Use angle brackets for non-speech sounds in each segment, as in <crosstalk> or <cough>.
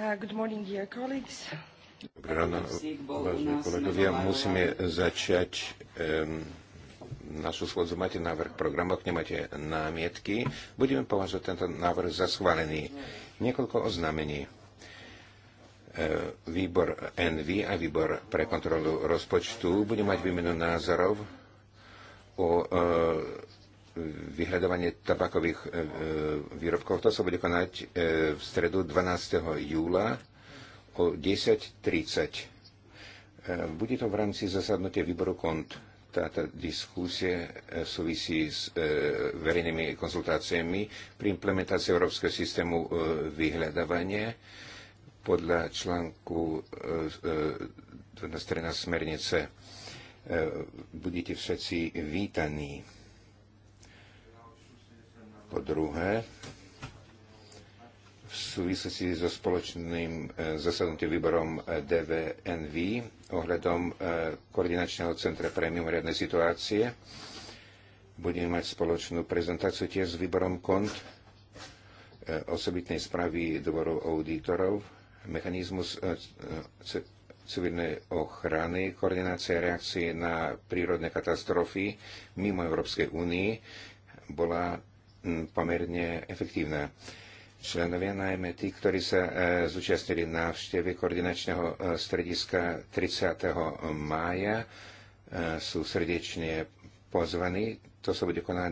Uh, good morning, dear colleagues. Dobré ráno, vážení kolegovia. Musíme začať našu schôdzu. Máte návrh programu, ak nemáte námietky, budeme považovať tento návrh za schválený. Niekoľko oznámení. E, výbor NV a výbor pre kontrolu rozpočtu bude mať výmenu názorov o e, vyhľadovanie tabakových e, e, výrobkov. To sa bude konať e, v stredu 12. júla o 10.30. Bude to v rámci zasadnutia výboru kont. Táto diskusie súvisí s verejnými konzultáciami pri implementácii Európskeho systému vyhľadávania podľa článku 12.13 smernice. Budete všetci vítaní. Po druhé, v súvislosti so spoločným e, zasadnutým výborom e, DVNV ohľadom e, koordinačného centra pre mimoriadne situácie. Budeme mať spoločnú prezentáciu tiež s výborom KONT osobitnej správy dvorov auditorov, mechanizmus civilnej ochrany, koordinácia reakcie na prírodné katastrofy mimo Európskej únii bola pomerne efektívna. Členovia, najmä tí, ktorí sa e, zúčastnili návštevy koordinačného e, strediska 30. mája, e, sú srdečne pozvaní. To sa bude konať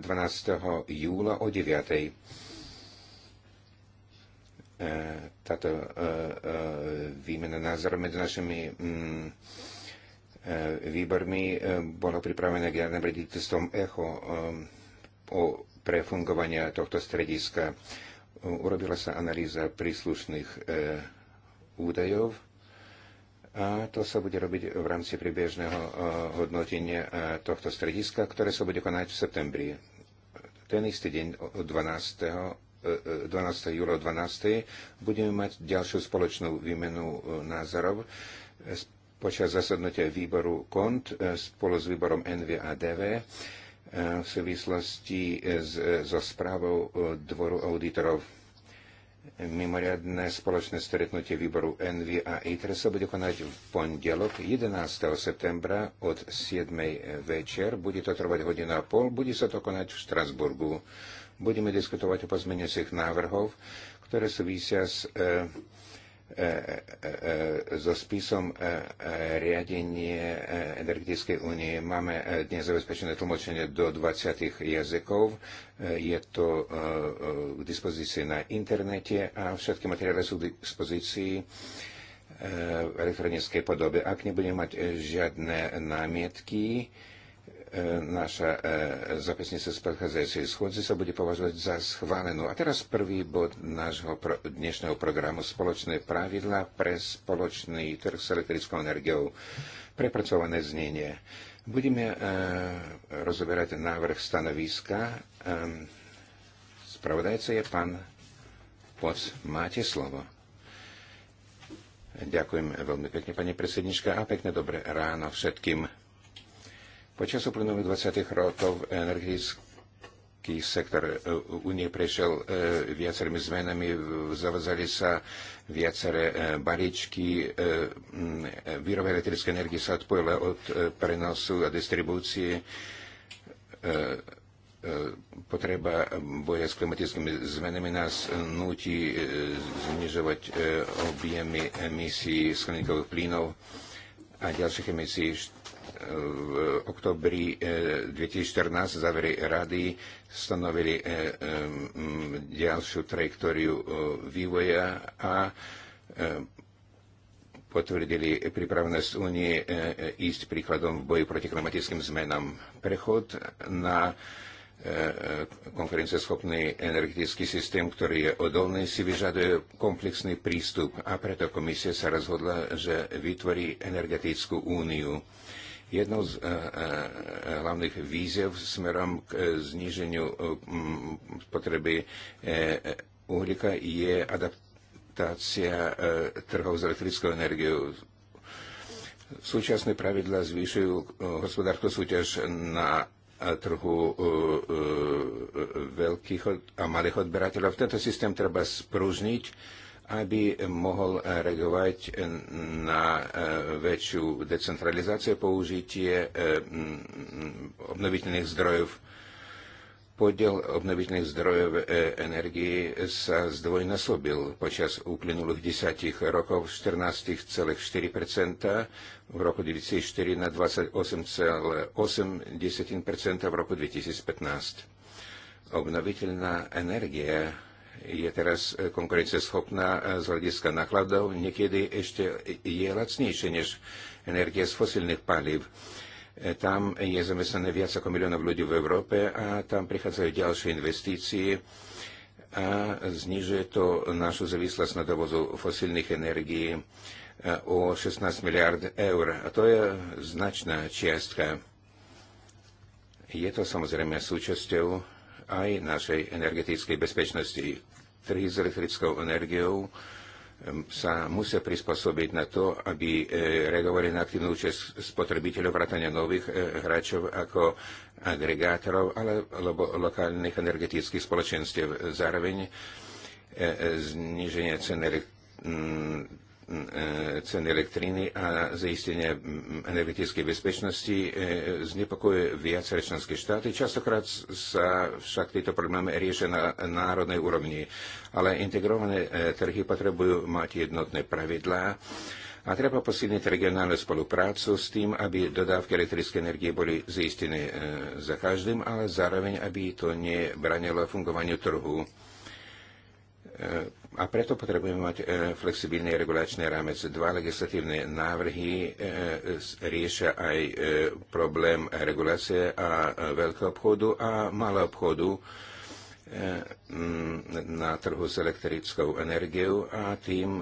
12. júla o 9 táto výmena názorov medzi našimi výbormi pripravené k generálnym rediteľstvom ECHO o pre fungovanie tohto strediska. Urobila sa analýza príslušných e, údajov a to sa bude robiť v rámci priebežného e, hodnotenia e, tohto strediska, ktoré sa bude konať v septembri. Ten istý deň 12. 12. E, júla 12. budeme mať ďalšiu spoločnú výmenu názorov počas zasadnutia výboru KONT spolu s výborom NV a DV E, v súvislosti e, e, so správou Dvoru auditorov. Mimoriadne spoločné stretnutie výboru Envy a ITRE sa bude konať v pondelok 11. septembra od 7. večer. Bude to trvať hodina a pol. Bude sa to konať v Štrasburgu. Budeme diskutovať o pozmeniacich návrhov, ktoré súvisia s eh, E, e, e, so spisom riadenie energetickej únie máme dnes zabezpečené tlmočenie do 20 jazykov. Je to k dispozícii na internete a všetky materiály sú k dispozícii v elektronickej podobe. Ak nebudeme mať žiadne námietky, E, naša e, zapisnica z predchádzajúcej schôdze sa bude považovať za schválenú. A teraz prvý bod nášho dnešného programu Spoločné pravidla pre spoločný trh s elektrickou energiou. Prepracované znenie. Budeme e, rozoberať návrh stanoviska. Spravodajca je pán Poc. Máte slovo. Ďakujem veľmi pekne, pani predsednička, a pekné dobré ráno všetkým. Počas uplynulých 20 rokov energetický sektor e, Unie prešiel e, viacerými zmenami, zavazali sa viaceré e, baričky, výroba elektrické energie sa odpojila od prenosu a distribúcie, potreba boja s klimatickými zmenami nás nutí znižovať objemy emisí skleníkových plynov a ďalších emisí v oktobri 2014 e, závery rady stanovili e, e, ďalšiu trajektóriu vývoja a potvrdili pripravenosť únie ísť príkladom v boji proti klimatickým zmenám. Prechod na konkurenceschopný energetický systém, ktorý je odolný, si vyžaduje komplexný prístup a preto komisia sa rozhodla, že vytvorí energetickú úniu. Jednou z e, e, e, hlavných víziev smerom k zníženiu potreby uhlíka je adaptácia trhov s elektrickou energiou. Súčasné pravidla zvýšujú hospodárskú súťaž na trhu veľkých a malých odberateľov. Tento systém treba sprúžniť aby mohol reagovať na e, väčšiu decentralizáciu použitie e, obnoviteľných zdrojov. Podiel obnoviteľných zdrojov e, energii sa zdvojnásobil počas uplynulých desiatich rokov z 14,4 v roku 2004 na 28,8 v roku 2015. Obnoviteľná energia je teraz e, konkurencieschopná e, z hľadiska nákladov, niekedy ešte je lacnejšie než energia z fosilných palív. E, tam je zamestnané viac ako miliónov ľudí v Európe a tam prichádzajú ďalšie investície a znižuje to našu závislosť na dovozu fosilných energií o 16 miliard eur. A to je značná čiastka. Je to samozrejme súčasťou aj našej energetickej bezpečnosti. Trhy s elektrickou energiou sa musia prispôsobiť na to, aby e, reagovali na aktívnu účasť spotrebiteľov vrátania nových e, hráčov ako agregátorov alebo lokálnych energetických spoločenstiev. Zároveň e, zniženie cen elektriny E, ceny elektriny a zaistenia energetickej bezpečnosti e, znepokojuje viaceré členské štáty. Častokrát sa však tieto problémy riešia na národnej úrovni, ale integrované e, trhy potrebujú mať jednotné pravidlá a treba posilniť regionálnu spoluprácu s tým, aby dodávky elektrickej energie boli zaistené za každým, ale zároveň, aby to nebranilo fungovaniu trhu a preto potrebujeme mať e, flexibilný regulačný rámec. Dva legislatívne návrhy e, riešia aj e, problém regulácie a veľkého obchodu a malého obchodu na trhu s elektrickou energiou a tým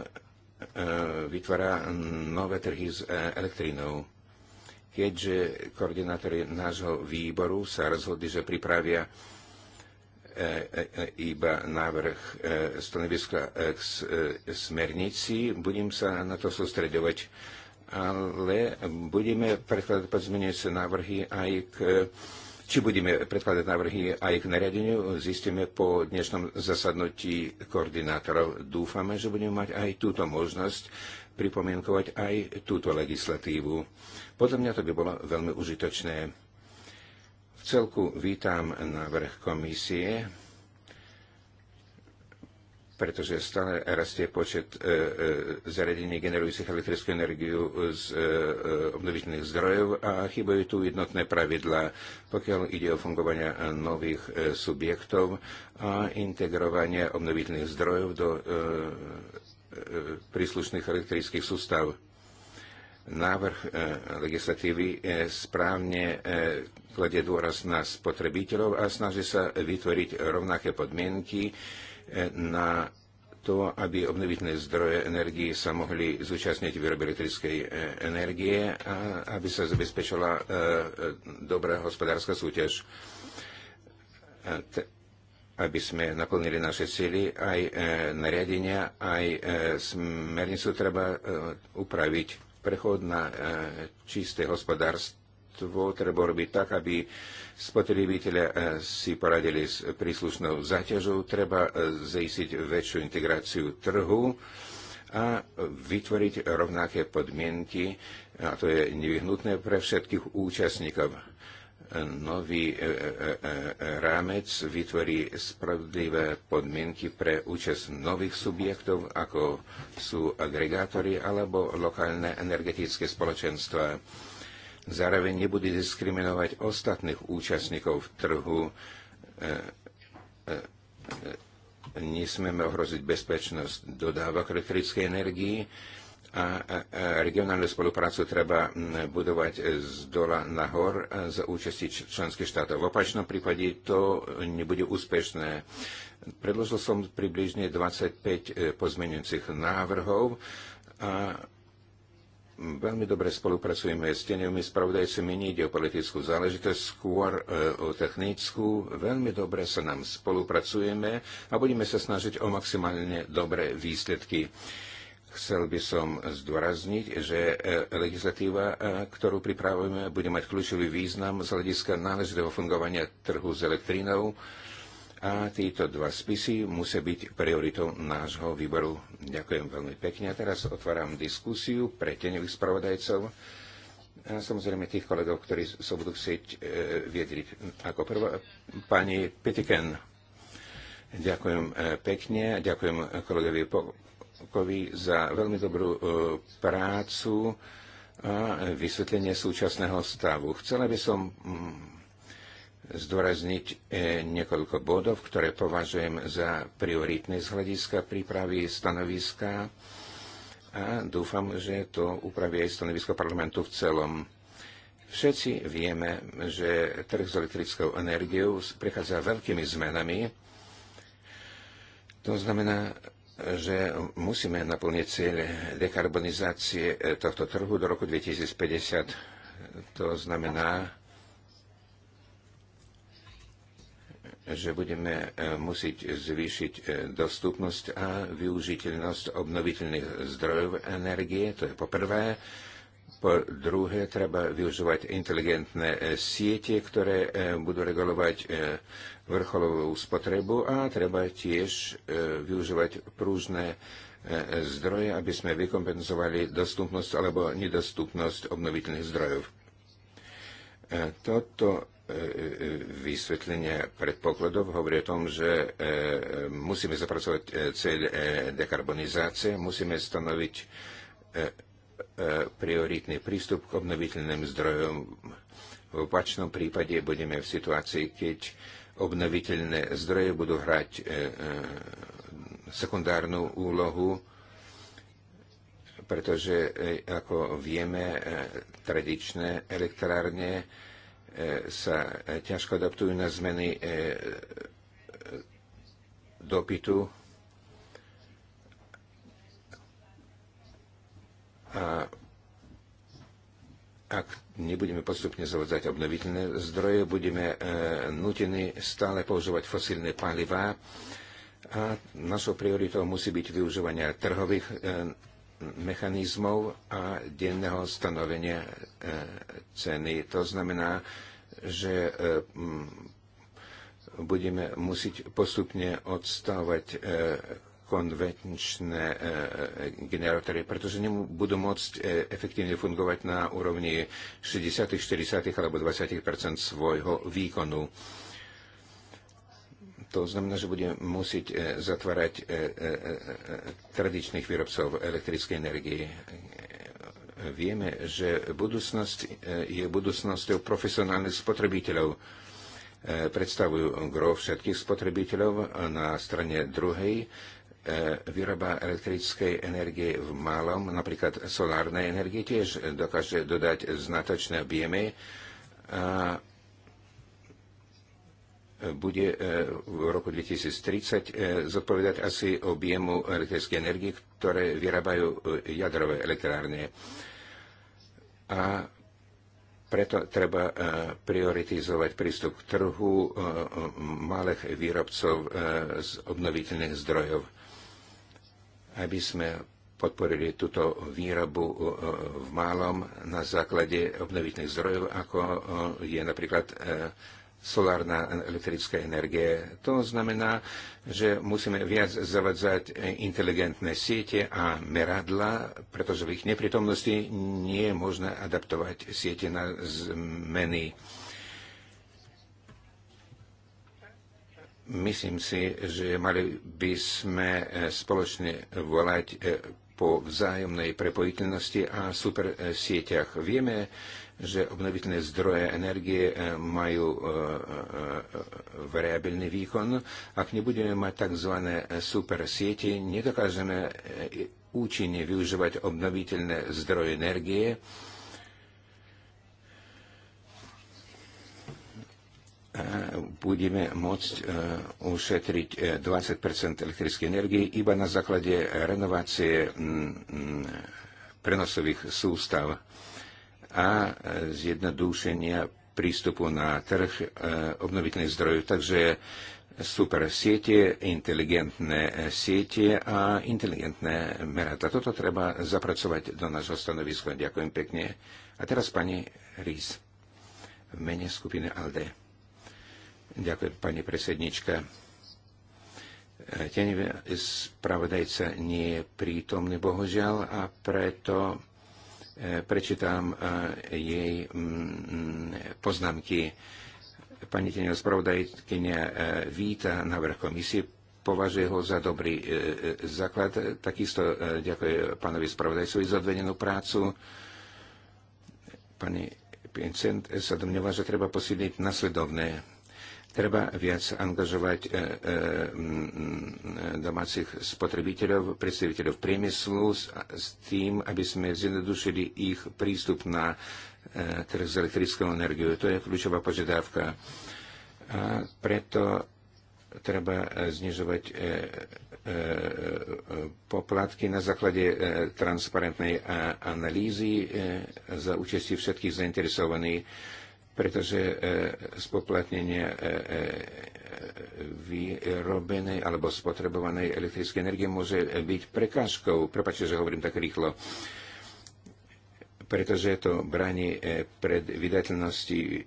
vytvára nové trhy s elektrinou. Keďže koordinátori nášho výboru sa rozhodli, že pripravia iba návrh e, stanoviska e, k e, smernici. Budem sa na to sústredovať, ale budeme prekladať pozmeniace návrhy aj k či budeme predkladať návrhy aj k nariadeniu, zistíme po dnešnom zasadnutí koordinátorov. Dúfame, že budeme mať aj túto možnosť pripomienkovať aj túto legislatívu. Podľa mňa to by bolo veľmi užitočné celku vítam návrh komisie, pretože stále rastie počet e, e, zariadení generujúcich elektrickú energiu z e, obnoviteľných zdrojov a chybajú tu jednotné pravidla, pokiaľ ide o fungovanie nových subjektov a integrovanie obnoviteľných zdrojov do príslušných elektrických sústav návrh e, legislatívy e, správne e, kladie dôraz na spotrebiteľov a snaží sa vytvoriť rovnaké podmienky na to, aby obnoviteľné zdroje energie sa mohli zúčastniť výroby elektrickej energie a aby sa zabezpečila dobrá hospodárska súťaž aby sme naplnili naše cieľy, aj e, nariadenia, aj e, smernicu treba e, upraviť prechod na e, čisté hospodárstvo treba robiť tak, aby spotrebitelia e, si poradili s príslušnou zaťažou, treba e, zaistiť väčšiu integráciu trhu a vytvoriť rovnaké podmienky, a to je nevyhnutné pre všetkých účastníkov nový e, e, e, rámec vytvorí spravodlivé podmienky pre účasť nových subjektov, ako sú agregátory alebo lokálne energetické spoločenstva. Zároveň nebude diskriminovať ostatných účastníkov v trhu. Nesmieme ohroziť bezpečnosť dodávok elektrickej energii a regionálnu spoluprácu treba budovať z dola nahor e, za účasti členských štátov. V opačnom prípade to nebude úspešné. Predložil som približne 25 e, pozmenujúcich návrhov a Veľmi dobre spolupracujeme s tenými spravodajcami, ide o politickú záležitosť, skôr e, o technickú. Veľmi dobre sa nám spolupracujeme a budeme sa snažiť o maximálne dobré výsledky. Chcel by som zdôrazniť, že e, legislatíva, e, ktorú pripravujeme, bude mať kľúčový význam z hľadiska náležitého fungovania trhu s elektrínou a títo dva spisy musia byť prioritou nášho výboru. Ďakujem veľmi pekne. A teraz otváram diskusiu pre teňových spravodajcov a samozrejme tých kolegov, ktorí sa budú chcieť e, viedriť. Ako prvá, pani Petiken. Ďakujem e, pekne, ďakujem kolegovi Kovi za veľmi dobrú e, prácu a vysvetlenie súčasného stavu. Chcela by som mm, zdôrazniť e, niekoľko bodov, ktoré považujem za prioritné z hľadiska prípravy stanoviska a dúfam, že to upraví aj stanovisko parlamentu v celom. Všetci vieme, že trh s elektrickou energiou prechádza veľkými zmenami. To znamená, že musíme naplniť cieľ dekarbonizácie eh, tohto trhu do roku 2050. To znamená, že budeme eh, musieť zvýšiť eh, dostupnosť a využiteľnosť obnoviteľných zdrojov energie, to je poprvé. Po druhé, treba využívať inteligentné e, siete, ktoré e, budú regulovať e, vrcholovú spotrebu a treba tiež využívať prúžne zdroje, aby sme vykompenzovali dostupnosť alebo nedostupnosť obnoviteľných zdrojov. Toto vysvetlenie predpokladov hovorí o tom, že musíme zapracovať cieľ dekarbonizácie, musíme stanoviť prioritný prístup k obnoviteľným zdrojom. V opačnom prípade budeme v situácii, keď obnoviteľné zdroje budú hrať e, e, sekundárnu úlohu, pretože, e, ako vieme, tradičné elektrárne sa ťažko adaptujú na zmeny dopytu A ak nebudeme postupne zavodzať obnoviteľné zdroje, budeme e, nutení stále používať fosílne palivá a našou prioritou musí byť využívanie trhových e, mechanizmov a denného stanovenia e, ceny. To znamená, že budeme musieť postupne odstávať konvenčné e, e, generátory, pretože nebudú môcť e, efektívne fungovať na úrovni 60, 40 alebo 20 svojho výkonu. To znamená, že bude musieť e, zatvárať e, e, e, tradičných výrobcov elektrickej energie. Vieme, že budúcnosť e, je budúcnosťou profesionálnych spotrebiteľov predstavujú gro všetkých spotrebiteľov na strane druhej E, výroba elektrickej energie v malom, napríklad solárnej energie, tiež dokáže dodať značné objemy a bude e, v roku 2030 e, zodpovedať asi objemu elektrickej energie, ktoré vyrábajú jadrové elektrárne. A preto treba prioritizovať prístup k trhu malých výrobcov z obnoviteľných zdrojov aby sme podporili túto výrobu e, e, v malom na základe obnovitných zdrojov, ako e, je napríklad solárna elektrická energie. To znamená, že musíme viac zavadzať inteligentné siete a meradla, pretože v ich neprítomnosti nie je možné adaptovať siete na zmeny Myslím si, že mali by sme e, spoločne volať e, po vzájomnej prepojiteľnosti a super e, sieťach. Vieme, že obnoviteľné zdroje energie majú variabilný výkon. Ak nebudeme mať tzv. super sieti, nedokážeme účinne využívať obnoviteľné zdroje energie E, budeme môcť e, ušetriť 20 e, elektrickej energie iba na základe renovácie prenosových sústav a zjednodušenia prístupu na trh obnoviteľných zdrojov. Takže super siete, inteligentné siete a inteligentné merata. Toto treba zapracovať do nášho stanoviska. Ďakujem pekne. A teraz pani Rís v mene skupiny ALDE. Ďakujem, pani predsednička. spravodajca nie je prítomný, bohužiaľ, a preto e, prečítam e, jej mm, poznámky. Pani tenivá spravodajkynia e, víta návrh komisie, považuje ho za dobrý základ. Takisto ďakuje pánovi spravodajcovi za odvedenú prácu. Pani Pincent sa domnieva, že treba posilniť nasledovné Treba viac angažovať e, e, domácich spotrebiteľov, predstaviteľov priemyslu s tým, aby sme zjednodušili ich prístup na e, trh s elektrickou energiou. To je kľúčová požiadavka. A preto treba znižovať poplatky na základe transparentnej analýzy za účasti všetkých zainteresovaných pretože e, spoplatnenie e, e, vyrobenej alebo spotrebovanej elektrickej energie môže byť prekážkou. Prepačte, že hovorím tak rýchlo pretože to bráni pred vydateľnosti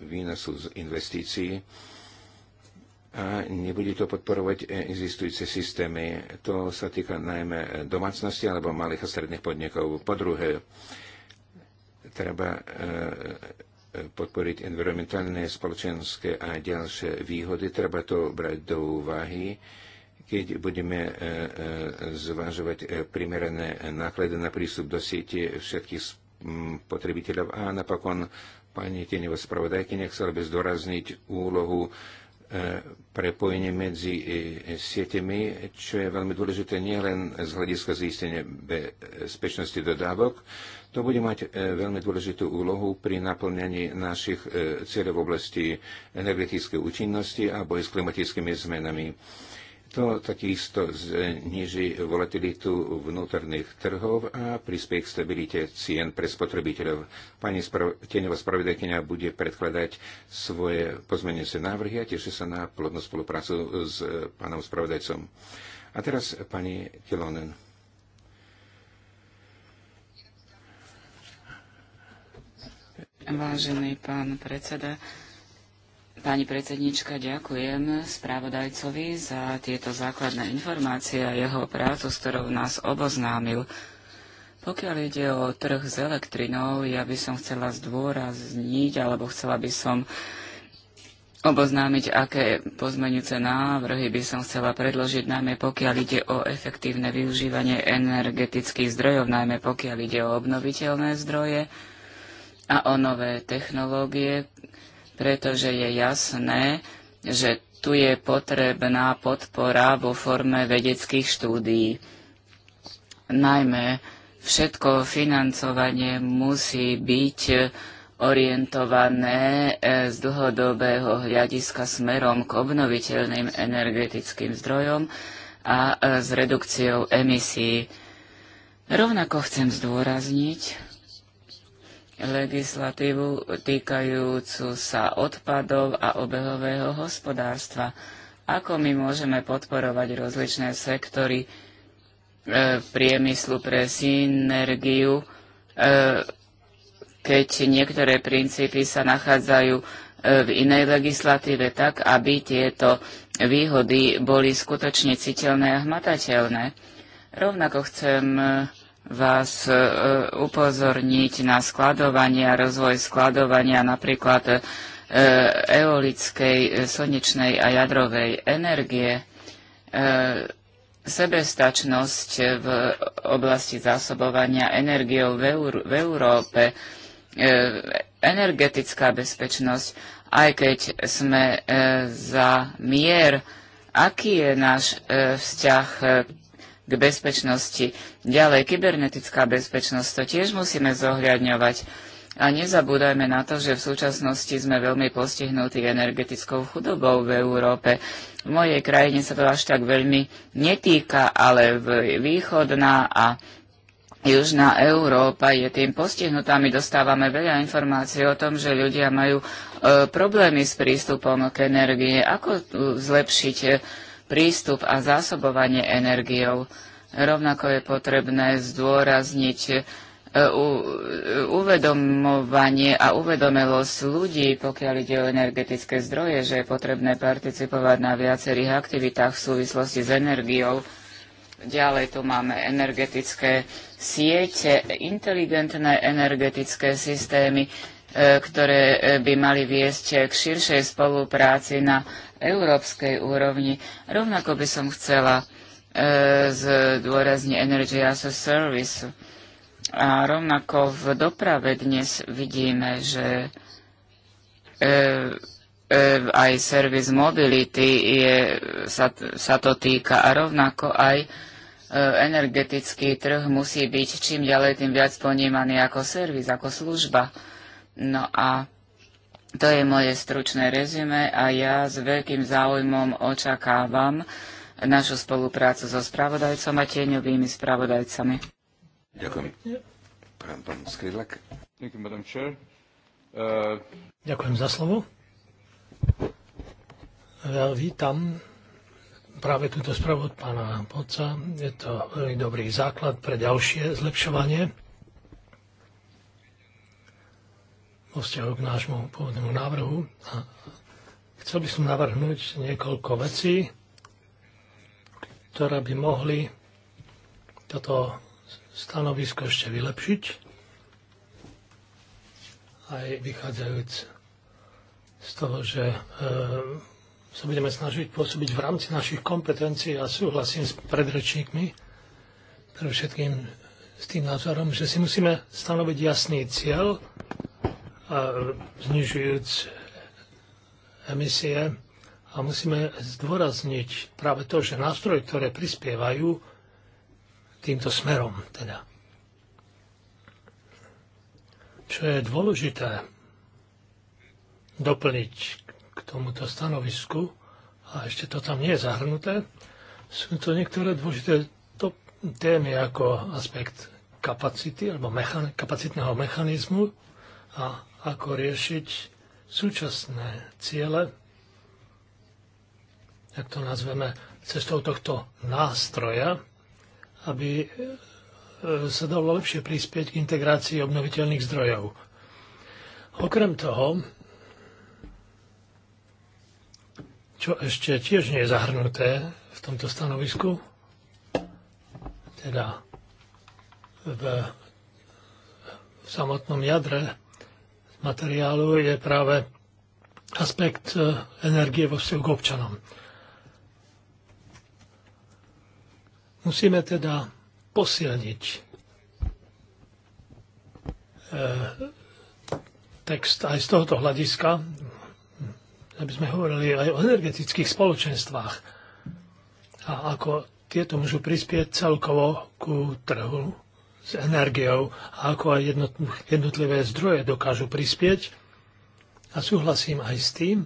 výnosu z investícií a nebude to podporovať existujúce systémy. To sa týka najmä domácnosti alebo malých a stredných podnikov. Po druhé, treba e, e, podporiť environmentálne, spoločenské a ďalšie výhody. Treba to brať do úvahy, keď budeme e, zvažovať primerané náklady na prístup do siete všetkých mm, potrebiteľov. A napokon, pani Teneva spravodajky, nechcel by zdôrazniť úlohu prepojenie medzi sieťami, čo je veľmi dôležité nielen z hľadiska zistenia bezpečnosti dodávok, to bude mať e, veľmi dôležitú úlohu pri naplňaní našich e, cieľov v oblasti energetickej účinnosti a boji s klimatickými zmenami. To takisto zniží volatilitu vnútorných trhov a prispie k stabilite cien pre spotrebiteľov. Pani sprav- tieňová spravodajkynia bude predkladať svoje pozmenujúce návrhy a teší sa na plodnú spoluprácu s e, pánom spravodajcom. A teraz pani Kilonen. Vážený pán predseda, Pani predsednička, ďakujem správodajcovi za tieto základné informácie a jeho prácu, s ktorou nás oboznámil. Pokiaľ ide o trh s elektrinou, ja by som chcela zdôrazniť, alebo chcela by som oboznámiť, aké pozmenujúce návrhy by som chcela predložiť, najmä pokiaľ ide o efektívne využívanie energetických zdrojov, najmä pokiaľ ide o obnoviteľné zdroje, a o nové technológie, pretože je jasné, že tu je potrebná podpora vo forme vedeckých štúdií. Najmä všetko financovanie musí byť orientované e, z dlhodobého hľadiska smerom k obnoviteľným energetickým zdrojom a e, s redukciou emisí. Rovnako chcem zdôrazniť, legislatívu týkajúcu sa odpadov a obehového hospodárstva. Ako my môžeme podporovať rozličné sektory e, priemyslu pre synergiu, e, keď niektoré princípy sa nachádzajú e, v inej legislatíve tak, aby tieto výhody boli skutočne citeľné a hmatateľné. Rovnako chcem e, vás e, e, upozorniť na skladovanie a rozvoj skladovania napríklad e, eolickej, slnečnej a jadrovej energie, sebestačnosť v oblasti zásobovania energiou v, v Európe, energetická bezpečnosť, aj keď sme za mier, aký je náš vzťah k bezpečnosti. Ďalej, kybernetická bezpečnosť to tiež musíme zohľadňovať. A nezabúdajme na to, že v súčasnosti sme veľmi postihnutí energetickou chudobou v Európe. V mojej krajine sa to až tak veľmi netýka, ale v východná a južná Európa je tým postihnutá. My dostávame veľa informácií o tom, že ľudia majú e, problémy s prístupom k energie. Ako zlepšiť e, prístup a zásobovanie energiou. Rovnako je potrebné zdôrazniť e, uvedomovanie a uvedomelosť ľudí, pokiaľ ide o energetické zdroje, že je potrebné participovať na viacerých aktivitách v súvislosti s energiou. Ďalej tu máme energetické siete, inteligentné energetické systémy, e, ktoré e, by mali viesť k širšej spolupráci na európskej úrovni. Rovnako by som chcela e, zdôrazniť Energy as a Service. A rovnako v doprave dnes vidíme, že e, e, aj servis mobility je, sa, sa to týka a rovnako aj e, energetický trh musí byť čím ďalej tým viac ponímaný ako servis, ako služba. No a to je moje stručné rezume a ja s veľkým záujmom očakávam našu spoluprácu so spravodajcom a tieňovými spravodajcami. Ďakujem. Pán, pán Skrylak. Uh, Ďakujem za slovo. Ja vítam práve túto správu od pána Poca. Je to veľmi dobrý základ pre ďalšie zlepšovanie. vo vzťahu k nášmu pôvodnému návrhu. A chcel by som navrhnúť niekoľko vecí, ktoré by mohli toto stanovisko ešte vylepšiť, aj vychádzajúc z toho, že e, sa budeme snažiť pôsobiť v rámci našich kompetencií a súhlasím s predrečníkmi, pre všetkým s tým názorom, že si musíme stanoviť jasný cieľ znižujúc emisie. A musíme zdôrazniť práve to, že nástroje, ktoré prispievajú týmto smerom, teda. Čo je dôležité doplniť k tomuto stanovisku, a ešte to tam nie je zahrnuté, sú to niektoré dôležité témy ako aspekt kapacity alebo mechan- kapacitného mechanizmu a ako riešiť súčasné ciele, jak to nazveme, cestou tohto nástroja, aby e, sa dalo lepšie prispieť k integrácii obnoviteľných zdrojov. Okrem toho, čo ešte tiež nie je zahrnuté v tomto stanovisku, teda v, v samotnom jadre materiálu je práve aspekt e, energie vo vzťahu k občanom. Musíme teda posilniť e, text aj z tohoto hľadiska, aby sme hovorili aj o energetických spoločenstvách a ako tieto môžu prispieť celkovo ku trhu s energiou a ako aj jednotlivé zdroje dokážu prispieť. A súhlasím aj s tým,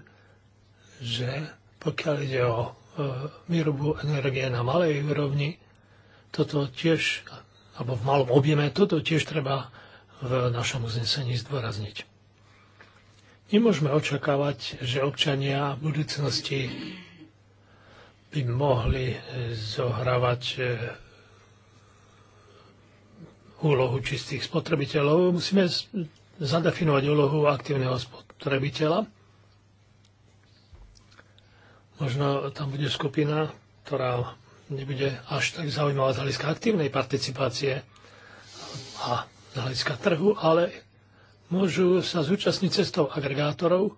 že pokiaľ ide o e, výrobu energie na malej úrovni, toto tiež, alebo v malom objeme, toto tiež treba v našom uznesení zdôrazniť. Nemôžeme očakávať, že občania v budúcnosti by mohli e, zohrávať e, úlohu čistých spotrebiteľov, musíme zadefinovať úlohu aktívneho spotrebiteľa. Možno tam bude skupina, ktorá nebude až tak zaujímavá z hľadiska aktívnej participácie a z hľadiska trhu, ale môžu sa zúčastniť cestou agregátorov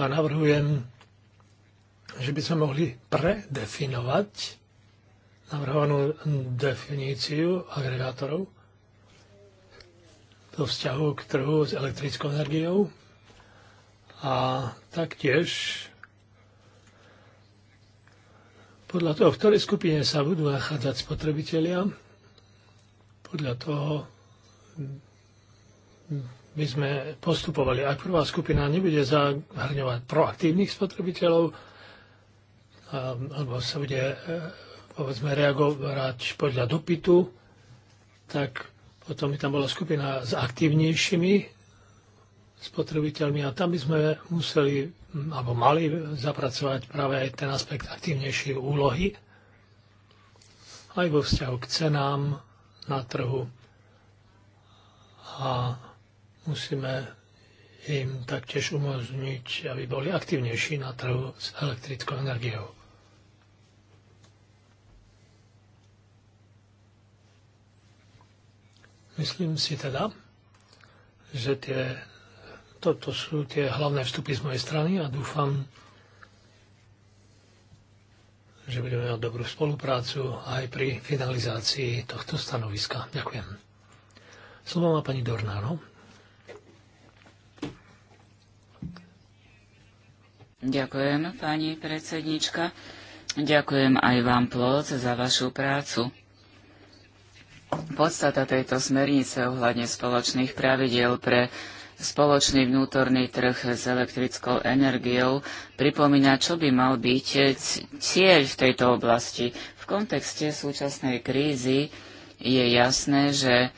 a navrhujem, že by sme mohli predefinovať navrhovanú definíciu agregátorov do vzťahu k trhu s elektrickou energiou a taktiež podľa toho, v ktorej skupine sa budú nachádzať spotrebitelia, podľa toho by sme postupovali. Ak prvá skupina nebude zahrňovať proaktívnych spotrebiteľov, um, alebo sa bude eh, povedzme reagovať podľa dopytu, tak potom by tam bola skupina s aktívnejšími spotrebiteľmi a tam by sme museli alebo mali zapracovať práve aj ten aspekt aktívnejšej úlohy aj vo vzťahu k cenám na trhu a musíme im taktiež umožniť, aby boli aktívnejší na trhu s elektrickou energiou. Myslím si teda, že tie, toto sú tie hlavné vstupy z mojej strany a dúfam, že budeme mať dobrú spoluprácu aj pri finalizácii tohto stanoviska. Ďakujem. Slovo má pani Dornáno. Ďakujem, pani predsednička. Ďakujem aj vám, Ploc, za vašu prácu. Podstata tejto smernice ohľadne spoločných pravidiel pre spoločný vnútorný trh s elektrickou energiou pripomína, čo by mal byť cieľ v tejto oblasti. V kontekste súčasnej krízy je jasné, že e,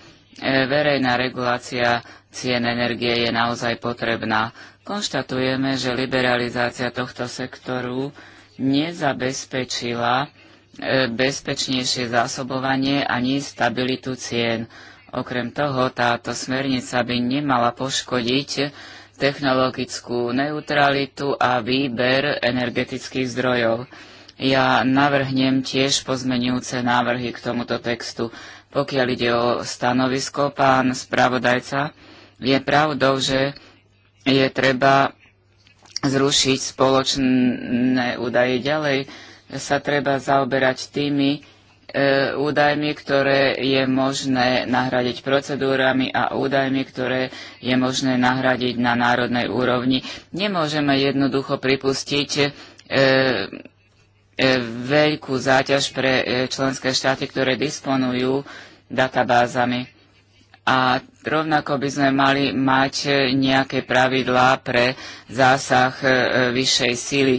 verejná regulácia cien energie je naozaj potrebná. Konštatujeme, že liberalizácia tohto sektoru nezabezpečila E, bezpečnejšie zásobovanie ani stabilitu cien. Okrem toho, táto smernica by nemala poškodiť technologickú neutralitu a výber energetických zdrojov. Ja navrhnem tiež pozmenujúce návrhy k tomuto textu. Pokiaľ ide o stanovisko, pán spravodajca, je pravdou, že je treba zrušiť spoločné údaje ďalej, sa treba zaoberať tými e, údajmi, ktoré je možné nahradiť procedúrami a údajmi, ktoré je možné nahradiť na národnej úrovni. Nemôžeme jednoducho pripustiť e, e, veľkú záťaž pre e, členské štáty, ktoré disponujú databázami. A rovnako by sme mali mať nejaké pravidlá pre zásah e, e, vyššej síly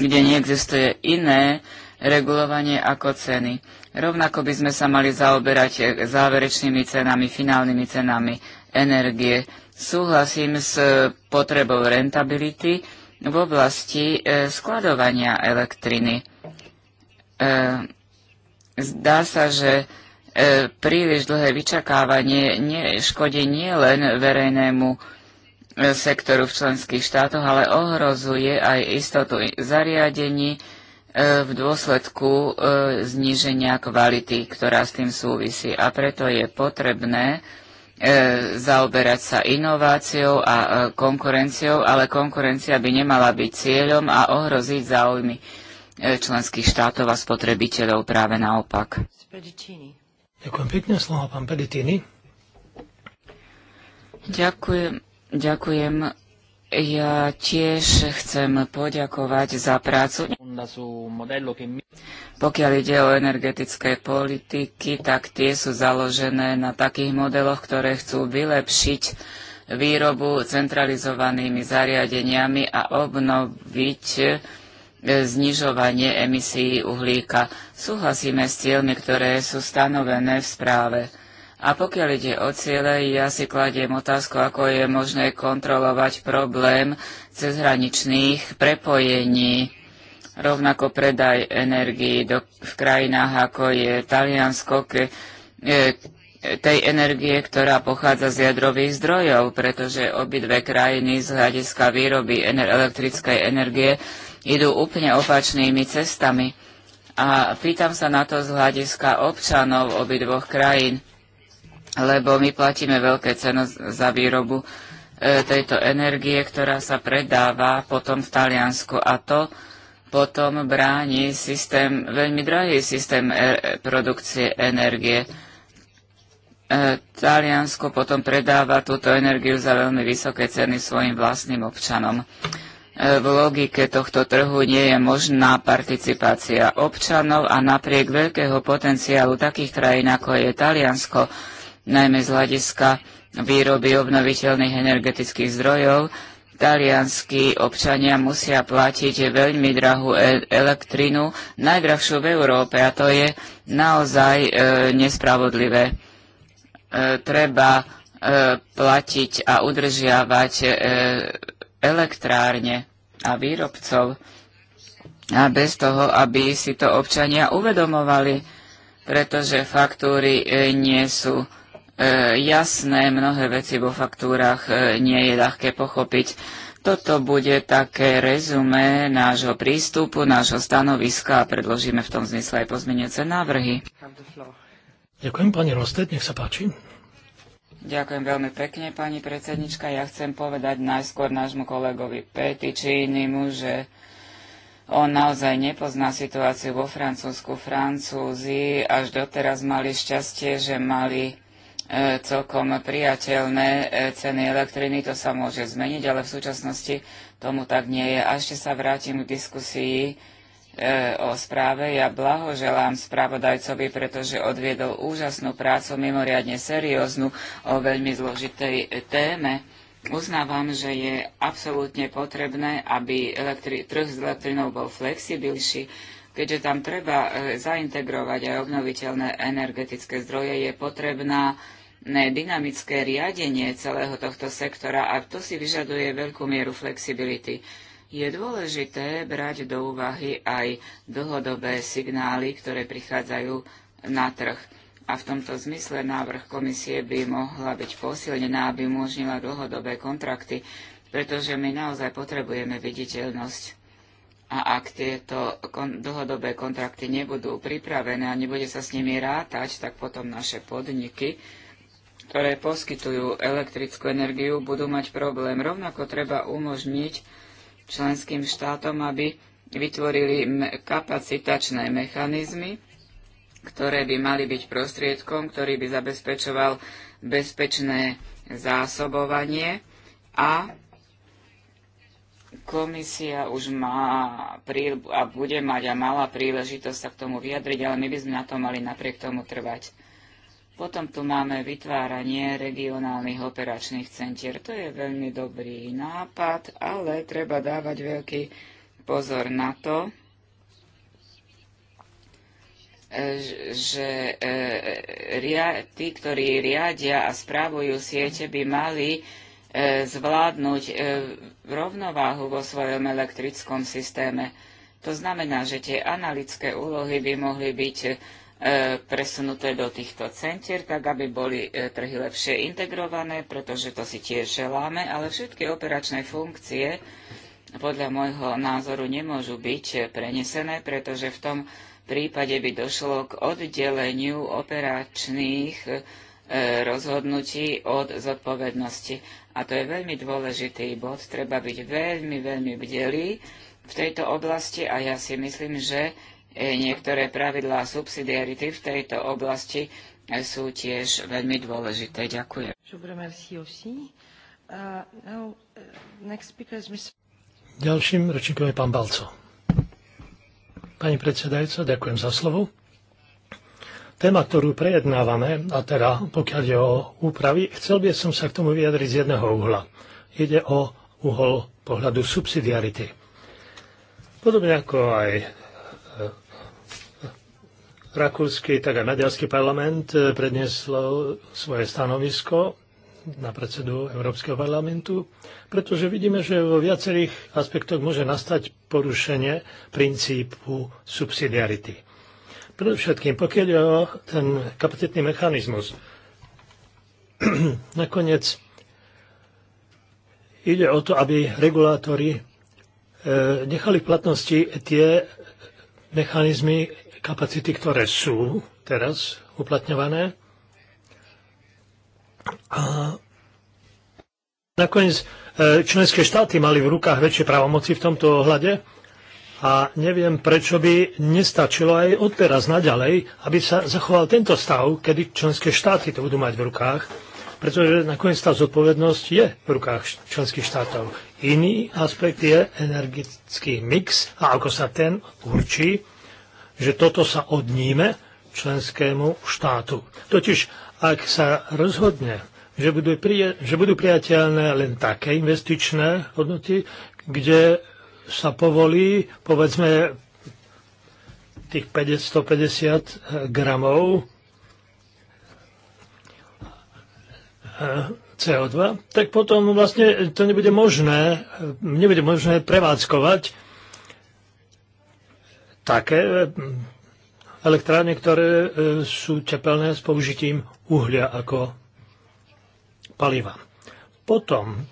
kde neexistuje iné regulovanie ako ceny. Rovnako by sme sa mali zaoberať záverečnými cenami, finálnymi cenami energie. Súhlasím s potrebou rentability v oblasti e, skladovania elektriny. E, zdá sa, že e, príliš dlhé vyčakávanie škodí nie len verejnému sektoru v členských štátoch, ale ohrozuje aj istotu zariadení e, v dôsledku e, zníženia kvality, ktorá s tým súvisí. A preto je potrebné e, zaoberať sa inováciou a konkurenciou, ale konkurencia by nemala byť cieľom a ohroziť záujmy členských štátov a spotrebiteľov práve naopak. Ďakujem pekne, slova pán Peditini. Ďakujem. Ďakujem. Ja tiež chcem poďakovať za prácu. Pokiaľ ide o energetické politiky, tak tie sú založené na takých modeloch, ktoré chcú vylepšiť výrobu centralizovanými zariadeniami a obnoviť e, znižovanie emisí uhlíka. Súhlasíme s cieľmi, ktoré sú stanovené v správe. A pokiaľ ide o ciele, ja si kladiem otázku, ako je možné kontrolovať problém cezhraničných prepojení, rovnako predaj energii do, v krajinách, ako je Taliansko, ke, e, tej energie, ktorá pochádza z jadrových zdrojov, pretože obidve krajiny z hľadiska výroby ener- elektrickej energie idú úplne opačnými cestami. A pýtam sa na to z hľadiska občanov obidvoch krajín lebo my platíme veľké ceny za výrobu e, tejto energie, ktorá sa predáva potom v Taliansku a to potom bráni systém, veľmi drahý systém e, produkcie energie. E, Taliansko potom predáva túto energiu za veľmi vysoké ceny svojim vlastným občanom. v logike tohto trhu nie je možná participácia občanov a napriek veľkého potenciálu takých krajín ako je Taliansko, najmä z hľadiska výroby obnoviteľných energetických zdrojov, talianskí občania musia platiť veľmi drahú e- elektrinu, elektrínu, najdrahšiu v Európe a to je naozaj e, nespravodlivé. E, treba e, platiť a udržiavať e, elektrárne a výrobcov a bez toho, aby si to občania uvedomovali, pretože faktúry e, nie sú E, jasné, mnohé veci vo faktúrach e, nie je ľahké pochopiť. Toto bude také rezumé nášho prístupu, nášho stanoviska a predložíme v tom zmysle aj pozmeniace návrhy. Ďakujem, pani Rostet, nech sa páči. Ďakujem veľmi pekne, pani predsednička. Ja chcem povedať najskôr nášmu kolegovi Petičínimu, že on naozaj nepozná situáciu vo Francúzsku. Francúzi až doteraz mali šťastie, že mali E, celkom priateľné e, ceny elektriny, to sa môže zmeniť, ale v súčasnosti tomu tak nie je. A ešte sa vrátim k diskusii e, o správe. Ja blahoželám spravodajcovi, pretože odviedol úžasnú prácu, mimoriadne serióznu o veľmi zložitej téme. Uznávam, že je absolútne potrebné, aby elektri- trh s elektrinou bol flexibilší, keďže tam treba zaintegrovať aj obnoviteľné energetické zdroje, je potrebná dynamické riadenie celého tohto sektora a to si vyžaduje veľkú mieru flexibility. Je dôležité brať do úvahy aj dlhodobé signály, ktoré prichádzajú na trh. A v tomto zmysle návrh komisie by mohla byť posilnená, aby umožnila dlhodobé kontrakty, pretože my naozaj potrebujeme viditeľnosť. A ak tieto kon- dlhodobé kontrakty nebudú pripravené a nebude sa s nimi rátať, tak potom naše podniky, ktoré poskytujú elektrickú energiu, budú mať problém. Rovnako treba umožniť členským štátom, aby vytvorili kapacitačné mechanizmy, ktoré by mali byť prostriedkom, ktorý by zabezpečoval bezpečné zásobovanie a komisia už má a bude mať a mala príležitosť sa k tomu vyjadriť, ale my by sme na to mali napriek tomu trvať. Potom tu máme vytváranie regionálnych operačných centier. To je veľmi dobrý nápad, ale treba dávať veľký pozor na to, že eh, tí, ktorí riadia a správujú siete, by mali eh, zvládnuť eh, rovnováhu vo svojom elektrickom systéme. To znamená, že tie analické úlohy by mohli byť E, presunuté do týchto centier, tak aby boli e, trhy lepšie integrované, pretože to si tiež želáme, ale všetky operačné funkcie podľa môjho názoru nemôžu byť prenesené, pretože v tom prípade by došlo k oddeleniu operačných e, rozhodnutí od zodpovednosti. A to je veľmi dôležitý bod. Treba byť veľmi, veľmi bdelý v tejto oblasti a ja si myslím, že E, niektoré pravidlá subsidiarity v tejto oblasti e, sú tiež veľmi dôležité. Ďakujem. Euh, euh, Ďalším ročníkom je pán Balco. Pani predsedajúca, ďakujem za slovo. Téma, ktorú prejednávame, a teda pokiaľ je o úpravy, chcel by som sa k tomu vyjadriť z jedného uhla. Ide o uhol pohľadu subsidiarity. Podobne ako aj Rakúsky, tak aj Maďarský parlament eh, prednieslo svoje stanovisko na predsedu Európskeho parlamentu, pretože vidíme, že vo viacerých aspektoch môže nastať porušenie princípu subsidiarity. Predovšetkým, pokiaľ je o ten kapacitný mechanizmus, <clears throat> nakoniec ide o to, aby regulátori eh, nechali v platnosti tie mechanizmy, kapacity, ktoré sú teraz uplatňované. A nakoniec e, členské štáty mali v rukách väčšie právomoci v tomto ohľade a neviem, prečo by nestačilo aj odteraz naďalej, aby sa zachoval tento stav, kedy členské štáty to budú mať v rukách, pretože nakoniec tá zodpovednosť je v rukách členských štátov. Iný aspekt je energetický mix a ako sa ten určí že toto sa odníme členskému štátu. Totiž, ak sa rozhodne, že budú, prija- že budú priateľné len také investičné hodnoty, kde sa povolí, povedzme, tých 550 eh, gramov eh, CO2, tak potom vlastne to nebude možné, eh, nebude možné prevádzkovať také e, elektrárne, ktoré e, sú tepelné s použitím uhlia ako paliva. Potom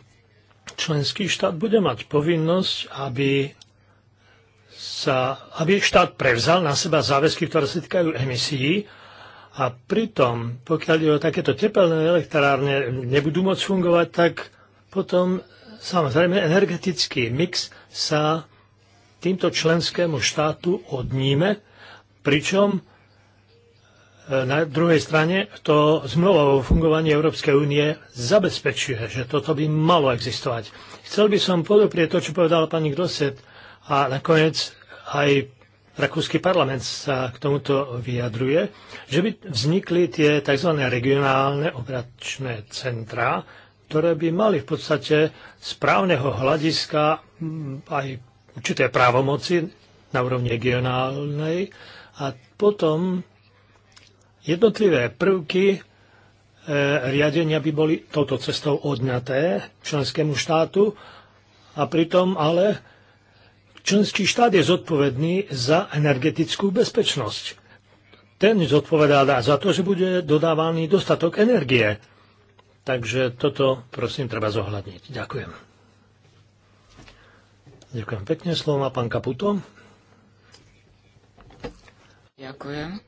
členský štát bude mať povinnosť, aby, sa, aby štát prevzal na seba záväzky, ktoré sa týkajú emisí. a pritom, pokiaľ je o takéto tepelné elektrárne nebudú môcť fungovať, tak potom samozrejme energetický mix sa týmto členskému štátu odníme, pričom e, na druhej strane to zmluva o fungovaní Európskej únie zabezpečuje, že toto by malo existovať. Chcel by som podoprieť to, čo povedala pani Grosset a nakoniec aj Rakúsky parlament sa k tomuto vyjadruje, že by vznikli tie tzv. regionálne operačné centrá, ktoré by mali v podstate správneho hľadiska aj určité právomoci na úrovni regionálnej a potom jednotlivé prvky e, riadenia by boli touto cestou odňaté členskému štátu a pritom ale členský štát je zodpovedný za energetickú bezpečnosť. Ten zodpovedá za to, že bude dodávaný dostatok energie. Takže toto prosím treba zohľadniť. Ďakujem. Ďakujem pekne. Slovo má pán Kaputo. Ďakujem.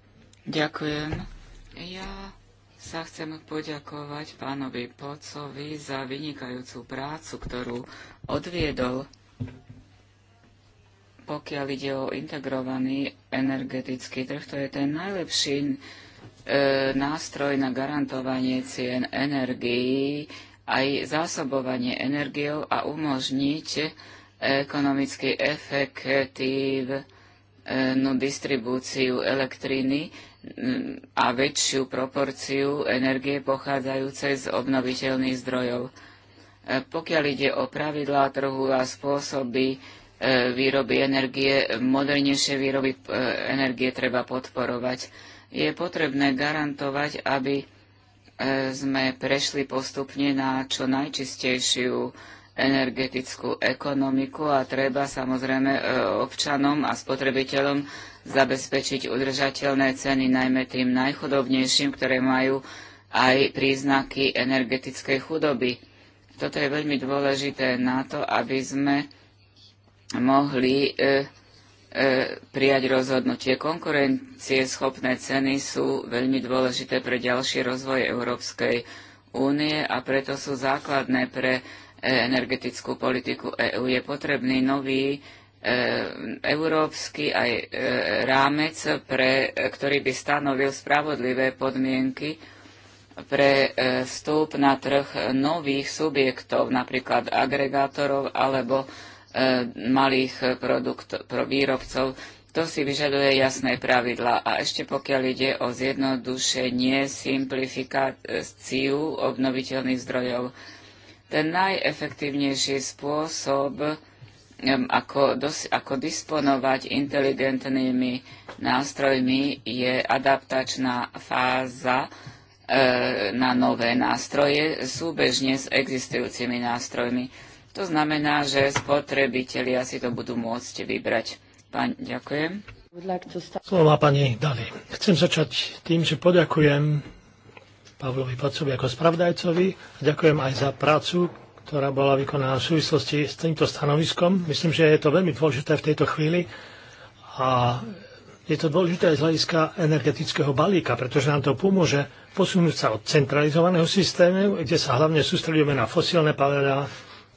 Ďakujem. Ja sa chcem poďakovať pánovi Pocovi za vynikajúcu prácu, ktorú odviedol, pokiaľ ide o integrovaný energetický trh. To je ten najlepší e, nástroj na garantovanie cien energií, aj zásobovanie energiou a umožniť ekonomicky efektívnu e, no distribúciu elektriny a väčšiu proporciu energie pochádzajúcej z obnoviteľných zdrojov. E, pokiaľ ide o pravidlá trhu a spôsoby e, výroby energie, modernejšie výroby energie treba podporovať. Je potrebné garantovať, aby sme prešli postupne na čo najčistejšiu energetickú ekonomiku a treba samozrejme e, občanom a spotrebiteľom zabezpečiť udržateľné ceny najmä tým najchudobnejším, ktoré majú aj príznaky energetickej chudoby. Toto je veľmi dôležité na to, aby sme mohli e, e, prijať rozhodnutie. Konkurencie schopné ceny sú veľmi dôležité pre ďalší rozvoj Európskej únie a preto sú základné pre E, energetickú politiku EÚ. Je potrebný nový e, európsky aj e, rámec, pre, ktorý by stanovil spravodlivé podmienky pre vstup na trh nových subjektov, napríklad agregátorov alebo malých produkt, pro výrobcov. To si vyžaduje jasné pravidlá. A ešte pokiaľ ide o zjednodušenie, simplifikáciu obnoviteľných zdrojov, ten najefektívnejší spôsob, ako, dos- ako disponovať inteligentnými nástrojmi, je adaptačná fáza e, na nové nástroje súbežne s existujúcimi nástrojmi. To znamená, že spotrebitelia si to budú môcť vybrať. Pán, ďakujem. Slova pani Dali. Chcem začať tým, že poďakujem Pavlovi Pacovi ako spravdajcovi a ďakujem aj za prácu, ktorá bola vykonaná v súvislosti s týmto stanoviskom. Myslím, že je to veľmi dôležité v tejto chvíli a je to dôležité aj z hľadiska energetického balíka, pretože nám to pomôže posunúť sa od centralizovaného systému, kde sa hlavne sústredujeme na fosílne paliva,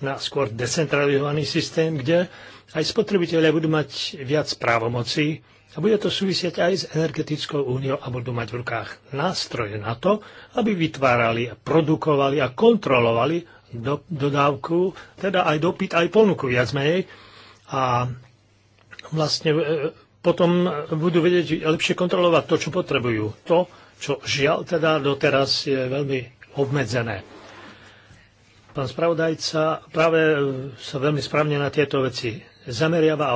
na skôr decentralizovaný systém, kde aj spotrebitelia budú mať viac právomocí a bude to súvisieť aj s energetickou úniou a budú mať v rukách nástroje na to, aby vytvárali, produkovali a kontrolovali do, dodávku, teda aj dopyt, aj ponuku viac menej. A vlastne e, potom budú vedieť lepšie kontrolovať to, čo potrebujú. To, čo žiaľ teda doteraz je veľmi obmedzené. Pán spravodajca práve sa veľmi správne na tieto veci zameriava a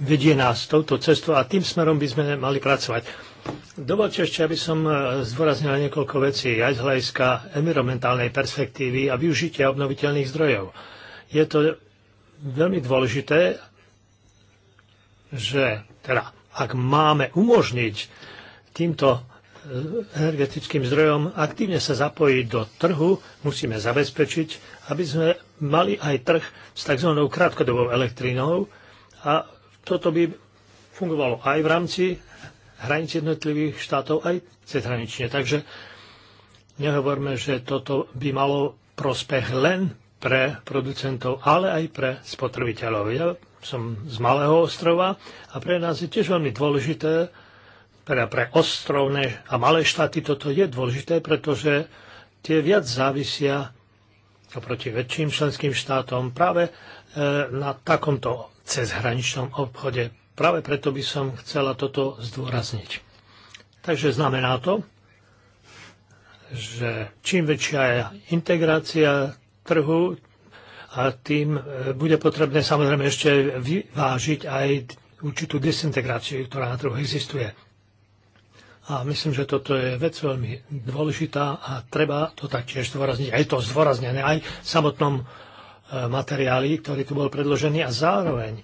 vedie nás touto cestou a tým smerom by sme mali pracovať. Dovolte ešte, aby som e, zdôraznil niekoľko vecí aj z hľadiska environmentálnej perspektívy a využitia obnoviteľných zdrojov. Je to veľmi dôležité, že teda, ak máme umožniť týmto e, energetickým zdrojom aktívne sa zapojiť do trhu, musíme zabezpečiť, aby sme mali aj trh s tzv. krátkodobou elektrínou a toto by fungovalo aj v rámci hranic jednotlivých štátov, aj cezhranične. Takže nehovorme, že toto by malo prospech len pre producentov, ale aj pre spotrebiteľov. Ja som z malého ostrova a pre nás je tiež veľmi dôležité, teda pre ostrovné a malé štáty toto je dôležité, pretože tie viac závisia oproti väčším členským štátom práve e, na takomto cez hraničnom obchode. Práve preto by som chcela toto zdôrazniť. Takže znamená to, že čím väčšia je integrácia trhu, a tým e, bude potrebné samozrejme ešte vyvážiť aj určitú disintegráciu, ktorá na trhu existuje. A myslím, že toto je vec veľmi dôležitá a treba to taktiež zdôrazniť. Aj to zdôraznené aj v samotnom materiály, ktorý tu bol predložený a zároveň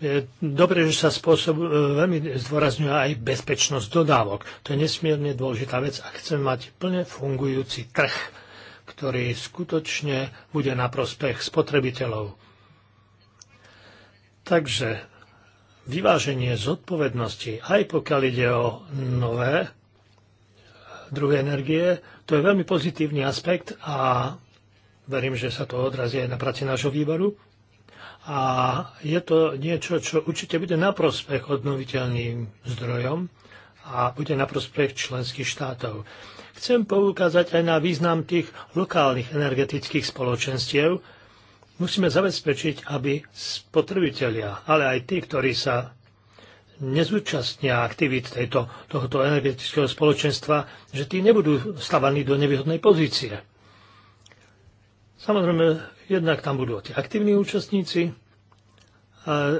je dobre, že sa spôsob, e, veľmi zdôrazňuje aj bezpečnosť dodávok. To je nesmierne dôležitá vec a chceme mať plne fungujúci trh, ktorý skutočne bude na prospech spotrebiteľov. Takže vyváženie zodpovednosti, aj pokiaľ ide o nové druhé energie, to je veľmi pozitívny aspekt a Verím, že sa to odrazí aj na práci nášho výboru. A je to niečo, čo určite bude na prospech obnoviteľným zdrojom a bude na prospech členských štátov. Chcem poukázať aj na význam tých lokálnych energetických spoločenstiev. Musíme zabezpečiť, aby spotrebitelia, ale aj tí, ktorí sa nezúčastnia aktivít tejto, tohoto energetického spoločenstva, že tí nebudú stavaní do nevýhodnej pozície. Samozrejme, jednak tam budú tí aktívni účastníci a,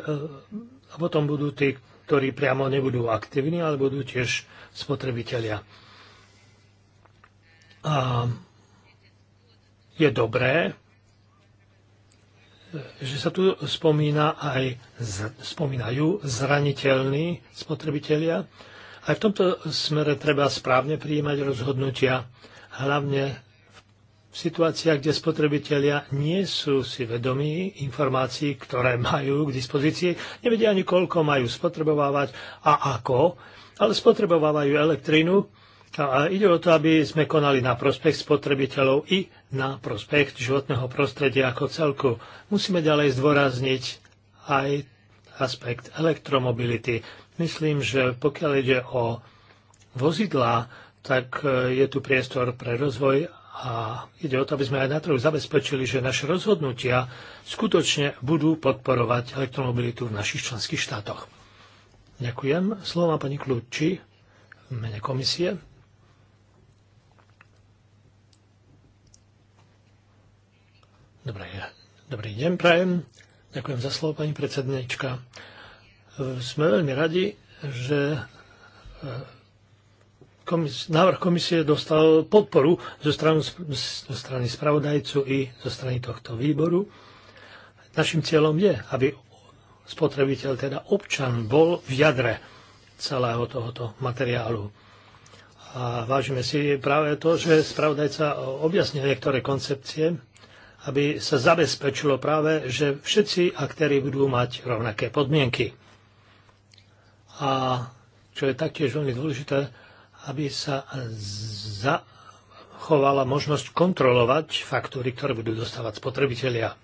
a potom budú tí, ktorí priamo nebudú aktívni, ale budú tiež spotrebitelia. A je dobré, že sa tu spomína aj, spomínajú zraniteľní spotrebitelia. Aj v tomto smere treba správne prijímať rozhodnutia, hlavne situácia, kde spotrebitelia nie sú si vedomí informácií, ktoré majú k dispozícii, nevedia ani koľko majú spotrebovávať a ako, ale spotrebovávajú elektrínu a ide o to, aby sme konali na prospech spotrebiteľov i na prospech životného prostredia ako celku. Musíme ďalej zdôrazniť aj aspekt elektromobility. Myslím, že pokiaľ ide o vozidlá, tak eh, je tu priestor pre rozvoj a ide o to, aby sme aj na trhu zabezpečili, že naše rozhodnutia skutočne budú podporovať elektromobilitu v našich členských štátoch. Ďakujem. Slovo má pani Kľúči v mene komisie. Dobre, dobrý deň, prajem. Ďakujem za slovo, pani predsednička. Sme veľmi radi, že komis- návrh komisie dostal podporu zo, stranu, zo strany spravodajcu i zo strany tohto výboru. Našim cieľom je, aby spotrebiteľ, teda občan, bol v jadre celého tohoto materiálu. A vážime si práve to, že spravodajca objasnil niektoré koncepcie, aby sa zabezpečilo práve, že všetci aktéry budú mať rovnaké podmienky. A čo je taktiež veľmi dôležité, aby sa zachovala možnosť kontrolovať faktúry, ktoré budú dostávať spotrebitelia.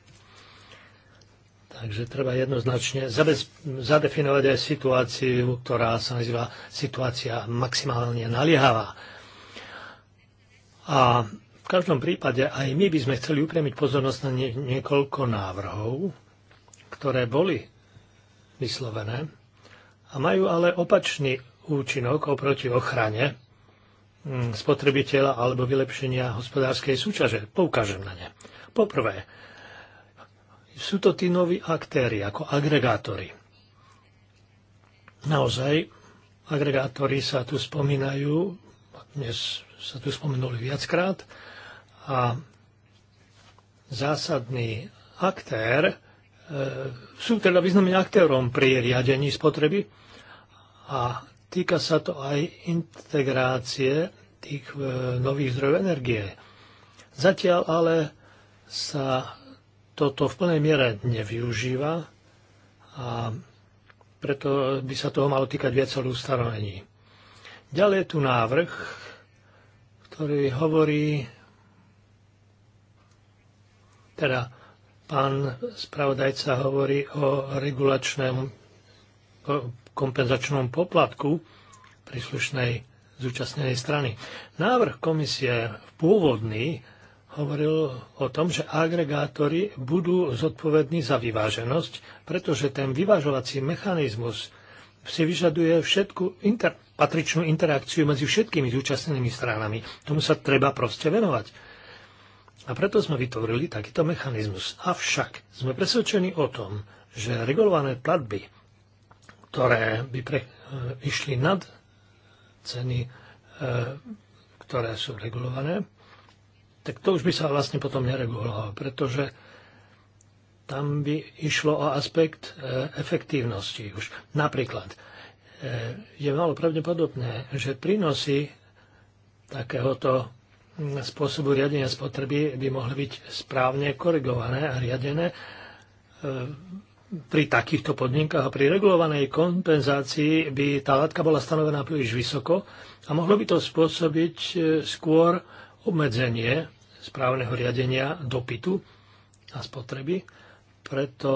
Takže treba jednoznačne zadefinovať aj situáciu, ktorá sa nazýva situácia maximálne naliehavá. A v každom prípade aj my by sme chceli upriamiť pozornosť na nie, niekoľko návrhov, ktoré boli vyslovené a majú ale opačný účinok oproti ochrane mm, spotrebiteľa alebo vylepšenia hospodárskej súťaže. Poukážem na ne. Poprvé, sú to tí noví aktéry ako agregátory. Naozaj, agregátory sa tu spomínajú, dnes sa tu spomenuli viackrát, a zásadný aktér, e, sú teda významne aktérom pri riadení spotreby a Týka sa to aj integrácie tých e, nových zdrojov energie. Zatiaľ ale sa toto v plnej miere nevyužíva a preto by sa toho malo týkať viacero ustanovení. Ďalej je tu návrh, ktorý hovorí, teda pán spravodajca hovorí o regulačnom kompenzačnom poplatku príslušnej zúčastnenej strany. Návrh komisie v pôvodný hovoril o tom, že agregátori budú zodpovední za vyváženosť, pretože ten vyvážovací mechanizmus si vyžaduje všetku inter- patričnú interakciu medzi všetkými zúčastnenými stranami. Tomu sa treba proste venovať. A preto sme vytvorili takýto mechanizmus. Avšak sme presvedčení o tom, že regulované platby ktoré by pre, e, išli nad ceny, e, ktoré sú regulované, tak to už by sa vlastne potom neregulovalo, pretože tam by išlo o aspekt e, efektívnosti už. Napríklad je malo pravdepodobné, že prínosy takéhoto mm, spôsobu riadenia spotreby by mohli byť správne korigované a riadené pri takýchto podmienkach a pri regulovanej kompenzácii by tá látka bola stanovená príliš vysoko a mohlo by to spôsobiť e, skôr obmedzenie správneho riadenia dopytu a spotreby. Preto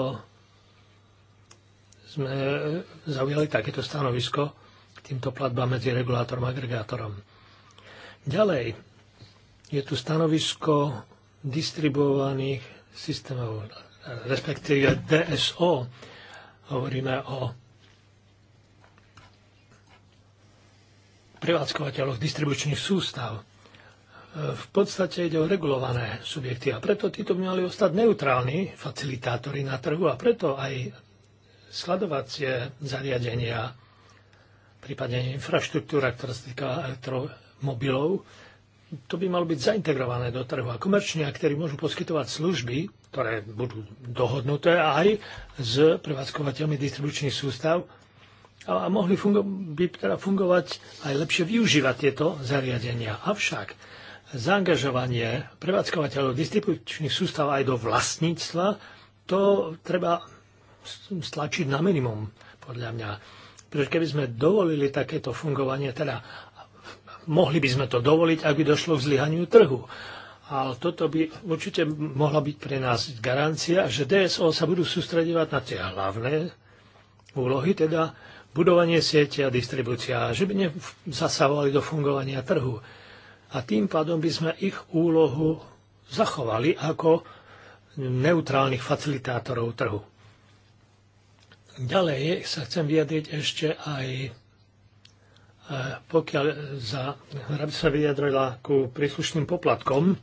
sme zaujali takéto stanovisko k týmto platbám medzi regulátorom a agregátorom. Ďalej je tu stanovisko distribuovaných systémov respektíve DSO. Hovoríme o prevádzkovateľoch distribučných sústav. V podstate ide o regulované subjekty a preto títo by mali ostať neutrálni facilitátori na trhu a preto aj sledovacie zariadenia, prípadne infraštruktúra, ktorá sa týka elektromobilov, to by malo byť zaintegrované do trhu a komerční aktéry môžu poskytovať služby, ktoré budú dohodnuté aj s prevádzkovateľmi distribučných sústav a, a mohli fungo- by teda fungovať aj lepšie využívať tieto zariadenia. Avšak zaangažovanie prevádzkovateľov distribučných sústav aj do vlastníctva, to treba stlačiť na minimum, podľa mňa. Pretože keby sme dovolili takéto fungovanie, teda mohli by sme to dovoliť, aby došlo k zlyhaniu trhu ale toto by určite mohla byť pre nás garancia, že DSO sa budú sústredovať na tie hlavné úlohy, teda budovanie siete a distribúcia, že by nezasahovali do fungovania trhu. A tým pádom by sme ich úlohu zachovali ako neutrálnych facilitátorov trhu. Ďalej sa chcem vyjadriť ešte aj e, pokiaľ za, aby sa vyjadrila ku príslušným poplatkom,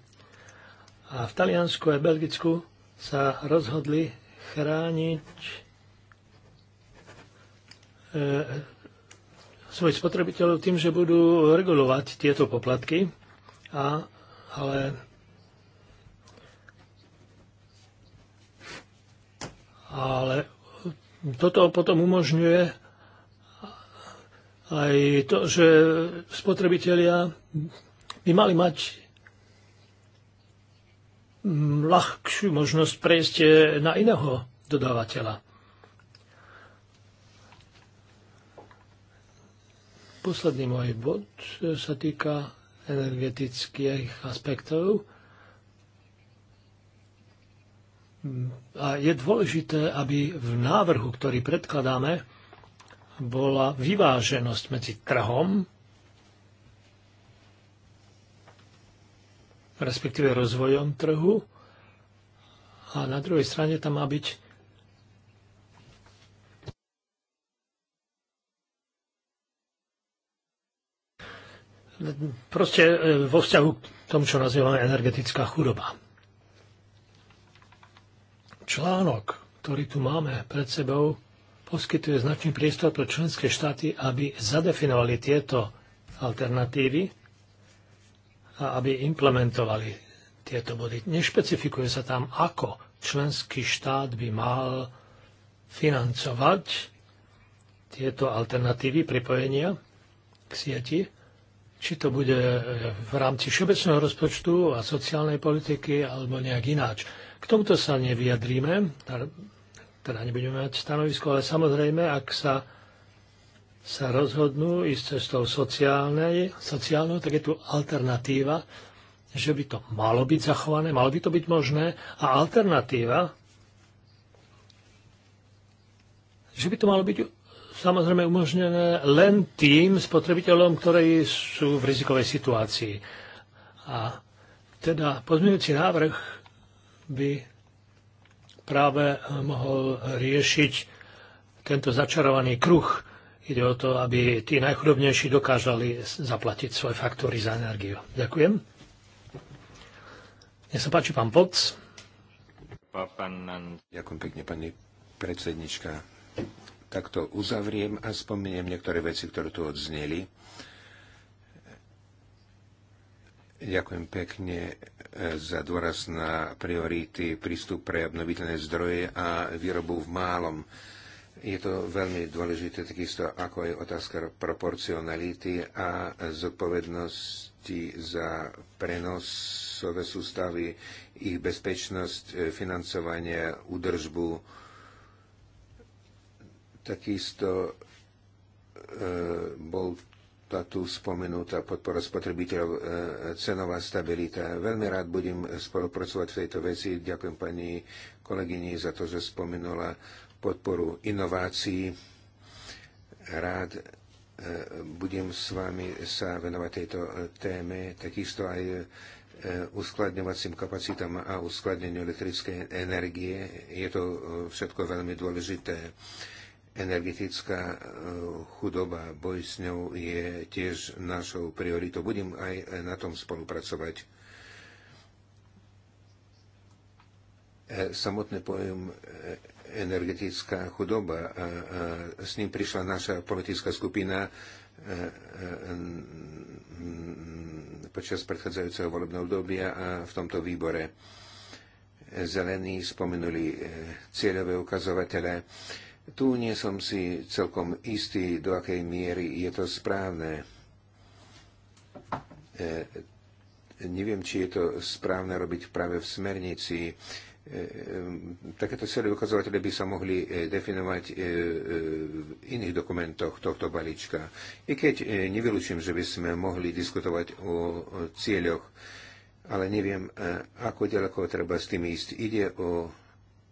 a v Taliansku a Belgicku sa rozhodli chrániť e, svojich spotrebiteľov tým, že budú regulovať tieto poplatky, a, ale ale toto potom umožňuje aj to, že spotrebitelia by mali mať Mm, ľahšiu možnosť prejsť eh, na iného dodávateľa. Posledný môj bod eh, sa týka energetických aspektov. A je dôležité, aby v návrhu, ktorý predkladáme, bola vyváženosť medzi trhom respektíve rozvojom trhu. A na druhej strane tam má byť proste e, vo vzťahu k tomu, čo nazývame energetická chudoba. Článok, ktorý tu máme pred sebou, poskytuje značný priestor pre členské štáty, aby zadefinovali tieto alternatívy aby implementovali tieto body. Nešpecifikuje sa tam, ako členský štát by mal financovať tieto alternatívy pripojenia k sieti, či to bude v rámci všeobecného rozpočtu a sociálnej politiky alebo nejak ináč. K tomuto sa nevyjadríme, teda, teda nebudeme mať stanovisko, ale samozrejme, ak sa sa rozhodnú ísť cestou sociálnej, sociálnou, tak je tu alternatíva, že by to malo byť zachované, malo by to byť možné a alternatíva, že by to malo byť samozrejme umožnené len tým spotrebiteľom, ktorí sú v rizikovej situácii. A teda pozmeňujúci návrh by práve mohol riešiť tento začarovaný kruh, Ide o to, aby tí najchudobnejší dokázali zaplatiť svoje faktúry za energiu. Ďakujem. Nech sa páči, pán Poc. Ďakujem pekne, pani predsednička. Takto uzavriem a spomeniem niektoré veci, ktoré tu odzneli. Ďakujem pekne e, za dôraz na priority, prístup pre obnoviteľné zdroje a výrobu v málom. Je to veľmi dôležité, takisto ako je otázka proporcionality a zodpovednosti za prenosové sústavy, ich bezpečnosť, e, financovanie, údržbu. Takisto e, bol tá tu spomenutá podpora spotrebiteľov, e, cenová stabilita. Veľmi rád budem spolupracovať v tejto veci. Ďakujem pani kolegyni za to, že spomenula podporu inovácií. Rád e, budem s vami sa venovať tejto e, téme, takisto aj e, uskladňovacím kapacitám a uskladneniu elektrickej energie. Je to všetko veľmi dôležité. Energetická chudoba, boj s ňou je tiež našou prioritou. Budem aj na tom spolupracovať. Samotný pojem energetická chudoba a, a s ním prišla naša politická skupina e, e, počas predchádzajúceho volebného obdobia a v tomto výbore. Zelení spomenuli e, cieľové ukazovatele. Tu nie som si celkom istý, do akej miery je to správne. Neviem, či je to správne robiť práve v smernici Ehm, takéto celé ukazovatele by sa mohli e, definovať e, e, v iných dokumentoch tohto balíčka. I keď nevylučím, že by sme mohli diskutovať o cieľoch, ale neviem, ako ďaleko treba s tým ísť. Ide o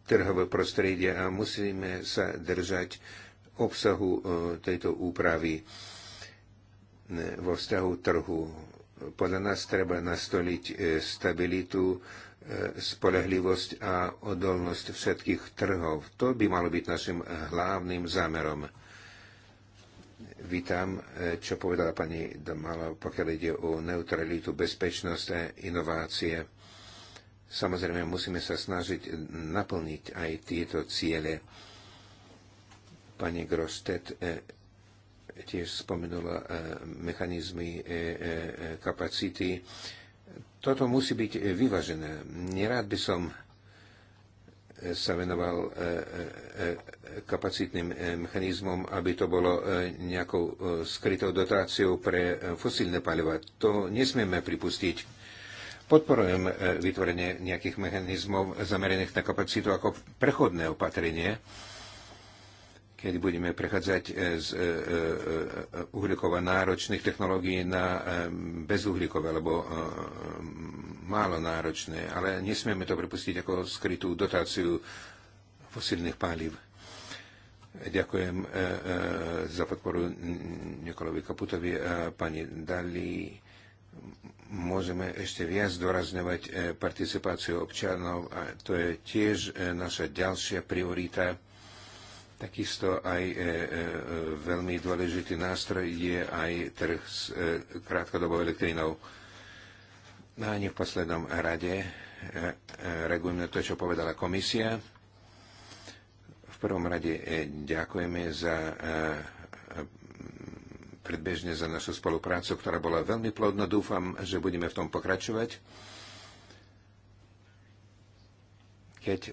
trhové prostredie a musíme sa držať obsahu tejto úpravy vo vzťahu trhu. Podľa nás treba nastoliť stabilitu spolehlivosť a odolnosť všetkých trhov. To by malo byť našim hlavným zámerom. Vítam, e, čo povedala pani Damala, pokiaľ ide o neutralitu, bezpečnosť a inovácie. Samozrejme, musíme sa snažiť naplniť aj tieto ciele. Pani Grostet e, tiež spomenula e, mechanizmy kapacity toto musí byť e, vyvažené. Nerád by som e, sa venoval e, kapacitným mechanizmom, aby to bolo nejakou skrytou dotáciou pre fosílne paliva. To nesmieme pripustiť. Podporujem vytvorenie nejakých mechanizmov zameraných na kapacitu ako prechodné opatrenie, keď budeme prechádzať e, z e, e, uhlíkova náročných technológií na bezuhlíkové, alebo málo náročné. Ale nesmieme to pripustiť ako skrytú dotáciu fosilných palív. Ďakujem za podporu Nikolovi Kaputovi a pani Dali. Môžeme ešte viac zdôrazňovať participáciu občanov a to je tiež naša ďalšia priorita Takisto aj e, e, veľmi dôležitý nástroj je aj trh s e, krátkodobou elektrínou. No a ani v poslednom rade e, e, reagujeme na to, čo povedala komisia. V prvom rade e, ďakujeme za e, predbežne za našu spoluprácu, ktorá bola veľmi plodná. Dúfam, že budeme v tom pokračovať. Keď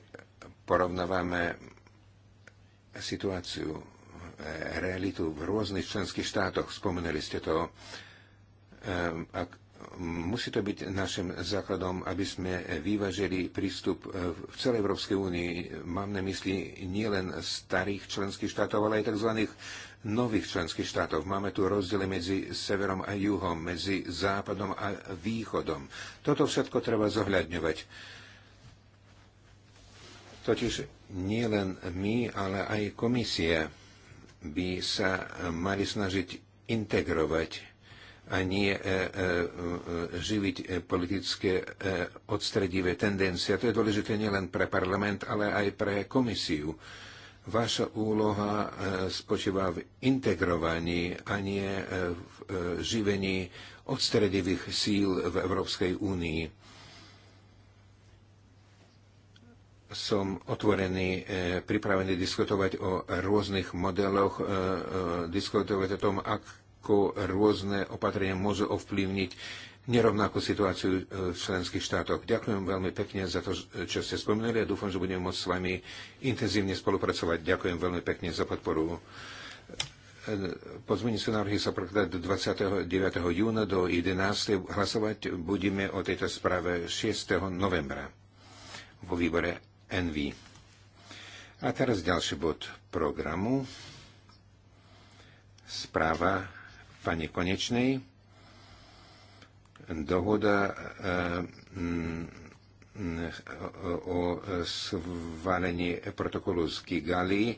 porovnávame situáciu, e, realitu v rôznych členských štátoch. Spomenuli ste to. Ehm, a musí to byť našim základom, aby sme vyvažili prístup e, v celej Európskej únii. Mám na mysli nielen starých členských štátov, ale aj tzv. nových členských štátov. Máme tu rozdiely medzi severom a juhom, medzi západom a východom. Toto všetko treba zohľadňovať. Totiž nie len my, ale aj komisia by sa mali snažiť integrovať a nie e, e, e živiť e, politické e, odstredivé tendencie. To je dôležité nielen pre parlament, ale aj pre komisiu. Vaša úloha e, spočíva v integrovaní a nie v živení odstredivých síl v Európskej únii. som otvorený, e, pripravený diskutovať o rôznych modeloch, e, e, diskutovať o tom, ako rôzne opatrenia môžu ovplyvniť nerovnakú situáciu v členských štátoch. Ďakujem veľmi pekne za to, čo ste spomínali a dúfam, že budeme môcť s vami intenzívne spolupracovať. Ďakujem veľmi pekne za podporu. sa návrhy sa prekladá do 29. júna do 11. Hlasovať budeme o tejto správe 6. novembra vo výbore NV. A teraz ďalší bod programu. Správa pani Konečnej. Dohoda eh, mm, eh, o svalení protokolu z Kigali eh,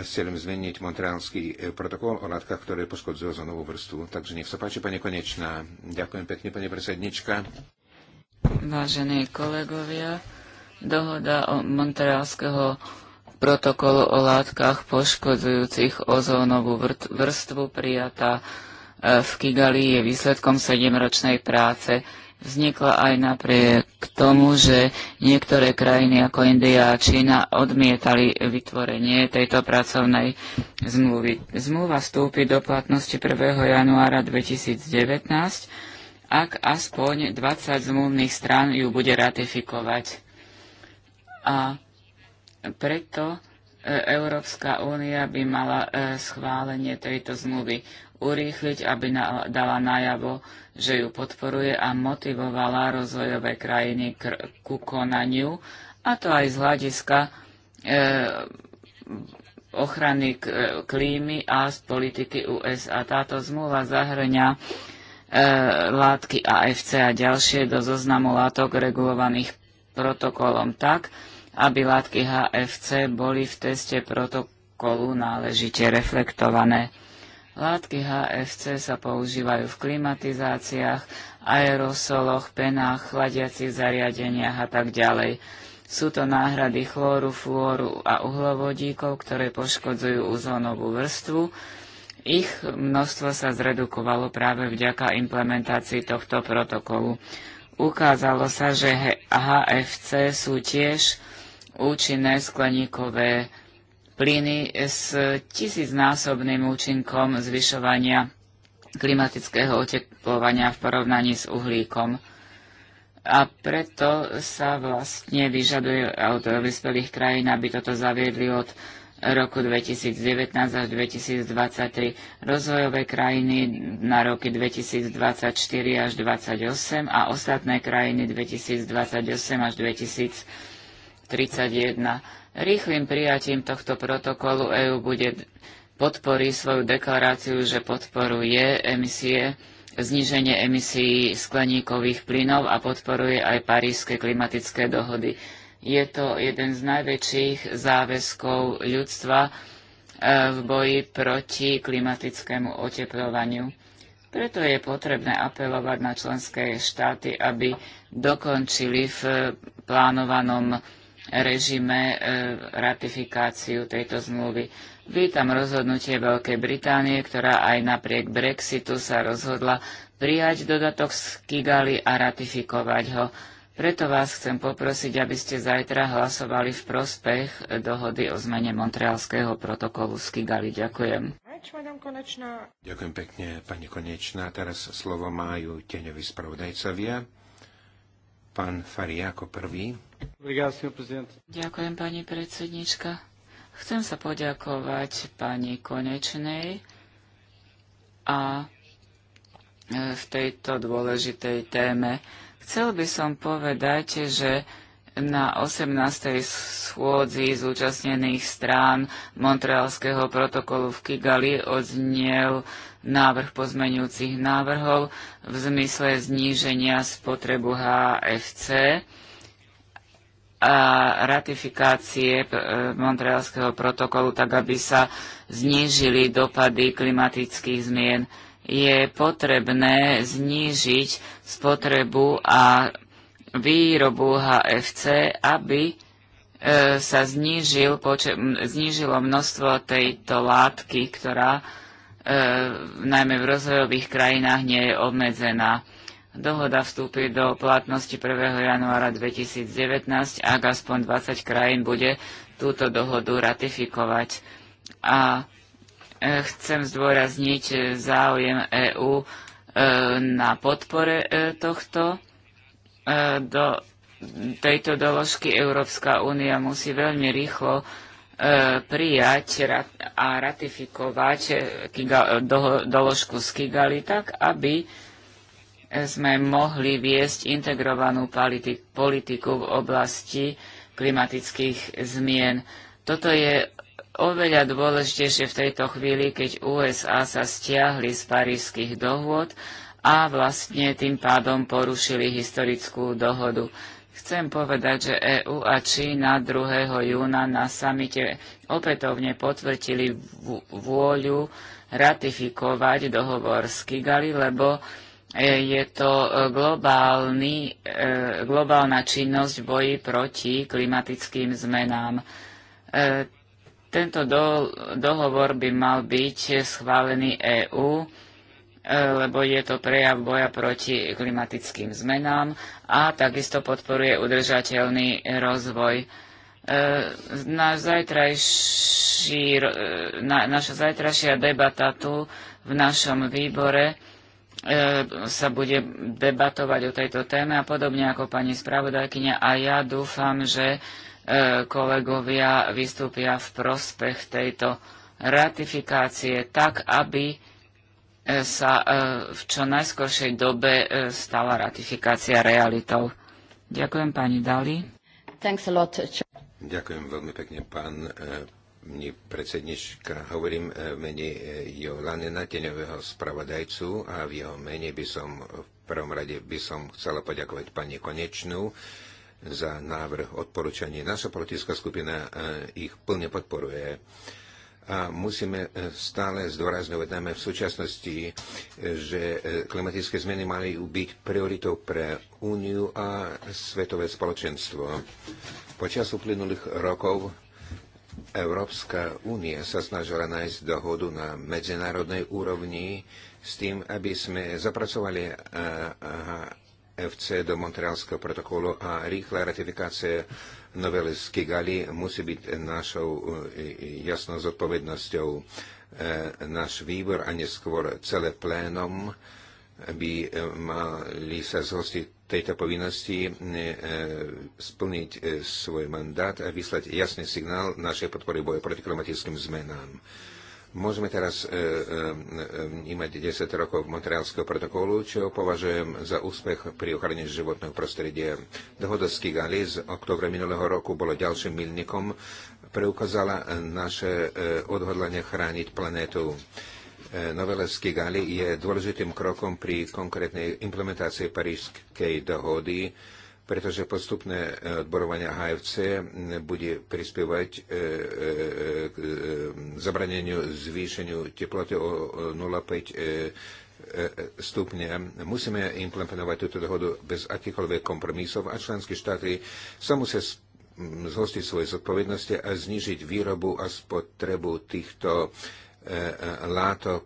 s cieľom zmeniť Montrealský protokol o látkach, ktoré poškodzujú za novú vrstvu. Takže nech sa páči, pani Konečná. Ďakujem pekne, pani predsednička. Vážení kolegovia, Dohoda o Montrealského protokolu o látkach poškodzujúcich ozónovú vrstvu prijatá e, v Kigali je výsledkom sedemročnej práce. Vznikla aj napriek tomu, že niektoré krajiny ako India a Čína odmietali vytvorenie tejto pracovnej zmluvy. Zmluva vstúpi do platnosti 1. januára 2019, ak aspoň 20 zmluvných strán ju bude ratifikovať. A preto e, Európska únia by mala e, schválenie tejto zmluvy urýchliť, aby dala najavo, že ju podporuje a motivovala rozvojové krajiny k, ku konaniu, a to aj z hľadiska e, ochrany k, e, klímy a z politiky USA. Táto zmluva zahrňa e, látky AFC a ďalšie do zoznamu látok regulovaných protokolom tak, aby látky HFC boli v teste protokolu náležite reflektované. Látky HFC sa používajú v klimatizáciách, aerosoloch, penách, chladiacich zariadeniach a tak ďalej. Sú to náhrady chlóru, fluoru a uhlovodíkov, ktoré poškodzujú uzónovú vrstvu. Ich množstvo sa zredukovalo práve vďaka implementácii tohto protokolu. Ukázalo sa, že HFC sú tiež účinné skleníkové plyny s tisícnásobným účinkom zvyšovania klimatického oteplovania v porovnaní s uhlíkom. A preto sa vlastne vyžaduje od vyspelých krajín, aby toto zaviedli od roku 2019 až 2023, rozvojové krajiny na roky 2024 až 2028 a ostatné krajiny 2028 až 2030 31. Rýchlým prijatím tohto protokolu EÚ bude podporí svoju deklaráciu, že podporuje emisie, zníženie emisí skleníkových plynov a podporuje aj parížske klimatické dohody. Je to jeden z najväčších záväzkov ľudstva e, v boji proti klimatickému oteplovaniu. Preto je potrebné apelovať na členské štáty, aby dokončili v plánovanom režime e, ratifikáciu tejto zmluvy. Vítam rozhodnutie Veľkej Británie, ktorá aj napriek Brexitu sa rozhodla prijať dodatok z Kigali a ratifikovať ho. Preto vás chcem poprosiť, aby ste zajtra hlasovali v prospech dohody o zmene Montrealského protokolu z Kigali. Ďakujem. Ďakujem pekne, pani Konečná. Teraz slovo majú teňoví spravodajcovia. Pán Fari ako prvý. Ďakujem, pani predsednička. Chcem sa poďakovať pani Konečnej a e, v tejto dôležitej téme. Chcel by som povedať, že na 18. schôdzi zúčastnených strán Montrealského protokolu v Kigali odznel návrh pozmeňujúcich návrhov v zmysle zníženia spotrebu HFC a ratifikácie e, Montrealského protokolu, tak aby sa znížili dopady klimatických zmien. Je potrebné znížiť spotrebu a výrobu HFC, aby e, sa znížil, znížilo množstvo tejto látky, ktorá e, najmä v rozvojových krajinách nie je obmedzená. Dohoda vstúpi do platnosti 1. januára 2019, ak aspoň 20 krajín bude túto dohodu ratifikovať. A e, chcem zdôrazniť záujem EÚ na podpore tohto E, do tejto doložky Európska únia musí veľmi rýchlo e, prijať a ratifikovať e, doložku z Kigali tak, aby sme mohli viesť integrovanú politiku v oblasti klimatických zmien. Toto je oveľa dôležitejšie v tejto chvíli, keď USA sa stiahli z parížských dohôd a vlastne tým pádom porušili historickú dohodu. Chcem povedať, že EÚ a Čína 2. júna na samite opätovne potvrdili vôľu ratifikovať dohovor z Kigali, lebo e, je to e, globálny, e, globálna činnosť v boji proti klimatickým zmenám. Tento do, dohovor by mal byť schválený EÚ E, lebo je to prejav boja proti klimatickým zmenám a takisto podporuje udržateľný rozvoj. E, Náš zajtrajší, e, na, naša zajtrajšia debata tu v našom výbore sa bude debatovať o tejto téme a podobne ako pani spravodajkyňa a ja dúfam, že kolegovia vystúpia v prospech tejto ratifikácie tak, aby E, sa e, v čo najskoršej dobe e, stala ratifikácia realitou. Ďakujem pani Dali. Ďakujem veľmi pekne, pán mne predsednička, hovorím v mene Jolane Nateňového spravodajcu a v jeho mene by som v prvom rade by som chcela poďakovať pani Konečnú za návrh odporúčanie. Naša politická skupina ich plne podporuje a musíme e, stále zdôrazňovať najmä v súčasnosti, e, že e, klimatické zmeny mali byť prioritou pre Úniu a svetové spoločenstvo. Počas uplynulých rokov Európska únia sa snažila nájsť dohodu na medzinárodnej úrovni s tým, aby sme zapracovali FC do Montrealského protokolu a rýchla ratifikácia novele z Kigali musí byť našou e, e, jasnou zodpovednosťou. E, náš výbor a neskôr celé plénom by mali sa zhostiť tejto povinnosti splniť svoj mandát a vyslať jasný signál našej podpory boja proti klimatickým zmenám. Môžeme teraz imať e, e, e, 10 rokov Montrealského protokolu, čo považujem za úspech pri ochrane životného prostredia. Dohoda z Kigali z oktobra minulého roku bolo ďalším milníkom, preukázala naše odhodlanie chrániť planetu. Novela z Kigali je dôležitým krokom pri konkrétnej implementácii Parížskej dohody, pretože postupné e, odborovanie HFC bude prispievať e, e, k zabraneniu zvýšeniu teploty o 0,5 stupňa. Musíme implementovať túto dohodu bez akýchkoľvek kompromisov a členské štáty sa musia zhostiť svoje zodpovednosti a znižiť výrobu a spotrebu týchto látok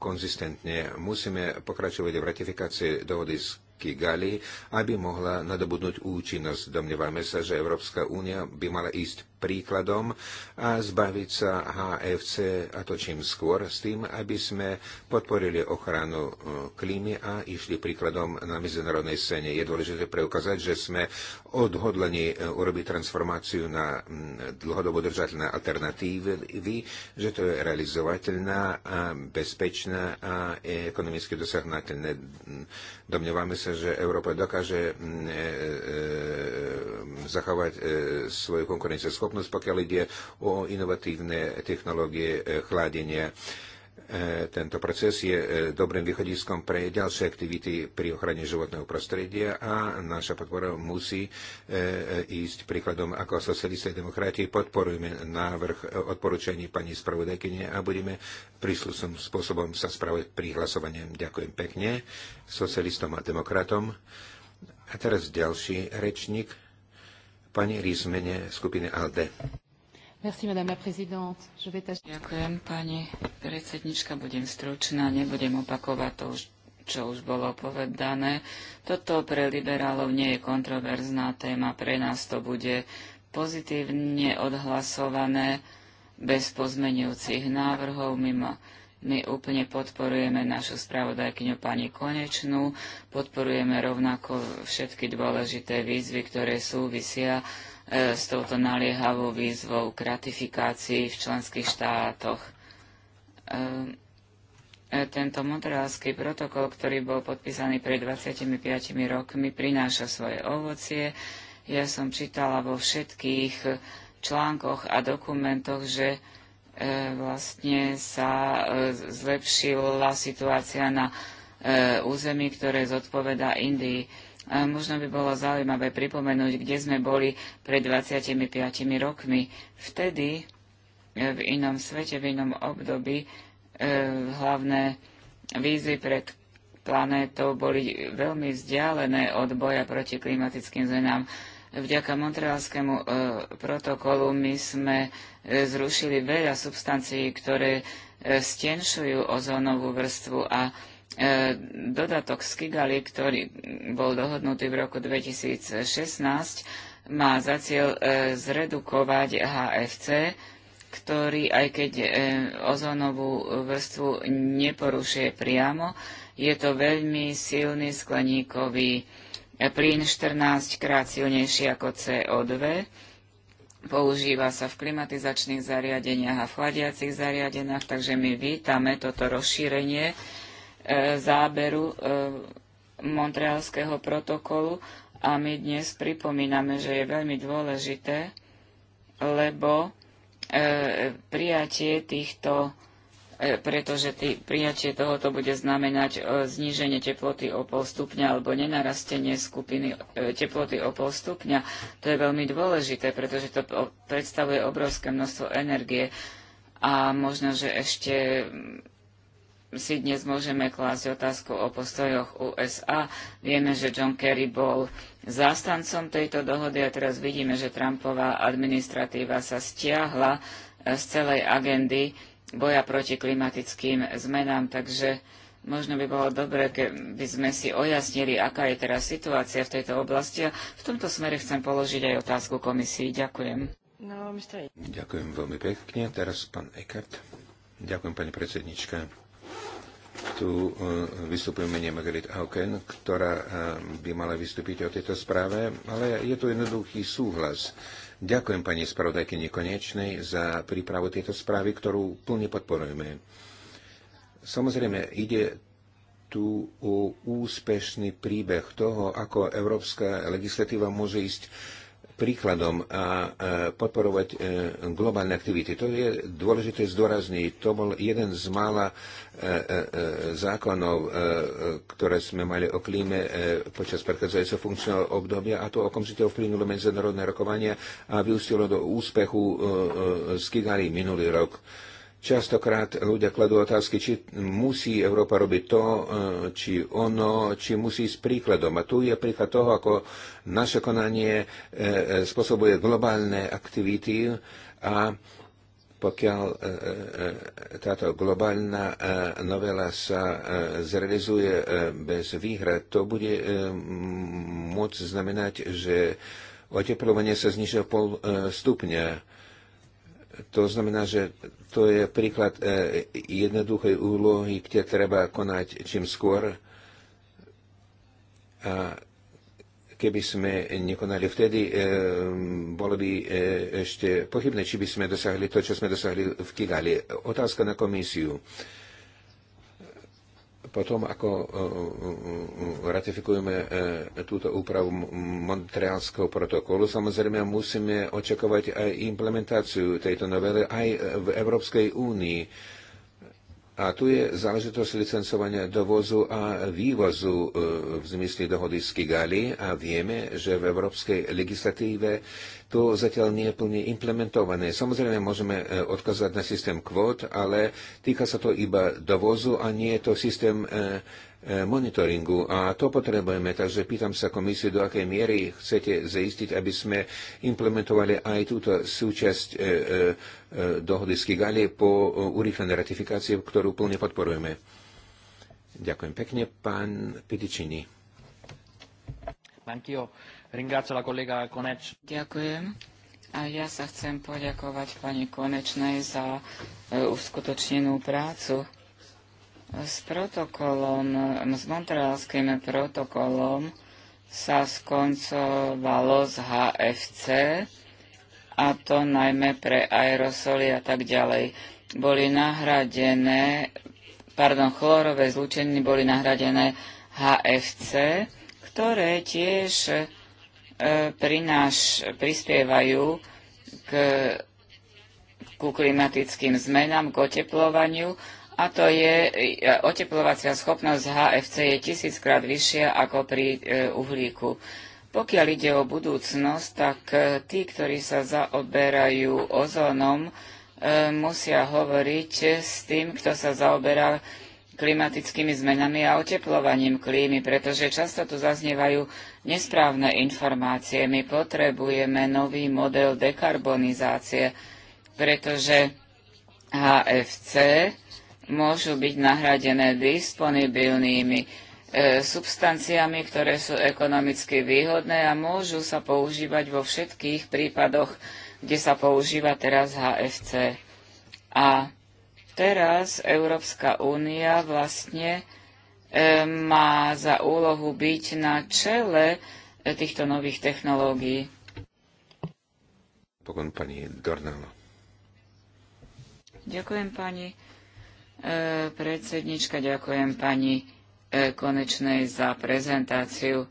konzistentne. Musíme pokračovať v ratifikácii dohody s Kigali, aby mohla nadobudnúť účinnosť. Domnievame sa, že Európska únia by mala ísť príkladom a zbaviť sa HFC a to čím skôr s tým, aby sme podporili ochranu e, klímy a išli príkladom na medzinárodnej scéne. Je dôležité preukázať, že sme odhodlení e, urobiť transformáciu na dlhodobo držateľné alternatívy, že to je realizovateľná a bezpečná a ekonomicky dosahnateľná. Domnievame sa, že Európa dokáže e, zachovať svoju konkurenciu schopnosť, pokiaľ ide o inovatívne technológie e, chladenia. E, tento proces je e, dobrým východiskom pre ďalšie aktivity pri ochrane životného prostredia a naša podpora musí ísť príkladom ako socialisti a demokrati. Podporujeme návrh odporúčaní pani spravodajkyne a budeme príslušným spôsobom sa spravovať pri hlasovaní. Ďakujem pekne socialistom a demokratom. A teraz ďalší rečník pani Rizmene skupiny ALD. Merci, madame la présidente. Je vais Ďakujem, pani predsednička. Budem stručná, nebudem opakovať to, čo už bolo povedané. Toto pre liberálov nie je kontroverzná téma. Pre nás to bude pozitívne odhlasované bez pozmenujúcich návrhov mimo my úplne podporujeme našu spravodajkyňu pani Konečnú, podporujeme rovnako všetky dôležité výzvy, ktoré súvisia e, s touto naliehavou výzvou k ratifikácii v členských štátoch. E, e, tento montrealský protokol, ktorý bol podpísaný pred 25 rokmi, prináša svoje ovocie. Ja som čítala vo všetkých článkoch a dokumentoch, že E, vlastne sa e, zlepšila situácia na e, území, ktoré zodpoveda Indii. možno by bolo zaujímavé pripomenúť, kde sme boli pred 25 rokmi. Vtedy v inom svete, v inom období hlavné výzvy pred planétou boli veľmi vzdialené od boja proti klimatickým zmenám. Vďaka Montrealskému e, protokolu my sme e, zrušili veľa substancií, ktoré e, stenšujú ozónovú vrstvu a dodatok z Kigali, ktorý bol dohodnutý v roku 2016, má za cieľ zredukovať HFC, ktorý, aj keď ozónovú vrstvu neporušuje priamo, je to veľmi silný skleníkový plyn 14 krát silnejší ako CO2. Používa sa v klimatizačných zariadeniach a v chladiacich zariadeniach, takže my vítame toto rozšírenie e, záberu e, Montrealského protokolu a my dnes pripomíname, že je veľmi dôležité, lebo e, prijatie týchto E, pretože tý, prijatie tohoto bude znamenať e, zníženie teploty o pol stupňa alebo nenarastenie skupiny e, teploty o pol stupňa. To je veľmi dôležité, pretože to predstavuje obrovské množstvo energie a možno, že ešte mm, si dnes môžeme klásť otázku o postojoch USA. Vieme, že John Kerry bol zástancom tejto dohody a teraz vidíme, že Trumpová administratíva sa stiahla z celej agendy boja proti klimatickým zmenám. Takže možno by bolo dobre, keby sme si ojasnili, aká je teraz situácia v tejto oblasti. A v tomto smere chcem položiť aj otázku komisii. Ďakujem. No, Ďakujem veľmi pekne. Teraz pán Eckert. Ďakujem, pani predsednička. Tu e, vystupujem menej Margaret Auken, ktorá e, by mala vystúpiť o tejto správe, ale je to jednoduchý súhlas Ďakujem pani spravodajkyni Konečnej za prípravu tejto správy, ktorú plne podporujeme. Samozrejme, ide tu o úspešný príbeh toho, ako európska legislatíva môže ísť príkladom a podporovať e, globálne aktivity. To je dôležité zdôrazniť. To bol jeden z mála e, e, zákonov, ktoré sme mali o klíme počas prechádzajúceho funkčného obdobia a to okamžite vplynulo medzinárodné rokovania a vyústilo do úspechu z Kigali minulý rok. Častokrát ľudia kladú otázky, či musí Európa robiť to, e, či ono, či musí s príkladom. A tu je príklad toho, ako naše konanie e, e, spôsobuje globálne aktivity a pokiaľ táto globálna novela sa zrealizuje bez výhrad, to bude môcť znamenať, že oteplovanie sa znižuje pol stupňa to znamená, že to je príklad e, jednoduchej úlohy, kde treba konať čím skôr. A keby sme nekonali vtedy, e, bolo by e, ešte pochybné, či by sme dosahli to, čo sme dosahli v Kigali. Otázka na komisiu potom, ako e, e, e, ratifikujeme túto úpravu Montrealského protokolu, samozrejme musíme očakávať aj implementáciu tejto novely aj v Európskej únii a tu je záležitosť licencovania dovozu a vývozu e, v zmysle dohody z Kigali a vieme, že v európskej legislatíve to zatiaľ nie je plne implementované. Samozrejme, môžeme e, odkazať na systém kvót, ale týka sa to iba dovozu a nie je to systém eh, Eh, monitoringu a to potrebujeme. Takže pýtam sa komisie, do akej miery chcete zaistiť, aby sme implementovali aj túto súčasť e, e, dohody z Kigali po urýchlenej ratifikácii, ktorú plne podporujeme. Ďakujem pekne, pán Piticini. Ďakujem. A ja sa chcem poďakovať pani Konečnej za uskutočnenú prácu. S protokolom, s montrealským protokolom sa skoncovalo z HFC, a to najmä pre aerosoly a tak ďalej. Boli nahradené, pardon, chlorové zlučeniny boli nahradené HFC, ktoré tiež e, prináš, prispievajú k, ku klimatickým zmenám, k oteplovaniu a to je e, oteplovacia schopnosť HFC je tisíckrát vyššia ako pri e, uhlíku. Pokiaľ ide o budúcnosť, tak e, tí, ktorí sa zaoberajú ozónom, musia hovoriť s tým, kto sa zaoberá klimatickými zmenami a oteplovaním klímy, pretože často tu zaznievajú nesprávne informácie. My potrebujeme nový model dekarbonizácie, pretože HFC môžu byť nahradené disponibilnými e, substanciami, ktoré sú ekonomicky výhodné a môžu sa používať vo všetkých prípadoch, kde sa používa teraz HFC. A teraz Európska únia vlastne e, má za úlohu byť na čele e, týchto nových technológií. Pokon pani Dornalo. Ďakujem pani predsednička, ďakujem pani e, Konečnej za prezentáciu.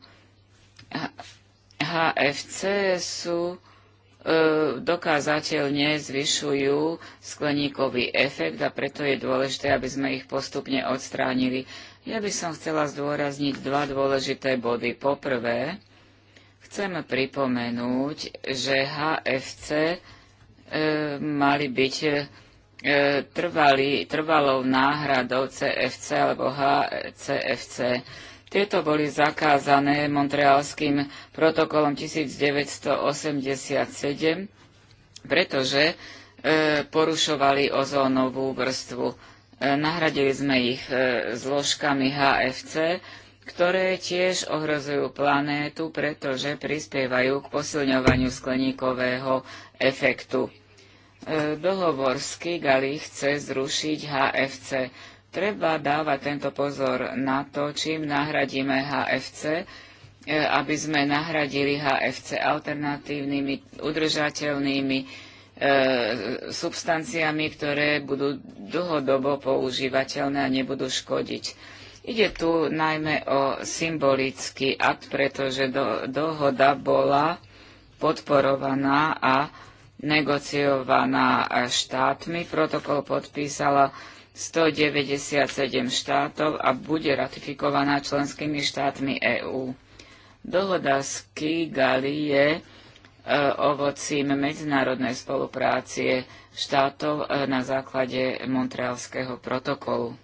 HFC sú e, dokázateľne zvyšujú skleníkový efekt a preto je dôležité, aby sme ich postupne odstránili. Ja by som chcela zdôrazniť dva dôležité body. Poprvé, chcem pripomenúť, že HFC e, mali byť E, trvali, trvalou náhradou CFC alebo HCFC. Tieto boli zakázané Montrealským protokolom 1987, pretože e, porušovali ozónovú vrstvu. E, nahradili sme ich zložkami HFC, ktoré tiež ohrozujú planétu, pretože prispievajú k posilňovaniu skleníkového efektu. E, dohovor z Kigali chce zrušiť HFC. Treba dávať tento pozor na to, čím nahradíme HFC, e, aby sme nahradili HFC alternatívnymi, udržateľnými e, substanciami, ktoré budú dlhodobo používateľné a nebudú škodiť. Ide tu najmä o symbolický akt, pretože do, dohoda bola podporovaná a negociovaná štátmi. Protokol podpísala 197 štátov a bude ratifikovaná členskými štátmi EÚ. Dohoda z Kigali je e, ovocím medzinárodnej spolupráce štátov e, na základe Montrealského protokolu.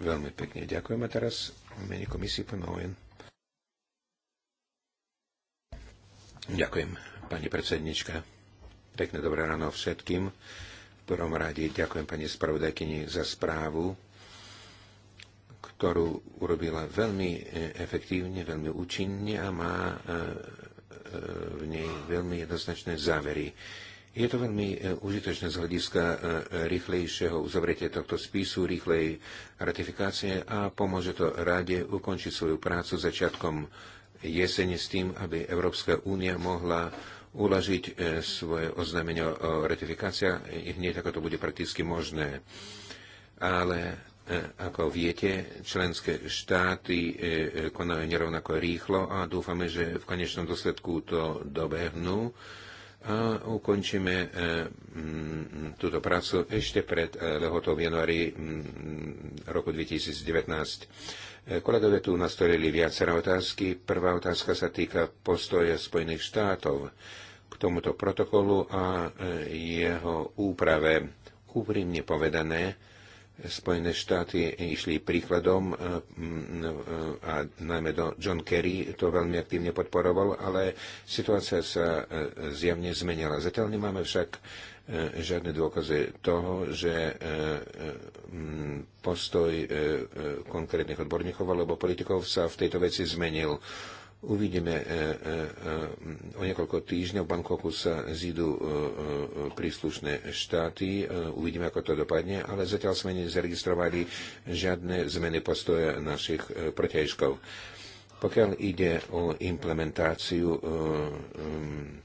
Veľmi pekne ďakujeme teraz v mene komisie pán Owen. Ďakujem, pani predsednička. Pekné dobré ráno všetkým. V prvom rade ďakujem pani spravodajkyni za správu, ktorú urobila veľmi e, efektívne, veľmi účinne a má e, e, v nej veľmi jednoznačné závery. Je to veľmi užitočné z hľadiska rýchlejšieho uzavretia tohto spisu, rýchlej ratifikácie a pomôže to rade ukončiť svoju prácu začiatkom jesene s tým, aby Európska únia mohla uložiť e, svoje oznámenie o ratifikácii. Hneď ako to bude prakticky možné. Ale e, ako viete, členské štáty e, konajú nerovnako rýchlo a dúfame, že v konečnom dôsledku to dobehnú a ukončíme túto prácu ešte pred lehotou v januári roku 2019. Kolegovia tu nastolili viacero otázky. Prvá otázka sa týka postoje Spojených štátov tomuto protokolu a e, jeho úprave. Úprimne povedané, Spojené štáty išli príkladom e, e, a najmä do John Kerry to veľmi aktívne podporoval, ale situácia sa zjavne zmenila. Zatiaľ nemáme však žiadne dôkazy toho, že postoj konkrétnych odborníkov alebo politikov sa v tejto veci zmenil. Uvidíme, e, e, e, o niekoľko týždňov v Bankoku sa zídu príslušné štáty, uvidíme, ako to dopadne, ale zatiaľ sme nezaregistrovali žiadne zmeny postoja našich protiažkov. Pokiaľ ide o implementáciu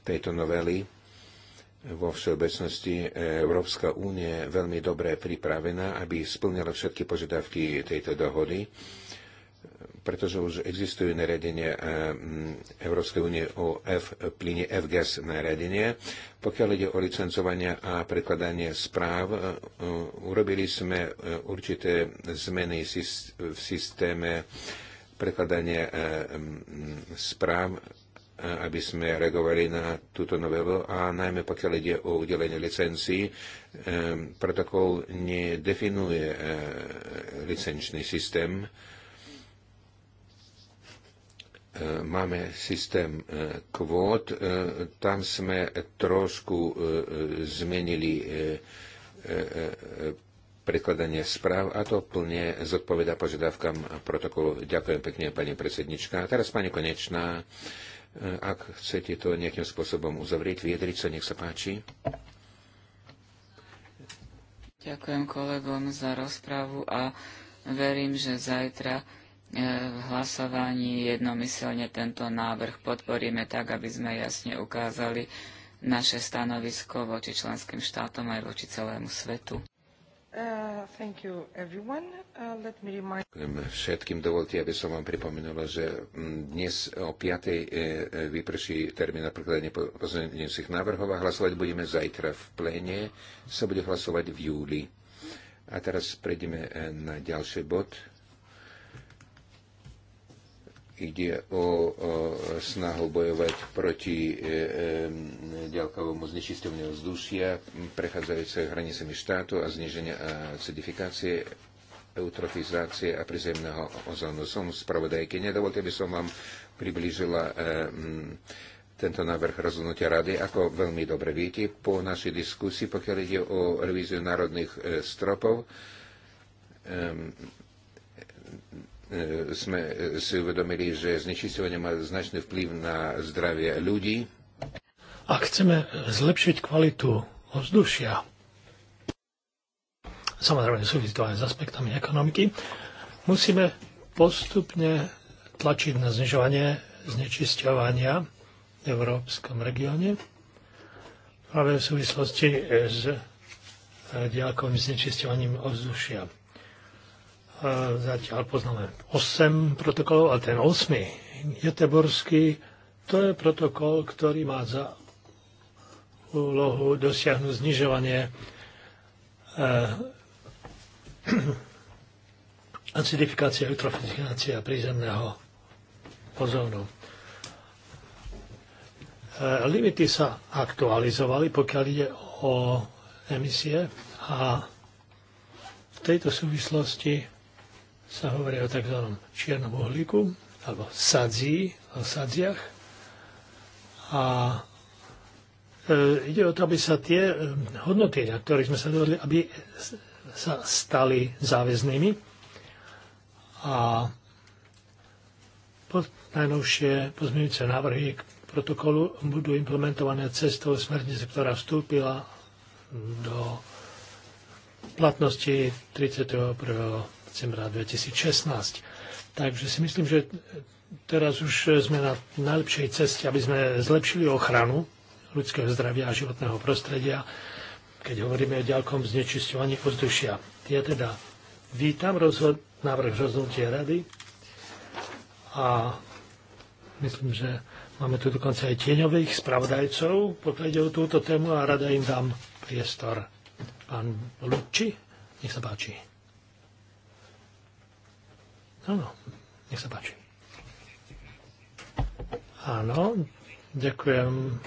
tejto novely, vo všeobecnosti Európska únie je veľmi dobre pripravená, aby splnila všetky požiadavky tejto dohody pretože už existujú nariadenie eh, mm, Európskej únie o F, plyne FGAS nariadenie. Pokiaľ ide o licencovanie a prekladanie správ, eh, eh, urobili sme určité zmeny v systéme prekladania mm, správ aby sme reagovali na túto novelu a najmä pokiaľ ide o udelenie licencií, protokol nedefinuje licenčný systém E, máme systém e, kvót, e, tam sme trošku zmenili prekladanie správ a to plne zodpoveda požiadavkám protokolu. Ďakujem pekne, pani predsednička. A teraz, pani Konečná, ak chcete to nejakým spôsobom uzavrieť, vyjadriť sa, nech sa páči. Ďakujem kolegom za rozprávu a verím, že zajtra E, v hlasovaní jednomyselne tento návrh podporíme tak, aby sme jasne ukázali naše stanovisko voči členským štátom aj voči celému svetu. Uh, uh, všetkým dovolte, aby som vám pripomenula, že mm, dnes o 5. E, e, vyprší termín na prekladanie pozorňujúcich návrhov a hlasovať budeme zajtra v pléne. Sa bude hlasovať v júli. A teraz prejdeme na ďalší bod ide o, snahu bojovať proti e, e, ďalkovomu znečistovaniu vzdušia, prechádzajúce hranicami štátu a zniženia e, acidifikácie eutrofizácie a prizemného ozónu. Som spravodajky. Nedovolte, aby som vám m, tento návrh rozhodnutia rady, ako veľmi dobre viete, po našej diskusii, pokiaľ ide o revíziu národných stropov, E, sme e, si uvedomili, že znečisťovanie má značný vplyv na zdravie ľudí. Ak chceme zlepšiť kvalitu ovzdušia, samozrejme súvisí to aj s aspektami ekonomiky, musíme postupne tlačiť na znižovanie znečisťovania v európskom regióne práve v súvislosti s e, diálkovým znečisťovaním ovzdušia zatiaľ poznáme 8 protokolov a ten 8. Jeteborský, to je protokol, ktorý má za úlohu dosiahnuť znižovanie e, <clears throat> acidifikácie, eutrofizácia prízemného ozónu. E, limity sa aktualizovali, pokiaľ ide o emisie a v tejto súvislosti sa hovorí o tzv. čiernom uhlíku, alebo sadzí, o sadziach. A e, ide o to, aby sa tie e, hodnoty, na ktorých sme sa dohodli, aby sa stali záväznými. A po najnovšie pozmeňujúce návrhy k protokolu budú implementované cestou smernice, ktorá vstúpila do platnosti 31 decembra 2016. Takže si myslím, že teraz už sme na najlepšej ceste, aby sme zlepšili ochranu ľudského zdravia a životného prostredia, keď hovoríme o ďalkom znečisťovaní ovzdušia. Ja teda vítam rozhod- návrh rozhodnutia rady a myslím, že máme tu dokonca aj tieňových spravodajcov, pokiaľ ide o túto tému a rada im dám priestor. Pán Luči, nech sa páči. Áno, no, nech sa páči. Áno, ďakujem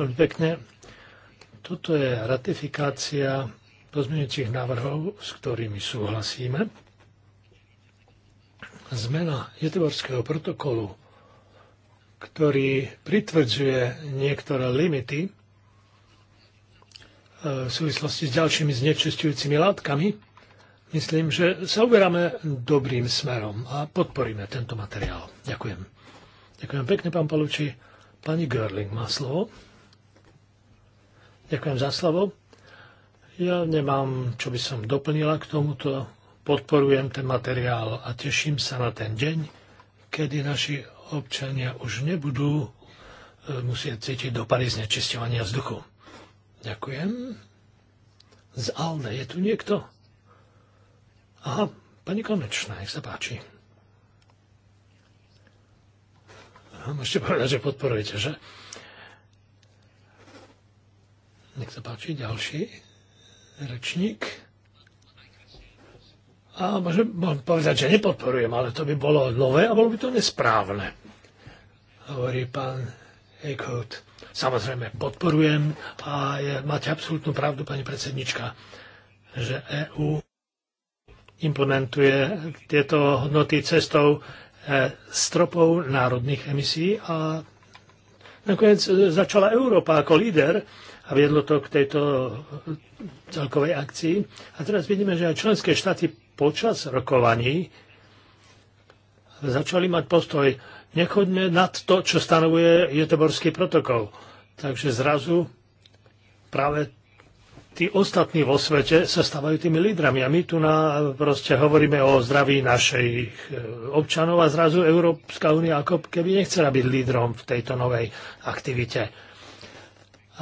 veľmi pekne. Toto je ratifikácia pozmeňujúcich návrhov, s ktorými súhlasíme. Zmena Jeteborského protokolu, ktorý pritvrdzuje niektoré limity e, v súvislosti s ďalšími znečistujúcimi látkami, Myslím, že sa uberáme dobrým smerom a podporíme tento materiál. Ďakujem. Ďakujem pekne, pán Paluči. Pani Görling má slovo. Ďakujem za slovo. Ja nemám, čo by som doplnila k tomuto. Podporujem ten materiál a teším sa na ten deň, kedy naši občania už nebudú e, musieť cítiť dopady znečisťovania vzduchu. Ďakujem. Z Alde je tu niekto? Aha, pani Konečná, nech sa páči. Aha, môžete povedať, že podporujete, že? Nech sa páči, ďalší rečník. A môžem povedať, že nepodporujem, ale to by bolo nové a bolo by to nesprávne. Hovorí pán Eichhout. Samozrejme, podporujem a je, máte absolútnu pravdu, pani predsednička, že EU implementuje tieto hodnoty cestou eh, stropov národných emisí a nakoniec eh, začala Európa ako líder a viedlo to k tejto celkovej akcii. A teraz vidíme, že aj členské štáty počas rokovaní začali mať postoj, nechoďme nad to, čo stanovuje Jeteborský protokol. Takže zrazu práve tí ostatní vo svete sa stávajú tými lídrami. A my tu na, proste hovoríme o zdraví našich e, občanov a zrazu Európska únia ako keby nechcela byť lídrom v tejto novej aktivite.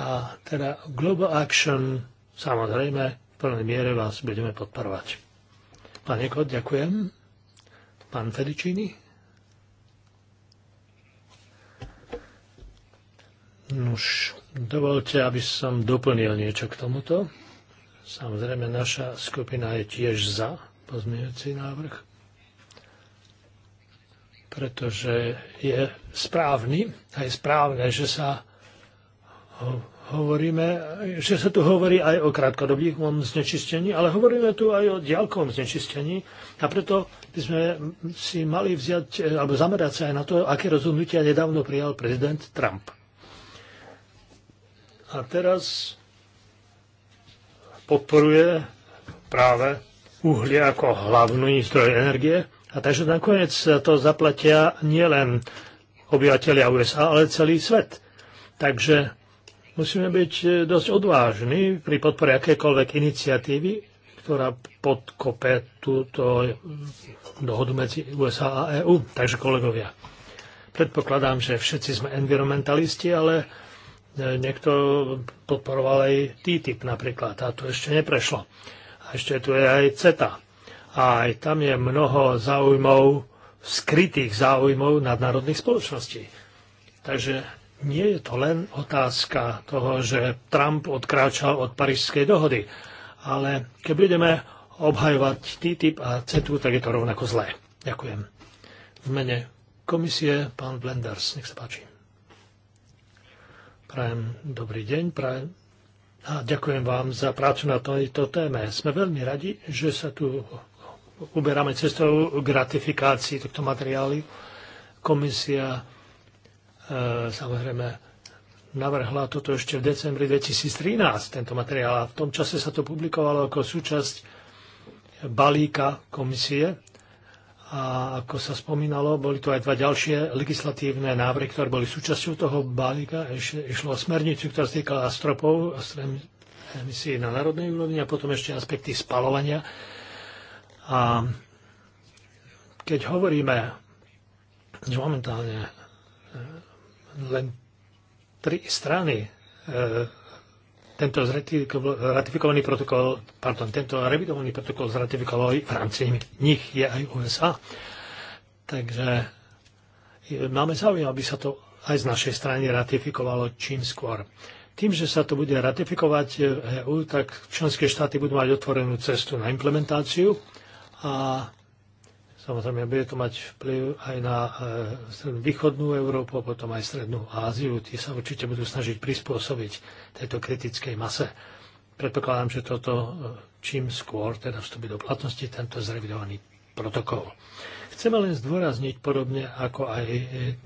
A teda Global Action samozrejme v plnej miere vás budeme podporovať. Pán Ekot, ďakujem. Pán Fedičíny? Už dovolte, aby som doplnil niečo k tomuto. Samozrejme, naša skupina je tiež za pozmeňujúci návrh, pretože je správny a je správne, že sa hovoríme, že sa tu hovorí aj o krátkodobíkom znečistení, ale hovoríme tu aj o diaľkovom znečistení a preto by sme si mali vziať, alebo zamerať sa aj na to, aké rozhodnutia nedávno prijal prezident Trump a teraz podporuje práve uhlie ako hlavný zdroj energie. A takže nakoniec to zaplatia nielen obyvateľia USA, ale celý svet. Takže musíme byť e, dosť odvážni pri podpore akékoľvek iniciatívy, ktorá podkope túto dohodu medzi USA a EU. Takže kolegovia, predpokladám, že všetci sme environmentalisti, ale E, niekto podporoval aj TTIP napríklad a to ešte neprešlo. A ešte tu je aj CETA. A aj tam je mnoho záujmov, skrytých záujmov nadnárodných spoločností. Takže nie je to len otázka toho, že Trump odkráčal od Parížskej dohody, ale keď budeme obhajovať TTIP a CETU, tak je to rovnako zlé. Ďakujem. V mene komisie pán Blenders, nech sa páči. Prajem dobrý deň, prajem a ďakujem vám za prácu na tejto téme. Sme veľmi radi, že sa tu uberáme cestou k ratifikácii tohto materiálu. Komisia e, samozrejme navrhla toto ešte v decembri 2013, tento materiál. A v tom čase sa to publikovalo ako súčasť balíka komisie a ako sa spomínalo, boli tu aj dva ďalšie legislatívne návrhy, ktoré boli súčasťou toho balíka. Išlo o smernicu, ktorá sa týkala stropov, emisí na národnej úrovni a potom ešte aspekty spalovania. A keď hovoríme, že momentálne e, len tri strany e, tento ratifikovaný protokol, pardon, tento revidovaný protokol zratifikoval v rámci nich je aj USA. Takže e, máme záujem, aby sa to aj z našej strany ratifikovalo čím skôr. Tým, že sa to bude ratifikovať v e, e tak členské štáty budú mať otvorenú cestu na implementáciu a Samozrejme, bude to mať vplyv aj na e, východnú Európu a potom aj strednú Áziu. Tí sa určite budú snažiť prispôsobiť tejto kritickej mase. Predpokladám, že toto e, čím skôr teda vstúpi do platnosti tento zrevidovaný protokol. Chceme len zdôrazniť podobne ako aj e,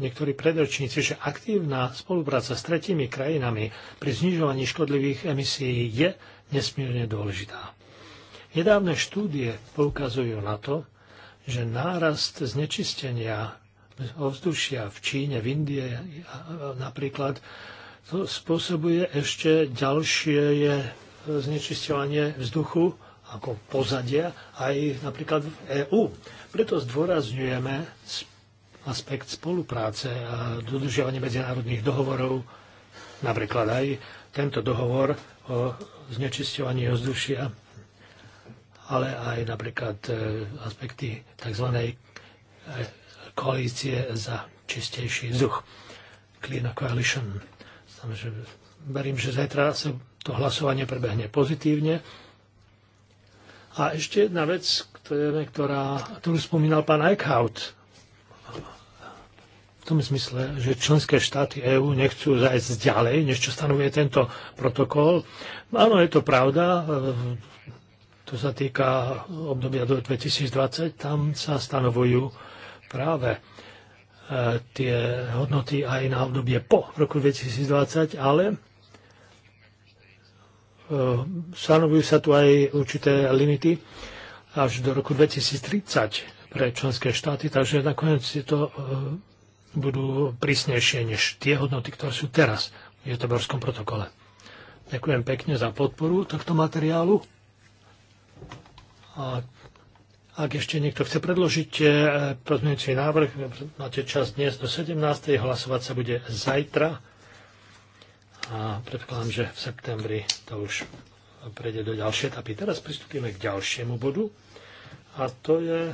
niektorí predročníci, že aktívna spolupráca s tretími krajinami pri znižovaní škodlivých emisí je nesmierne dôležitá. Nedávne štúdie poukazujú na to, že nárast znečistenia ovzdušia v Číne, v Indie napríklad, to spôsobuje ešte ďalšie je znečisťovanie vzduchu ako pozadia aj napríklad v EÚ. Preto zdôrazňujeme aspekt spolupráce a dodržiavanie medzinárodných dohovorov, napríklad aj tento dohovor o znečisťovaní ovzdušia ale aj napríklad e, aspekty tzv. E, koalície za čistejší vzduch. Clean Coalition. Samozrejme, verím, že zajtra sa to hlasovanie prebehne pozitívne. A ešte jedna vec, ktorá, ktorú spomínal pán Eichhout. V tom zmysle, že členské štáty EÚ nechcú zajsť ďalej, než čo stanovuje tento protokol. Áno, je to pravda. E, to sa týka obdobia do 2020, tam sa stanovujú práve e, tie hodnoty aj na obdobie po roku 2020, ale e, stanovujú sa tu aj určité limity až do roku 2030 pre členské štáty, takže nakoniec si to e, budú prísnejšie než tie hodnoty, ktoré sú teraz v Jeteborskom protokole. Ďakujem pekne za podporu tohto materiálu. A ak ešte niekto chce predložiť e, pozmeňujúci návrh, máte čas dnes do 17. Hlasovať sa bude zajtra. A predpokladám, že v septembri to už prejde do ďalšie etapy. Teraz pristúpime k ďalšiemu bodu. A to je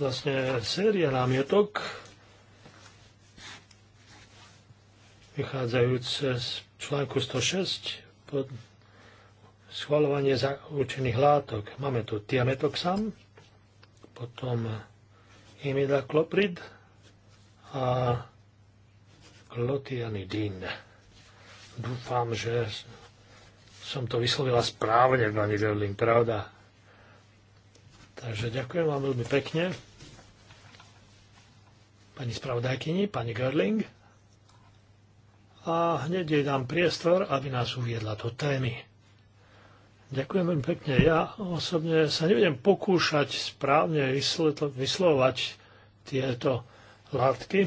vlastne séria námietok, vychádzajúce z článku 106 pod schvalovanie určených látok. Máme tu tiametoxam, potom imidakloprid a klotianidín. Dúfam, že som to vyslovila správne, pani Gerling, pravda? Takže ďakujem vám veľmi pekne. Pani spravodajkyni, pani Gerling. A hneď jej dám priestor, aby nás uviedla do témy. Ďakujem veľmi pekne. Ja osobne sa nebudem pokúšať správne vyslovať tieto látky.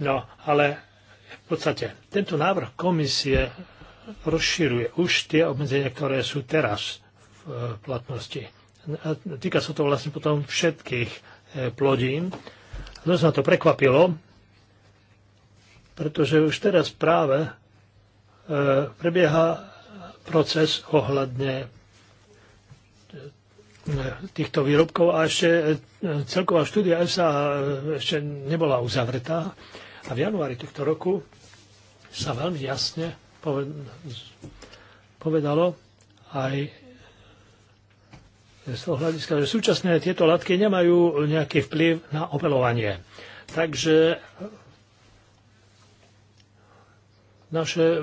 No, ale v podstate tento návrh komisie rozširuje už tie obmedzenia, ktoré sú teraz v e, platnosti. A týka sa to vlastne potom všetkých e, plodín. Dosť ma to prekvapilo, pretože už teraz práve e, prebieha proces ohľadne e, týchto výrobkov a ešte e, celková štúdia sa e, ešte nebola uzavretá a v januári tohto roku sa veľmi jasne povedalo aj z toho hľadiska, že súčasné tieto látky nemajú nejaký vplyv na opelovanie. Takže naše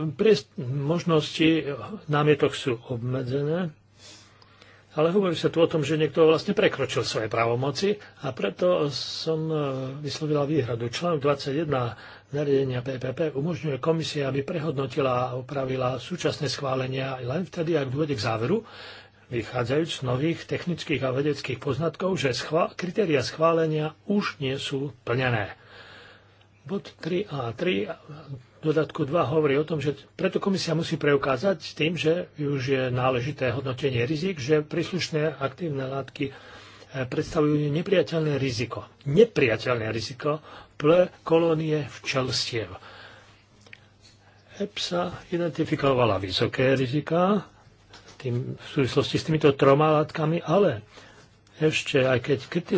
možnosti námietok sú obmedzené, ale hovorí sa tu o tom, že niekto vlastne prekročil svoje právomoci a preto som e, vyslovila výhradu. Článok 21 nariadenia PPP umožňuje komisia, aby prehodnotila a opravila súčasné schválenia len vtedy, ak dôjde k záveru, vychádzajúc z nových technických a vedeckých poznatkov, že schva- kritéria schválenia už nie sú plnené. Bod 3 a 3 dodatku 2 hovorí o tom, že preto komisia musí preukázať tým, že už je náležité hodnotenie rizik, že príslušné aktívne látky eh, predstavujú nepriateľné riziko. Nepriateľné riziko pre kolónie včelstiev. EPSA identifikovala vysoké rizika tým, v súvislosti s týmito troma látkami, ale ešte, aj keď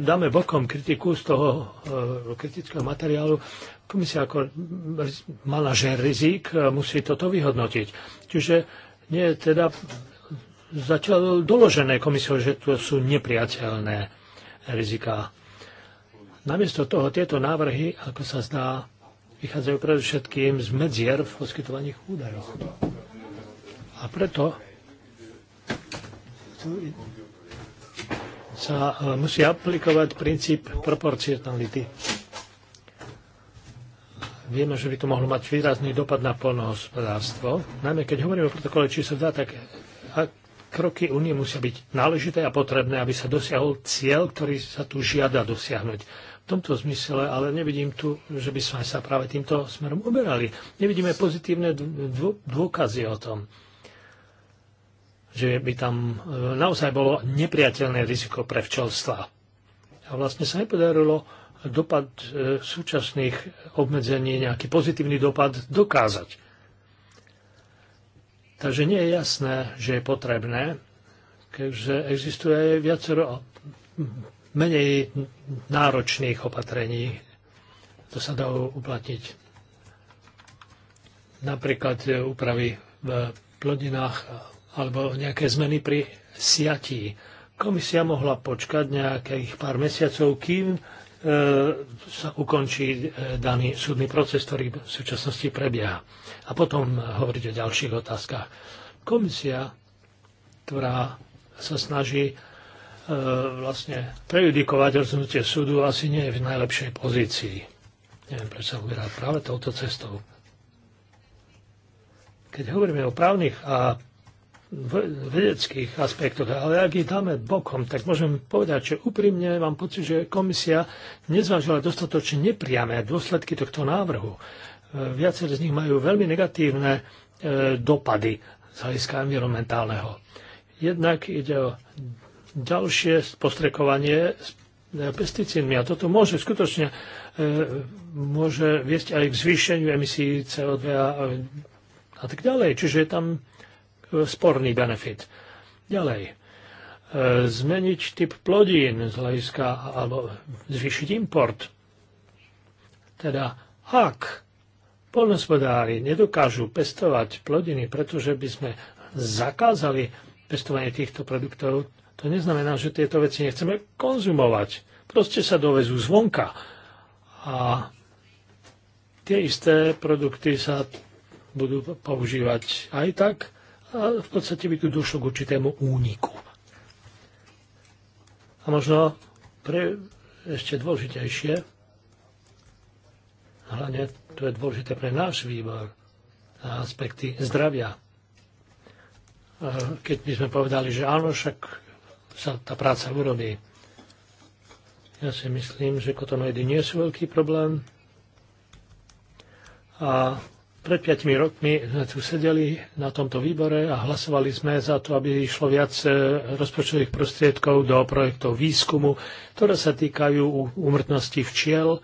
dáme bokom kritiku z toho e, kritického materiálu, Komisia ako manažer rizik e, musí toto vyhodnotiť. Čiže nie je teda zatiaľ doložené komisiou, že to sú nepriateľné riziká. Namiesto toho tieto návrhy, ako sa zdá, vychádzajú predovšetkým z medzier v poskytovaných údajoch. A preto sa e, musí aplikovať princíp proporcionality vieme, že by to mohlo mať výrazný dopad na polnohospodárstvo. Najmä keď hovoríme o protokole číslo 2, tak kroky únie musia byť náležité a potrebné, aby sa dosiahol cieľ, ktorý sa tu žiada dosiahnuť. V tomto zmysle ale nevidím tu, že by sme sa práve týmto smerom uberali. Nevidíme pozitívne dôkazy o tom, že by tam e, naozaj bolo nepriateľné riziko pre včelstva. A vlastne sa nepodarilo dopad e, súčasných obmedzení, nejaký pozitívny dopad dokázať. Takže nie je jasné, že je potrebné, keďže existuje aj viacero menej náročných opatrení. To sa dá uplatniť. Napríklad e, úpravy v plodinách alebo nejaké zmeny pri siatí. Komisia mohla počkať nejakých pár mesiacov, kým E, sa ukončí e, daný súdny proces, ktorý v súčasnosti prebieha. A potom hovoriť o ďalších otázkach. Komisia, ktorá sa snaží e, vlastne prejudikovať rozhodnutie súdu, asi nie je v najlepšej pozícii. Neviem, prečo sa uberá práve touto cestou. Keď hovoríme o právnych a v vedeckých aspektoch, ale ak ich dáme bokom, tak môžem povedať, že úprimne mám pocit, že komisia nezvážila dostatočne nepriame dôsledky tohto návrhu. E, Viaceré z nich majú veľmi negatívne e, dopady z hľadiska environmentálneho. Jednak ide o ďalšie postrekovanie s e, pesticídmi a toto môže skutočne môže viesť aj k zvýšeniu emisí CO2 a, a tak ďalej. Čiže je tam sporný benefit. Ďalej, e, zmeniť typ plodín z hľadiska, alebo zvýšiť import. Teda, ak polnospodári nedokážu pestovať plodiny, pretože by sme zakázali pestovanie týchto produktov, to neznamená, že tieto veci nechceme konzumovať. Proste sa dovezú zvonka. A tie isté produkty sa budú používať aj tak, a v podstate by tu došlo k určitému úniku. A možno pre ešte dôležitejšie, hlavne to je dôležité pre náš výbor, a aspekty zdravia. A keď by sme povedali, že áno, však sa tá práca urobí. Ja si myslím, že kotonoidy nie sú veľký problém a pred 5 rokmi sme tu sedeli na tomto výbore a hlasovali sme za to, aby išlo viac e, rozpočtových prostriedkov do projektov výskumu, ktoré sa týkajú umrtnosti včiel. E,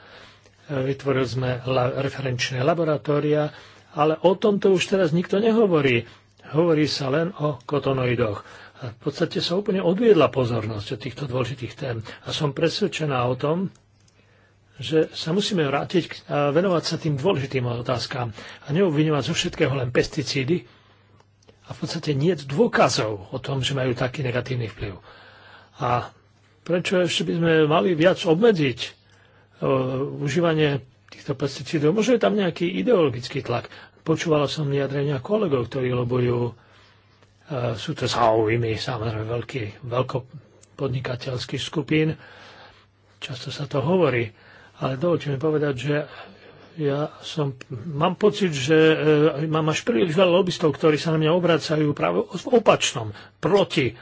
vytvorili sme referenčné laboratória, ale o tomto už teraz nikto nehovorí. Hovorí sa len o kotonoidoch. A v podstate sa úplne odviedla pozornosť od týchto dôležitých tém. A som presvedčená o tom, že sa musíme vrátiť a venovať sa tým dôležitým otázkám a neobvinovať zo všetkého len pesticídy a v podstate nie dôkazov o tom, že majú taký negatívny vplyv. A prečo ešte by sme mali viac obmedziť e, užívanie týchto pesticídov? Možno je tam nejaký ideologický tlak. Počúvala som vyjadrenia kolegov, ktorí lobujú, e, sú to záujmy samozrejme veľký, veľkopodnikateľských skupín, často sa to hovorí ale dovolte mi povedať, že ja som, mám pocit, že e, mám až príliš veľa lobbystov, ktorí sa na mňa obracajú práve v opačnom, proti, e,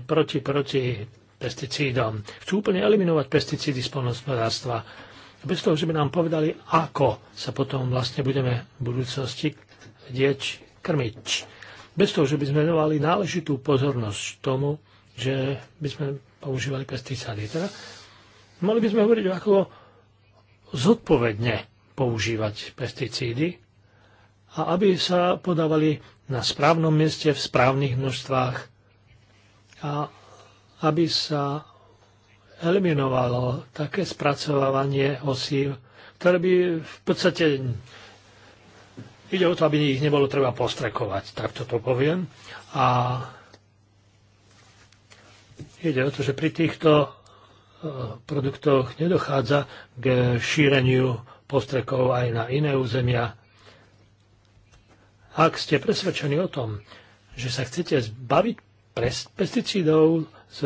proti, proti pesticídom. Chcú úplne eliminovať pesticídy z polnospodárstva. Bez toho, že by nám povedali, ako sa potom vlastne budeme v budúcnosti dieť krmiť. Bez toho, že by sme venovali náležitú pozornosť tomu, že by sme používali pesticídy. Teda Mali by sme hovoriť, ako zodpovedne používať pesticídy a aby sa podávali na správnom mieste, v správnych množstvách a aby sa eliminovalo také spracovávanie osív, ktoré by v podstate ide o to, aby ich nebolo treba postrekovať, tak toto poviem. A ide o to, že pri týchto produktoch nedochádza k šíreniu postrekov aj na iné územia. Ak ste presvedčení o tom, že sa chcete zbaviť pesticídov z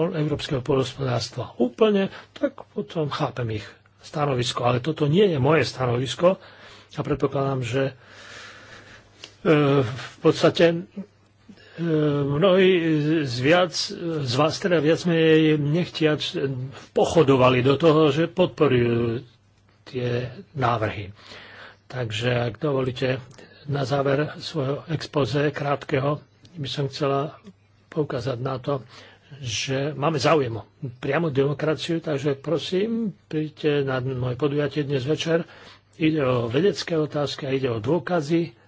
európskeho polospodárstva úplne, tak potom chápem ich stanovisko. Ale toto nie je moje stanovisko a predpokladám, že e, v podstate mnohí z, viac, z vás teda viac menej nechtiac pochodovali do toho, že podporujú tie návrhy. Takže, ak dovolíte, na záver svojho expoze krátkeho by som chcela poukázať na to, že máme záujem o priamu demokraciu, takže prosím, príďte na moje podujatie dnes večer. Ide o vedecké otázky a ide o dôkazy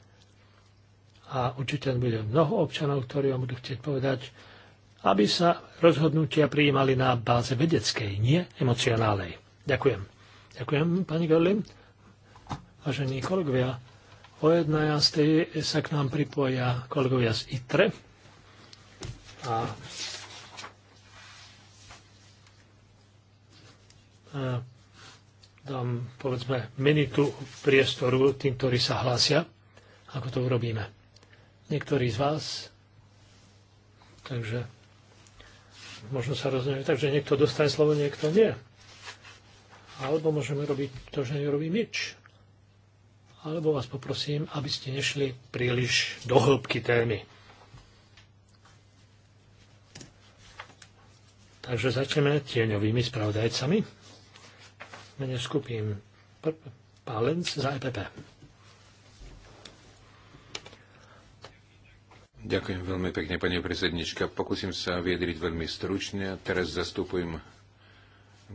a určite bude mnoho občanov, ktorí vám budú chcieť povedať, aby sa rozhodnutia prijímali na báze vedeckej, nie emocionálnej. Ďakujem. Ďakujem, pani Gerlin. Vážení kolegovia, o 11. sa k nám pripoja kolegovia z ITRE. A dám, povedzme, minitu priestoru tým, ktorí sa hlásia, ako to urobíme niektorí z vás. Takže možno sa rozumieť tak, že niekto dostane slovo, niekto nie. Alebo môžeme robiť to, že nerobím nič. Alebo vás poprosím, aby ste nešli príliš do hĺbky témy. Takže začneme tieňovými spravodajcami. Mene skupím Pálenc za EPP. Ďakujem veľmi pekne, pani predsednička. Pokúsim sa vyjadriť veľmi stručne. Teraz zastupujem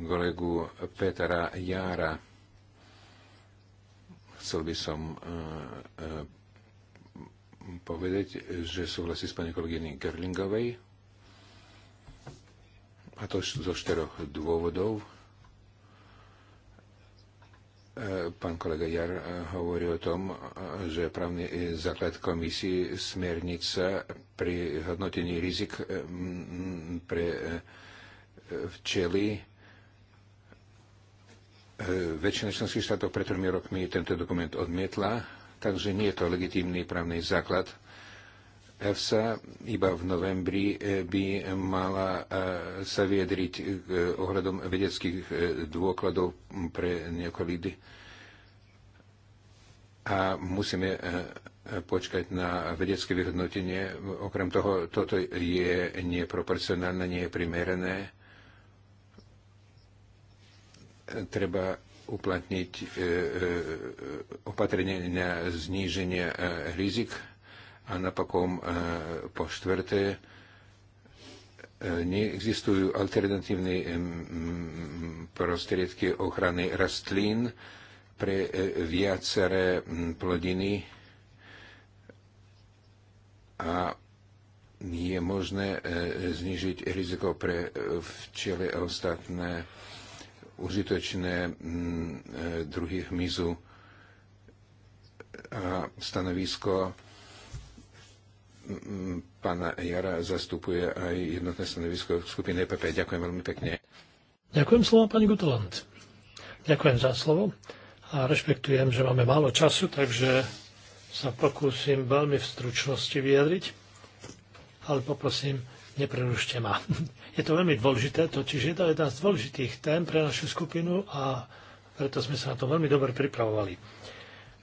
kolegu Petra Jára. Chcel by som e, e, povedať, že súhlasí s pani kolegyny Gerlingovej. A to zo štyroch dôvodov. Pán kolega Jar eh, hovorí o tom, eh, že právny eh, základ komisii smernica pri hodnotení rizik pre včely väčšina členských štátov pred tromi rokmi tento dokument odmietla, takže nie je to legitímny právny základ EFSA iba v novembri eh, by mala eh, sa viedriť eh, ohľadom vedeckých dôkladov pre lidy. A musíme počkať na vedecké vyhodnotenie. Okrem toho, toto je neproporcionálne, nie je primerané. Treba uplatniť opatrenie na zníženie rizik a napokon e, po štvrté, e, neexistujú alternatívne e, prostriedky ochrany rastlín pre viaceré plodiny a je možné znižiť riziko pre včely a ostatné užitočné druhy hmyzu a stanovisko pána Jara zastupuje aj jednotné stanovisko skupiny EPP. Ďakujem veľmi pekne. Ďakujem slovo, pani Gutoland. Ďakujem za slovo a rešpektujem, že máme málo času, takže sa pokúsim veľmi v stručnosti vyjadriť, ale poprosím, neprerušte ma. <laughs> Je to veľmi dôležité, totiž je to jedna z dôležitých tém pre našu skupinu a preto sme sa na to veľmi dobre pripravovali.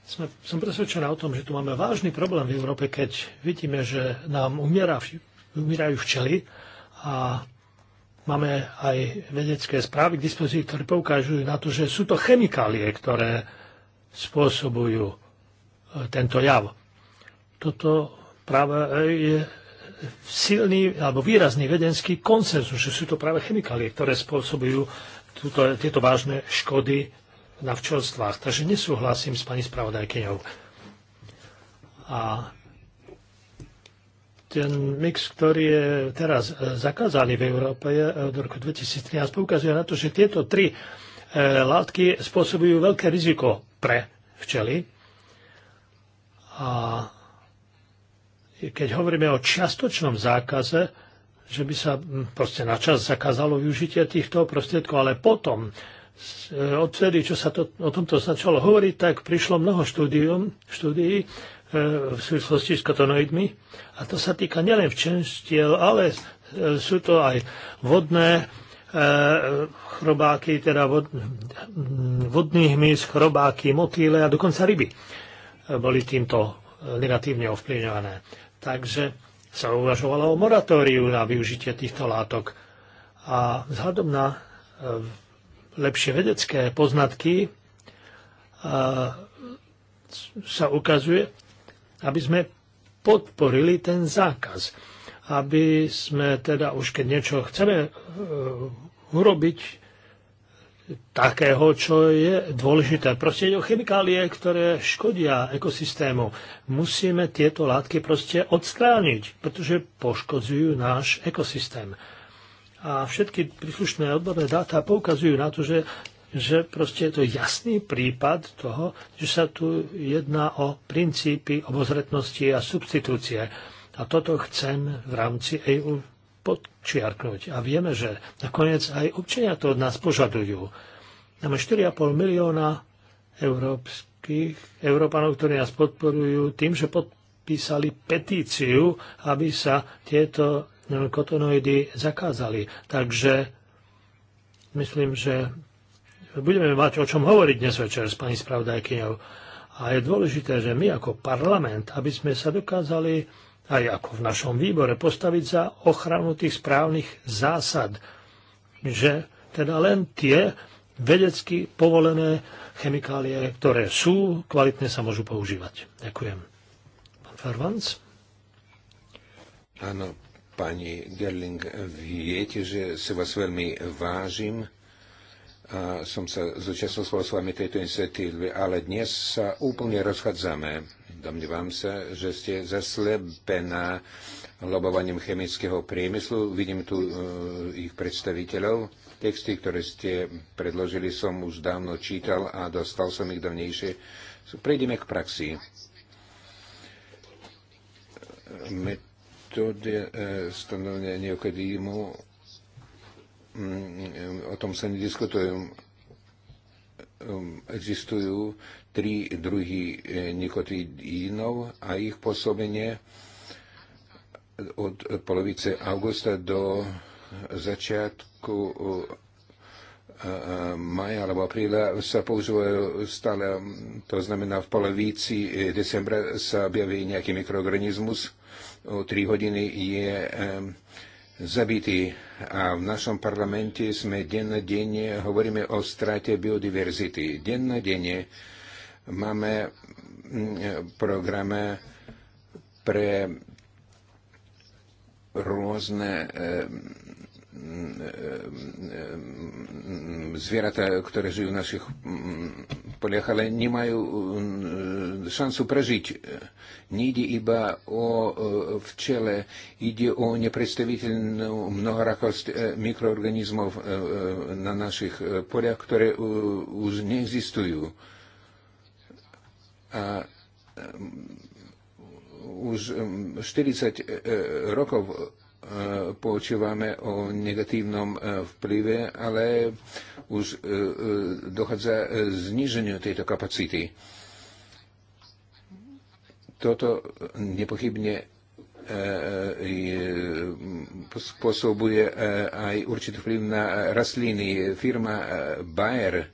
Sme, som presvedčená o tom, že tu máme vážny problém v Európe, keď vidíme, že nám umiera, umierajú včely a máme aj vedecké správy k dispozícii, ktoré poukážujú na to, že sú to chemikálie, ktoré spôsobujú e, tento jav. Toto práve e, je silný alebo výrazný vedenský koncenzus, že sú to práve chemikálie, ktoré spôsobujú túto, tieto vážne škody na včelstvách. Takže nesúhlasím s pani spravodajkyňou. A ten mix, ktorý je teraz e, zakázaný v Európe e, od roku 2013, poukazuje na to, že tieto tri e, látky spôsobujú veľké riziko pre včely. A keď hovoríme o čiastočnom zákaze, že by sa proste na čas zakázalo využitie týchto prostriedkov, ale potom E, odtedy, čo sa to, o tomto začalo hovoriť, tak prišlo mnoho štúdium, štúdií e, v súvislosti s kotonoidmi. A to sa týka nielen včenstiel, ale e, sú to aj vodné e, chrobáky, teda vod, vodný hmyz, chrobáky, motýle a dokonca ryby e, boli týmto negatívne ovplyvňované. Takže sa uvažovalo o moratóriu na využitie týchto látok. A vzhľadom na lepšie vedecké poznatky sa ukazuje, aby sme podporili ten zákaz. Aby sme teda už keď niečo chceme e, urobiť takého, čo je dôležité. Proste ide o chemikálie, ktoré škodia ekosystému. Musíme tieto látky proste odstrániť, pretože poškodzujú náš ekosystém a všetky príslušné odborné dáta poukazujú na to, že, že proste je to jasný prípad toho, že sa tu jedná o princípy obozretnosti a substitúcie. A toto chcem v rámci EU podčiarknúť. A vieme, že nakoniec aj občania to od nás požadujú. Máme 4,5 milióna európskych, Európanov, ktorí nás podporujú tým, že podpísali petíciu, aby sa tieto neonikotinoidy zakázali. Takže myslím, že budeme mať o čom hovoriť dnes večer s pani spravodajkyňou. A je dôležité, že my ako parlament, aby sme sa dokázali aj ako v našom výbore postaviť za ochranu tých správnych zásad, že teda len tie vedecky povolené chemikálie, ktoré sú kvalitné, sa môžu používať. Ďakujem. Pán Fervanc? Áno, Pani Gerling, viete, že si vás veľmi vážim a som sa zúčastnil s vami tejto iniciatívy, ale dnes sa úplne rozchádzame. Domnívam sa, že ste zaslepená lobovaním chemického priemyslu. Vidím tu uh, ich predstaviteľov. Texty, ktoré ste predložili, som už dávno čítal a dostal som ich dávnejšie. Prejdeme k praxi. My štúdie stanovenia neokodímu, mm, o tom sa nediskutujem. Um, um, existujú tri druhy e, nikotidínov a ich pôsobenie od polovice augusta do začiatku maja alebo apríla sa používajú stále, to znamená v polovici e, decembra sa objaví nejaký mikroorganizmus, o 3 hodiny je zabitý. A v našom parlamente sme dennodenne hovoríme o strate biodiverzity. Dennodenne máme mm, programe pre rôzne zvieratá, ktoré žijú v našich mm, poliach, ale nemajú mm, šancu prežiť. Nejde iba o e, včele, ide o nepredstaviteľnú mnohorakosť e, mikroorganizmov e, na našich poliach, ktoré už neexistujú. A už 40 rokov E, počúvame o negatívnom e, vplyve, ale už e, dochádza zniženiu tejto kapacity. Toto nepochybne spôsobuje aj určitý vplyv na rastliny. Firma Bayer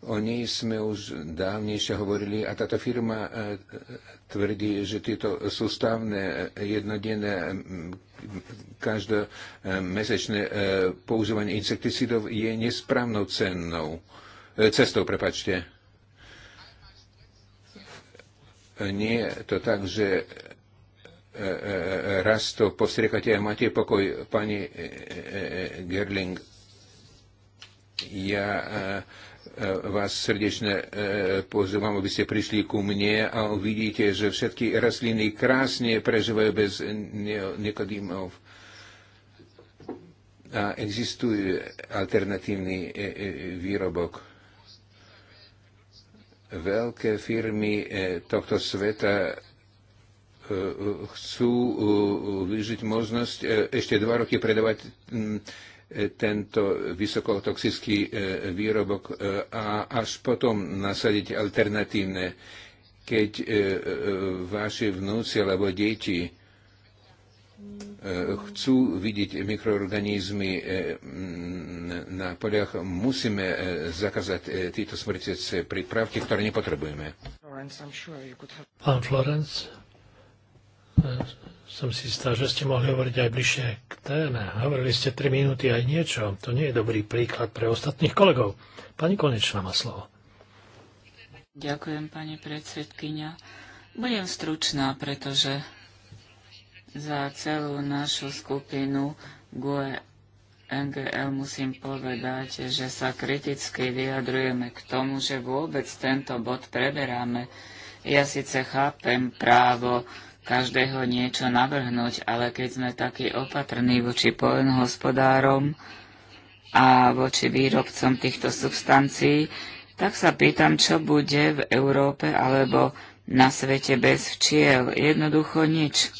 O nej sme už dávnejšie hovorili a táto firma e, tvrdí, že tieto sústavné, jednodenné, každomesečné e, používanie insekticidov je nesprávnou cennou, e, cestou, prepačte. Nie je to tak, že raz to postriekate a máte pokoj, pani Gerling. Ja vás srdečne e, pozývam, aby ste prišli ku mne a uvidíte, že všetky rastliny krásne prežívajú bez nikodímov. A existuje alternatívny e, e, výrobok. Veľké firmy tohto sveta chcú využiť možnosť ešte dva roky predávať E, tento vysokotoxický e, výrobok e, a až potom nasadiť alternatívne, keď vaši vnúci alebo deti chcú vidieť mikroorganizmy na poliach, musíme zakázať tieto smrtiace prípravky, ktoré nepotrebujeme. Pán Florence, som si stal, že ste mohli hovoriť aj bližšie k téme. Hovorili ste 3 minúty aj niečo. To nie je dobrý príklad pre ostatných kolegov. Pani Konečná má slovo. Ďakujem, pani predsvedkynia. Budem stručná, pretože za celú našu skupinu GUE NGL musím povedať, že sa kriticky vyjadrujeme k tomu, že vôbec tento bod preberáme. Ja síce chápem právo každého niečo navrhnúť, ale keď sme takí opatrní voči poľnohospodárom a voči výrobcom týchto substancií, tak sa pýtam, čo bude v Európe alebo na svete bez včiel. Jednoducho nič.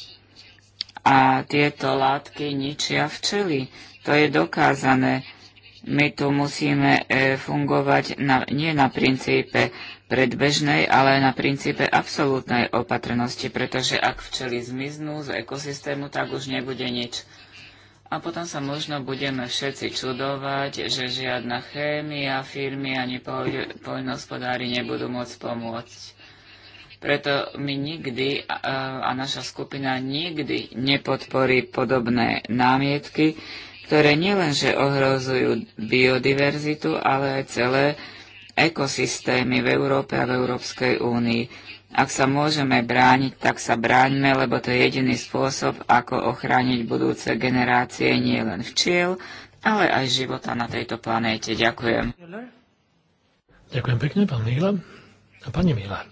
A tieto látky ničia včely. To je dokázané. My tu musíme e, fungovať na, nie na princípe predbežnej, ale na princípe absolútnej opatrnosti, pretože ak včely zmiznú z ekosystému, tak už nebude nič. A potom sa možno budeme všetci čudovať, že žiadna chémia, firmy ani poľnohospodári nebudú môcť pomôcť. Preto my nikdy a naša skupina nikdy nepodporí podobné námietky, ktoré nielenže ohrozujú biodiverzitu, ale aj celé ekosystémy v Európe a v Európskej únii. Ak sa môžeme brániť, tak sa bráňme, lebo to je jediný spôsob, ako ochrániť budúce generácie nielen včiel, ale aj života na tejto planéte. Ďakujem. Ďakujem pekne, pán Míla. A pani Míla.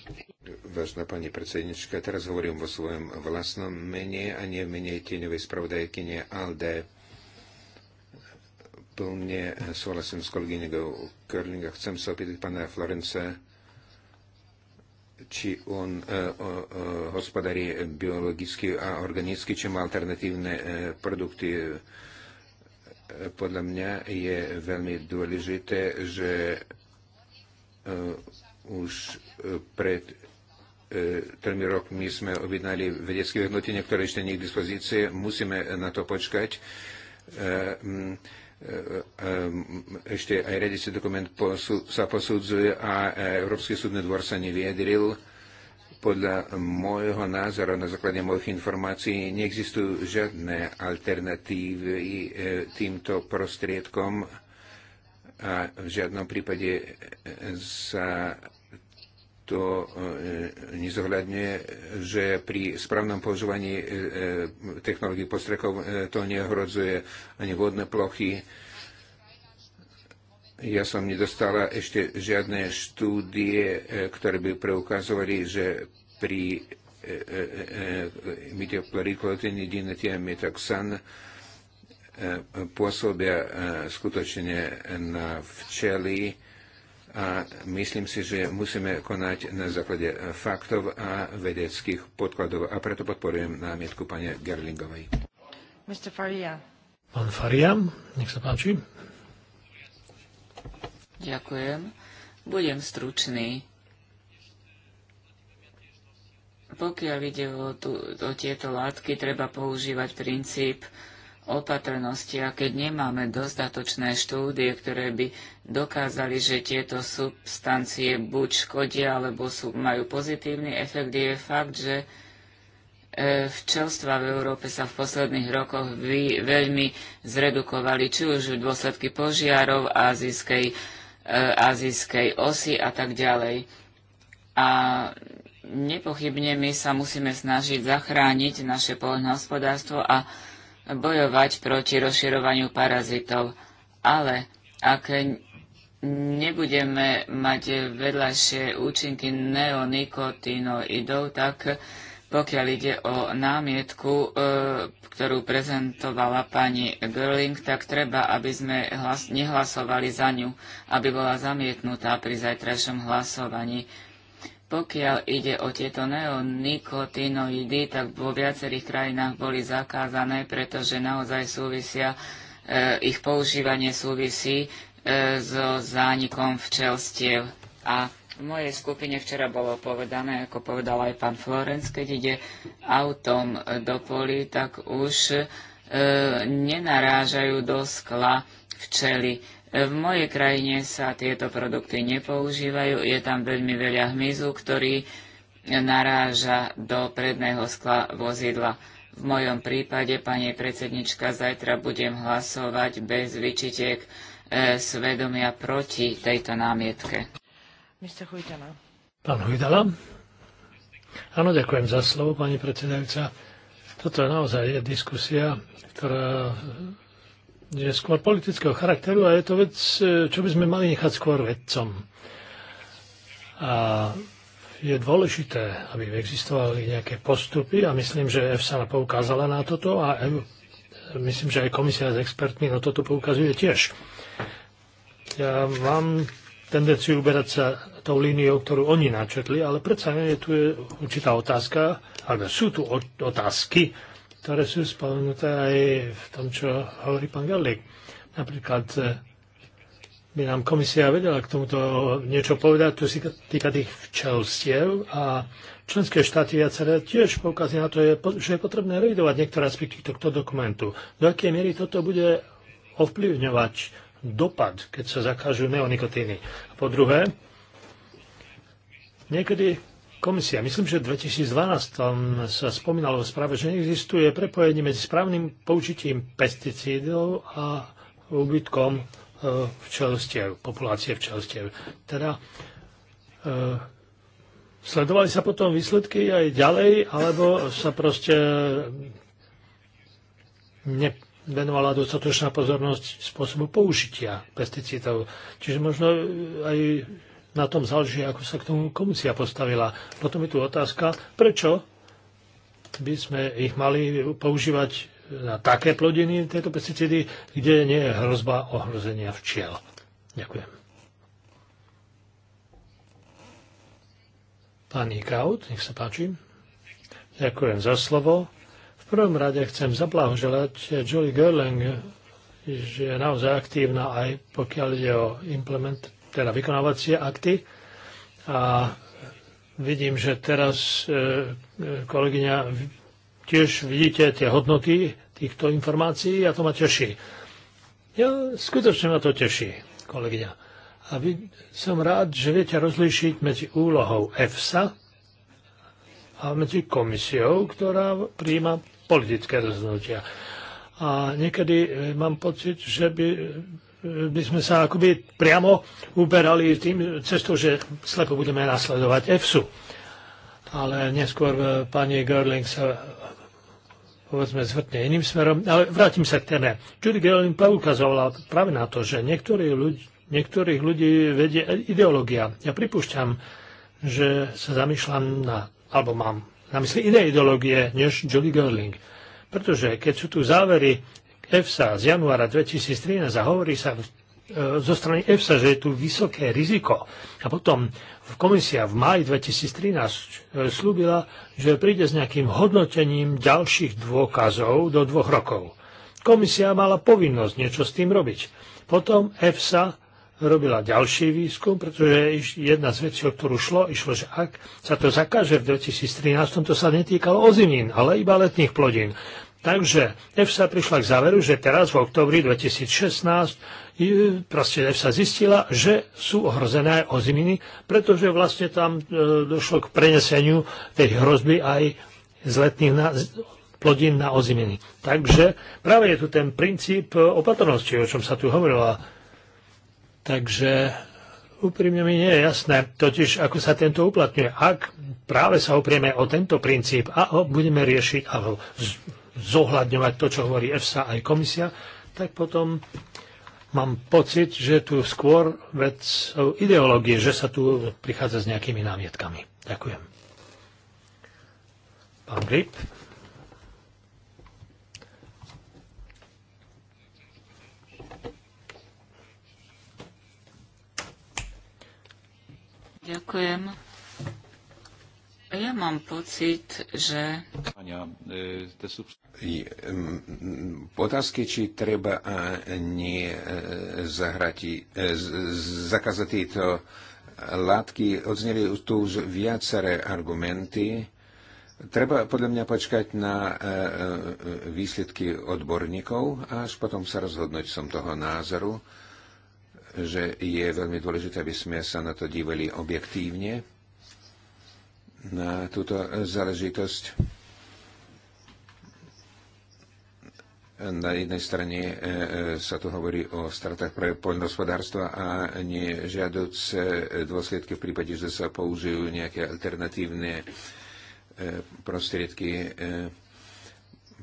Vážna pani predsednička, teraz hovorím vo svojom vlastnom mene a nie v mene tieňovej spravodajkyne Alde plne súhlasím s kolegyňou Körling a chcem sa opýtať pána Florence, či on e, o, o, e, hospodarí biologicky a organicky, či má alternatívne e, produkty. E, podľa mňa je veľmi dôležité, že e, už pred e, tromi rokmi sme objednali vedecké vyhodnotenie, ktoré ešte nie je k dispozícii. Musíme na to počkať. E, E, e, ešte aj radiaci dokument sa posudzuje a e, Európsky súdny dvor sa neviedril. Podľa môjho názoru, na základe mojich informácií, neexistujú žiadne alternatívy týmto prostriedkom a v žiadnom prípade sa to e, nezohľadňuje, že pri správnom používaní e, e, technológií postrekov to neohrozuje ani vodné plochy. Ja som nedostala ešte žiadne štúdie, ktoré by preukazovali, že pri mitoploriklotin jedinatiem mitoxan pôsobia skutočne na včely a myslím si, že musíme konať na základe faktov a vedeckých podkladov a preto podporujem námietku pani Gerlingovej. Mr. Faria. Pán Faria, nech sa páči. Ďakujem. Budem stručný. Pokiaľ ide o, tu, o tieto látky, treba používať princíp opatrnosti a keď nemáme dostatočné štúdie, ktoré by dokázali, že tieto substancie buď škodia, alebo sú, majú pozitívny efekt, je fakt, že e, včelstva v Európe sa v posledných rokoch vy, veľmi zredukovali, či už v dôsledky požiarov, azijskej, e, azijskej osy a tak ďalej. A nepochybne my sa musíme snažiť zachrániť naše poľnohospodárstvo a bojovať proti rozširovaniu parazitov. Ale ak nebudeme mať vedľajšie účinky neonikotinoidov, tak pokiaľ ide o námietku, e, ktorú prezentovala pani Girling, tak treba, aby sme nehlasovali za ňu, aby bola zamietnutá pri zajtrajšom hlasovaní. Pokiaľ ide o tieto neonikotinoidy, tak vo viacerých krajinách boli zakázané, pretože naozaj súvisia, e, ich používanie súvisí e, so zánikom včelstiev. A v mojej skupine včera bolo povedané, ako povedal aj pán Florenc, keď ide autom do poli, tak už e, nenarážajú do skla včely v mojej krajine sa tieto produkty nepoužívajú, je tam veľmi veľa hmyzu, ktorý naráža do predného skla vozidla. V mojom prípade, pani predsednička, zajtra budem hlasovať bez vyčitek e, svedomia proti tejto námietke. Mr. Hujdala. Pán Hujdala? Áno, ďakujem za slovo, pani predsedajúca. Toto je naozaj diskusia, ktorá je skôr politického charakteru a je to vec, e, čo by sme mali nechať skôr vedcom. A je dôležité, aby existovali nejaké postupy a myslím, že EFSA poukázala na toto a myslím, že aj komisia s expertmi na toto poukazuje tiež. Ja mám tendenciu uberať sa tou líniou, ktorú oni načetli, ale predsa nie, tu je určitá otázka, ale sú tu otázky, ktoré sú spomenuté aj v tom, čo hovorí pán Gerlik. Napríklad e, by nám komisia vedela k tomuto niečo povedať, tu si týka tých včelstiev a členské štáty viaceré tiež poukazí na to, že je potrebné revidovať niektoré aspekty tohto dokumentu. Do akej miery toto bude ovplyvňovať dopad, keď sa zakážu neonikotíny. A po druhé, niekedy komisia. Myslím, že v 2012 tam sa spomínalo v správe, že neexistuje prepojenie medzi správnym použitím pesticídov a úbytkom e, včelstiev, populácie včelstiev. Teda e, sledovali sa potom výsledky aj ďalej, alebo sa proste nevenovala dostatočná pozornosť spôsobu použitia pesticídov. Čiže možno aj na tom záleží, ako sa k tomu komisia postavila. Potom je tu otázka, prečo by sme ich mali používať na také plodiny, tieto pesticídy, kde nie je hrozba ohrozenia včiel. Ďakujem. Pani Ikaut, nech sa páči. Ďakujem za slovo. V prvom rade chcem zablahoželať Julie Gerling, že je naozaj aktívna aj pokiaľ ide o implement, teda vykonávacie akty. A vidím, že teraz e, e, kolegyňa tiež vidíte tie hodnoty týchto informácií a to ma teší. Ja, skutočne ma to teší, kolegyňa. A vy, som rád, že viete rozlíšiť medzi úlohou EFSA a medzi komisiou, ktorá príjma politické rozhodnutia. A niekedy e, mám pocit, že by by sme sa akoby priamo uberali tým cestou, že slepo budeme nasledovať EFSU. Ale neskôr e, pani Görling sa e, povedzme zvrtne iným smerom, ale vrátim sa k téme. Judy Görling poukazovala práve na to, že niektorí ľudí, niektorých ľudí vedie ideológia. Ja pripúšťam, že sa zamýšľam na, alebo mám na mysli iné ideológie než Judy Görling. Pretože keď sú tu závery EFSA z januára 2013 a hovorí sa e, zo strany EFSA, že je tu vysoké riziko. A potom komisia v máji 2013 e, slúbila, že príde s nejakým hodnotením ďalších dôkazov do dvoch rokov. Komisia mala povinnosť niečo s tým robiť. Potom EFSA robila ďalší výskum, pretože jedna z vecí, o ktorú šlo, išlo, že ak sa to zakáže v 2013, to sa netýkalo ozimín, ale iba letných plodín. Takže EFSA prišla k záveru, že teraz v oktobri 2016 proste EFSA zistila, že sú ohrozené aj ozininy, pretože vlastne tam e, došlo k preneseniu tej hrozby aj z letných na, plodín na oziminy. Takže práve je tu ten princíp e, opatrnosti, o čom sa tu hovorilo. Takže úprimne mi nie je jasné, totiž ako sa tento uplatňuje. Ak práve sa oprieme o tento princíp a ho budeme riešiť a ho zohľadňovať to, čo hovorí EFSA aj komisia, tak potom mám pocit, že tu skôr vec e, ideológie, že sa tu prichádza s nejakými námietkami. Ďakujem. Pán Grip. Ďakujem ja mám pocit, že... E, otázky, či treba nie e, zahrati, e, zakázať tieto látky, odzneli tu už viaceré argumenty. Treba podľa mňa počkať na výsledky odborníkov a až potom sa rozhodnúť som toho názoru, že je veľmi dôležité, aby sme sa na to dívali objektívne na túto záležitosť. Na jednej strane e, e, sa tu hovorí o stratách pre poľnohospodárstva a nežiaduce dôsledky v prípade, že sa použijú nejaké alternatívne e, prostriedky.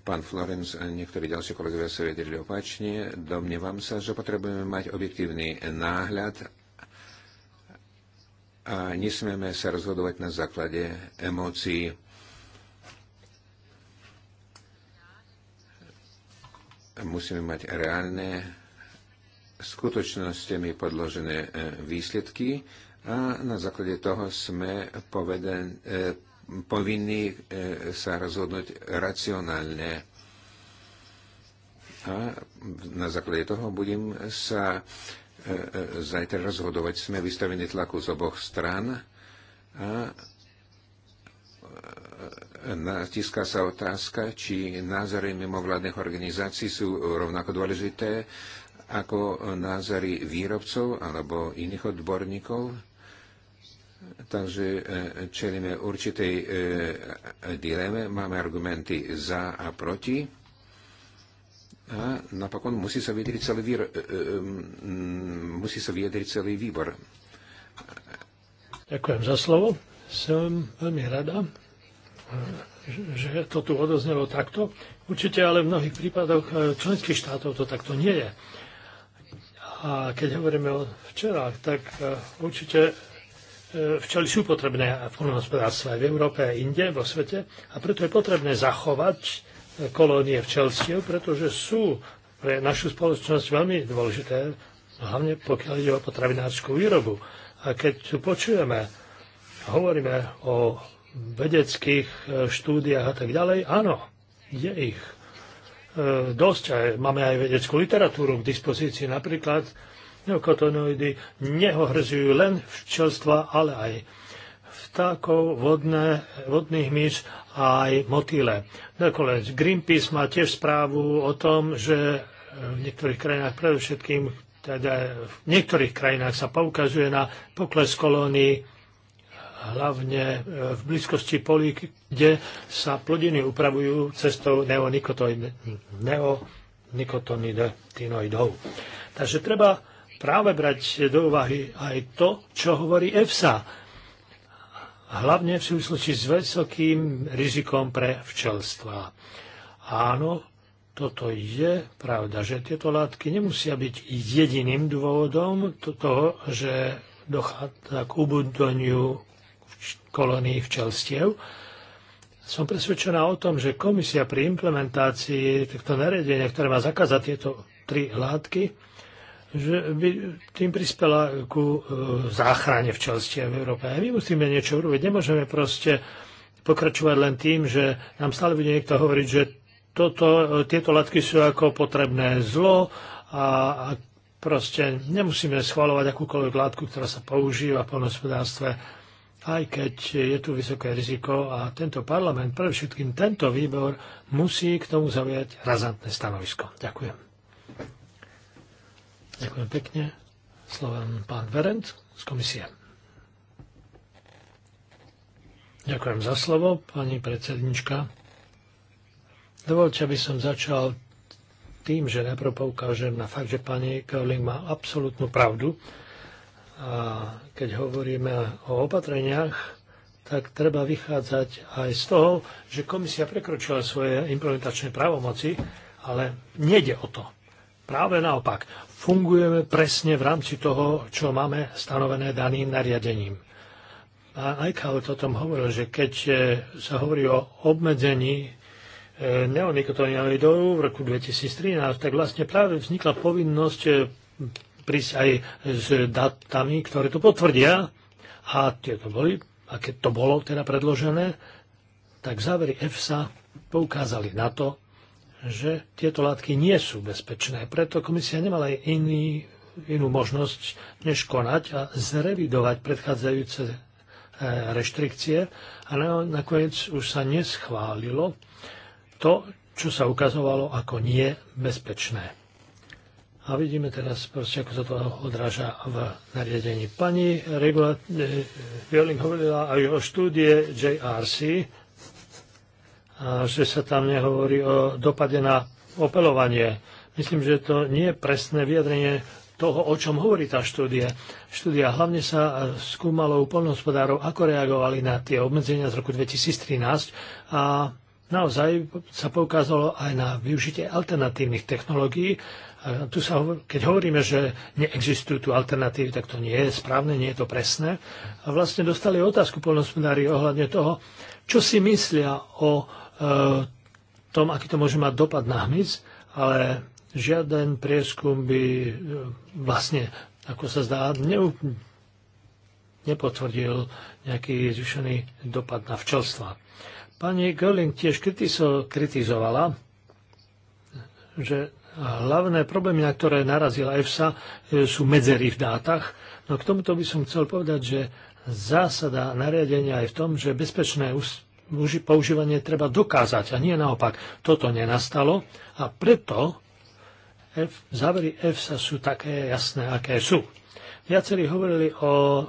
Pán Florenc a niektorí ďalší kolegovia sa vedeli opačne. Domnievam sa, že potrebujeme mať objektívny náhľad a nesmieme sa rozhodovať na základe emócií. Musíme mať reálne skutočnosťami podložené e, výsledky a na základe toho sme poveden, e, povinní e, sa rozhodnúť racionálne. A na základe toho budem sa zajtra rozhodovať. Sme vystavení tlaku z oboch stran a natiská sa otázka, či názory mimovládnych organizácií sú rovnako dôležité ako názory výrobcov alebo iných odborníkov. Takže e, čelíme určitej e, dileme, máme argumenty za a proti a napokon musí sa vyjadriť celý, výr, e, e, musí sa vyjadriť celý výbor. Ďakujem za slovo. Som veľmi rada, že to tu odoznelo takto. Určite ale v mnohých prípadoch e, členských štátov to takto nie je. A keď hovoríme o včelách, tak určite včely sú potrebné v aj v Európe aj inde, vo svete a preto je potrebné zachovať kolónie včelstiev, pretože sú pre našu spoločnosť veľmi dôležité, hlavne pokiaľ ide o potravinárskú výrobu. A keď tu počujeme, hovoríme o vedeckých e, štúdiách a tak ďalej, áno, je ich e, dosť. Aj, máme aj vedeckú literatúru k dispozícii. Napríklad neokotonoidy neohrzujú len včelstva, ale aj vtákov, vodné, vodných myš a aj motýle. Nakoniec Greenpeace má tiež správu o tom, že v niektorých krajinách, predovšetkým teda v niektorých krajinách sa poukazuje na pokles kolónií, hlavne e, v blízkosti polí, kde sa plodiny upravujú cestou neonikotinoidov. Takže treba práve brať do úvahy aj to, čo hovorí EFSA hlavne v súvislosti s vysokým rizikom pre včelstvá. Áno, toto je pravda, že tieto látky nemusia byť jediným dôvodom toho, že dochádza k ubudoniu kolónií včelstiev. Som presvedčená o tom, že komisia pri implementácii týchto nariadenia, ktoré má zakázať tieto tri látky, že by tým prispela ku e, záchrane včelstia v Európe. A my musíme niečo urobiť. Nemôžeme proste pokračovať len tým, že nám stále bude niekto hovoriť, že toto, tieto látky sú ako potrebné zlo a, a proste nemusíme schvalovať akúkoľvek látku, ktorá sa používa v polnospodárstve, aj keď je tu vysoké riziko a tento parlament, pre všetkým tento výbor, musí k tomu zaujať razantné stanovisko. Ďakujem. Ďakujem pekne. Sloven pán Verent z komisie. Ďakujem za slovo, pani predsednička. Dovolte, aby som začal tým, že najprv poukážem na fakt, že pani Kaolín má absolútnu pravdu. A keď hovoríme o opatreniach, tak treba vychádzať aj z toho, že komisia prekročila svoje implementačné právomoci, ale nejde o to. Práve naopak, fungujeme presne v rámci toho, čo máme stanovené daným nariadením. A Eichhout o tom hovoril, že keď e, sa hovorí o obmedzení e, neonikotinoidov v roku 2013, tak vlastne práve vznikla povinnosť e, prísť aj s datami, ktoré to potvrdia. A tieto boli, a keď to bolo teda predložené, tak závery EFSA poukázali na to, že tieto látky nie sú bezpečné. Preto komisia nemala iný, inú možnosť, než konať a zrevidovať predchádzajúce e, reštrikcie a nakoniec už sa neschválilo to, čo sa ukazovalo ako nie bezpečné. A vidíme teraz, proste, ako sa to odráža v nariadení. Pani regula- e, hovorila aj o štúdie JRC že sa tam nehovorí o dopade na opelovanie. Myslím, že to nie je presné vyjadrenie toho, o čom hovorí tá štúdia. Štúdia hlavne sa skúmalo u polnohospodárov, ako reagovali na tie obmedzenia z roku 2013 a naozaj sa poukázalo aj na využitie alternatívnych technológií. A tu sa, keď hovoríme, že neexistujú tu alternatívy, tak to nie je správne, nie je to presné. A vlastne dostali otázku polnohospodári ohľadne toho, čo si myslia o E, tom, aký to môže mať dopad na hmyz, ale žiaden prieskum by e, vlastne, ako sa zdá, nepotvrdil nejaký zvyšený dopad na včelstva. Pani Görling tiež kritizovala, že hlavné problémy, na ktoré narazila EFSA, e, sú medzery v dátach. No k tomuto by som chcel povedať, že zásada nariadenia je v tom, že bezpečné používanie treba dokázať a nie naopak. Toto nenastalo a preto F, závery sa sú také jasné, aké sú. Viacerí hovorili o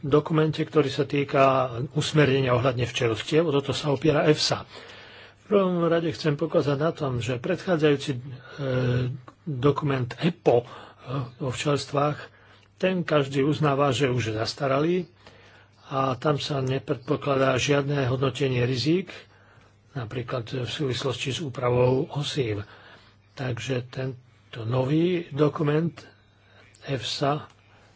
dokumente, ktorý sa týka usmernenia ohľadne o Toto sa opiera EFSA. V prvom rade chcem pokázať na tom, že predchádzajúci e, dokument EPO e, o včelstvách, ten každý uznáva, že už je zastaralý a tam sa nepredpokladá žiadne hodnotenie rizík, napríklad v súvislosti s úpravou osív. Takže tento nový dokument EFSA,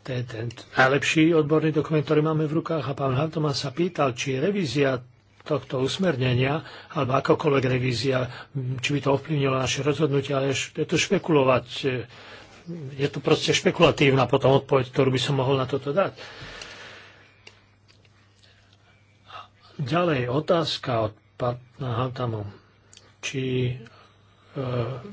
to je ten najlepší odborný dokument, ktorý máme v rukách a pán Hartoman sa pýtal, či revízia tohto usmernenia, alebo akokoľvek revízia, či by to ovplyvnilo naše rozhodnutie, ale je to špekulovať. Je to proste špekulatívna potom odpoveď, ktorú by som mohol na toto dať. Ďalej otázka od pána Hantamu. Či e,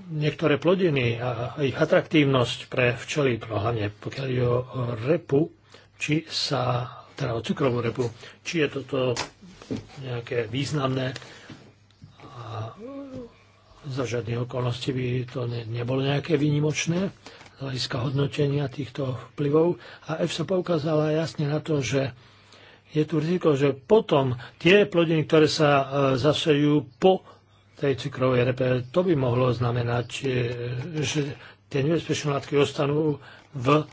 niektoré plodiny a ich atraktívnosť pre včely, no hlavne pokiaľ je o repu, či sa, teda o cukrovú repu, či je toto nejaké významné a za žiadnych okolností by to ne, nebolo nejaké výnimočné z hľadiska hodnotenia týchto vplyvov. A F sa poukázala jasne na to, že je tu riziko, že potom tie plodiny, ktoré sa e, zasejú po tej cukrovej repe, to by mohlo znamenať, e, že tie nebezpečné látky ostanú v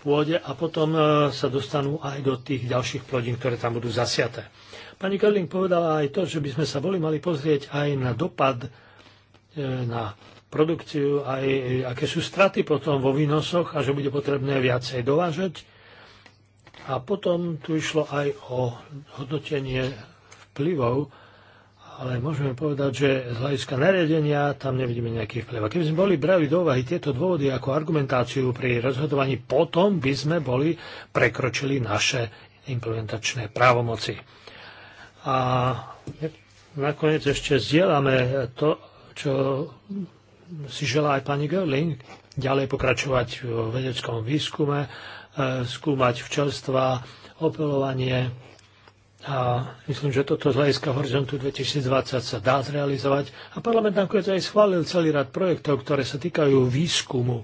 pôde a potom e, sa dostanú aj do tých ďalších plodín, ktoré tam budú zasiaté. Pani Körling povedala aj to, že by sme sa boli mali pozrieť aj na dopad na produkciu, aj aké sú straty potom vo výnosoch a že bude potrebné viacej dovážať a potom tu išlo aj o hodnotenie vplyvov, ale môžeme povedať, že z hľadiska nariadenia tam nevidíme nejaký vplyv. A keby sme boli brali do úvahy tieto dôvody ako argumentáciu pri rozhodovaní, potom by sme boli prekročili naše implementačné právomoci. A nakoniec ešte zdieľame to, čo si želá aj pani Görling, ďalej pokračovať v vedeckom výskume E, skúmať včelstva, opelovanie. A myslím, že toto z hľadiska Horizontu 2020 sa dá zrealizovať. A parlament nakoniec aj schválil celý rad projektov, ktoré sa týkajú výskumu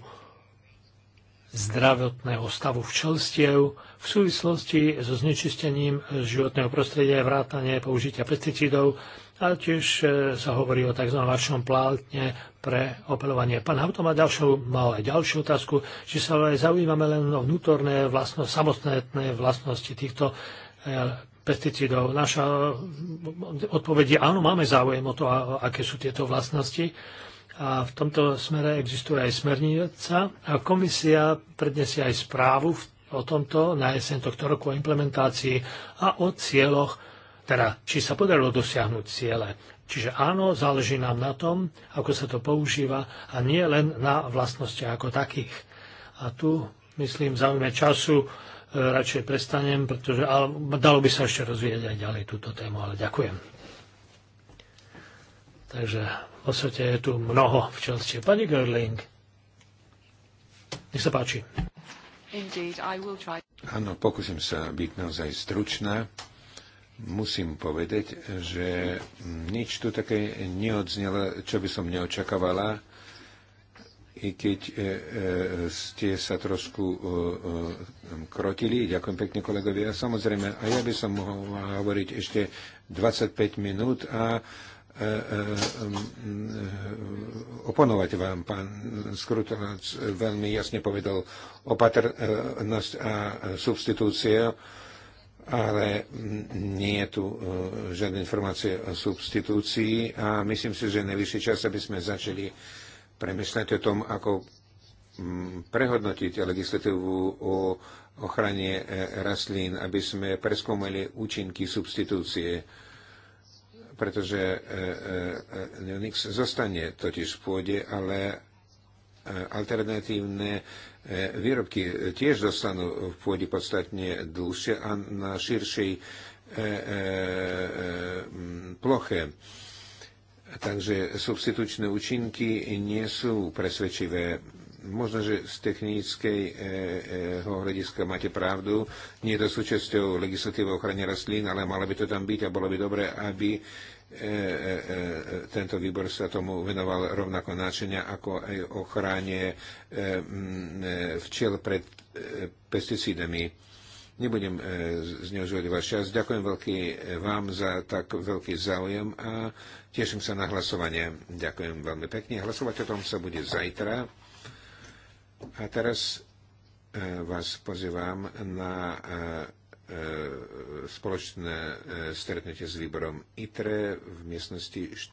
zdravotného stavu včelstiev v súvislosti so znečistením životného prostredia, vrátanie použitia pesticídov ale tiež e, sa hovorí o tzv. varšom plátne pre opelovanie. Pán Hauto má, ďalšiu, má aj ďalšiu otázku, či sa aj zaujímame len o vnútorné vlastnosti, samostatné vlastnosti týchto e, pesticídov. Naša odpoveď je áno, máme záujem o to, aké sú tieto vlastnosti. A v tomto smere existuje aj smernica a komisia predniesie aj správu o tomto na jeseň tohto roku o implementácii a o cieľoch teda či sa podarilo dosiahnuť ciele. Čiže áno, záleží nám na tom, ako sa to používa a nie len na vlastnosti ako takých. A tu, myslím, zaujme času e, radšej prestanem, pretože ale, dalo by sa ešte rozvíjať aj ďalej túto tému, ale ďakujem. Takže v podstate je tu mnoho včelstiev. Pani gerling. nech sa páči. Áno, pokúsim sa byť naozaj stručná. Musím povedať, že nič tu také neodznelo, čo by som neočakávala, i keď e, e, ste sa trošku e, krotili. Ďakujem pekne, kolegovia. Samozrejme, a ja by som mohol hovoriť ešte 25 minút a oponovať vám. Pán Skrutovac veľmi jasne povedal opatrnosť a substitúcia ale nie je tu e, žiadne informácie o substitúcii a myslím si, že je najvyšší čas, aby sme začali premyšľať o tom, ako mm, prehodnotiť legislatívu o ochrane e, rastlín, aby sme preskúmali účinky substitúcie, pretože e, neonix zostane totiž v pôde, ale alternatívne výrobky tiež zostanú v pôde podstatne dlhšie a na širšej ploche. Takže substitučné účinky nie sú presvedčivé. Možno, že z technického hľadiska máte pravdu. Nie je to súčasťou legislatívy ochrany rastlín, ale malo by to tam byť a bolo by dobre, aby E, e, e, tento výbor sa tomu venoval rovnako náčenia, ako aj ochráne včiel pred pesticídami. Nebudem zneužívať váš čas. Ďakujem veľký vám za tak veľký záujem a teším sa na hlasovanie. Ďakujem veľmi pekne. Hlasovať o tom sa bude zajtra. A teraz vás pozývam na spoločné e, stretnutie s výborom ITRE v miestnosti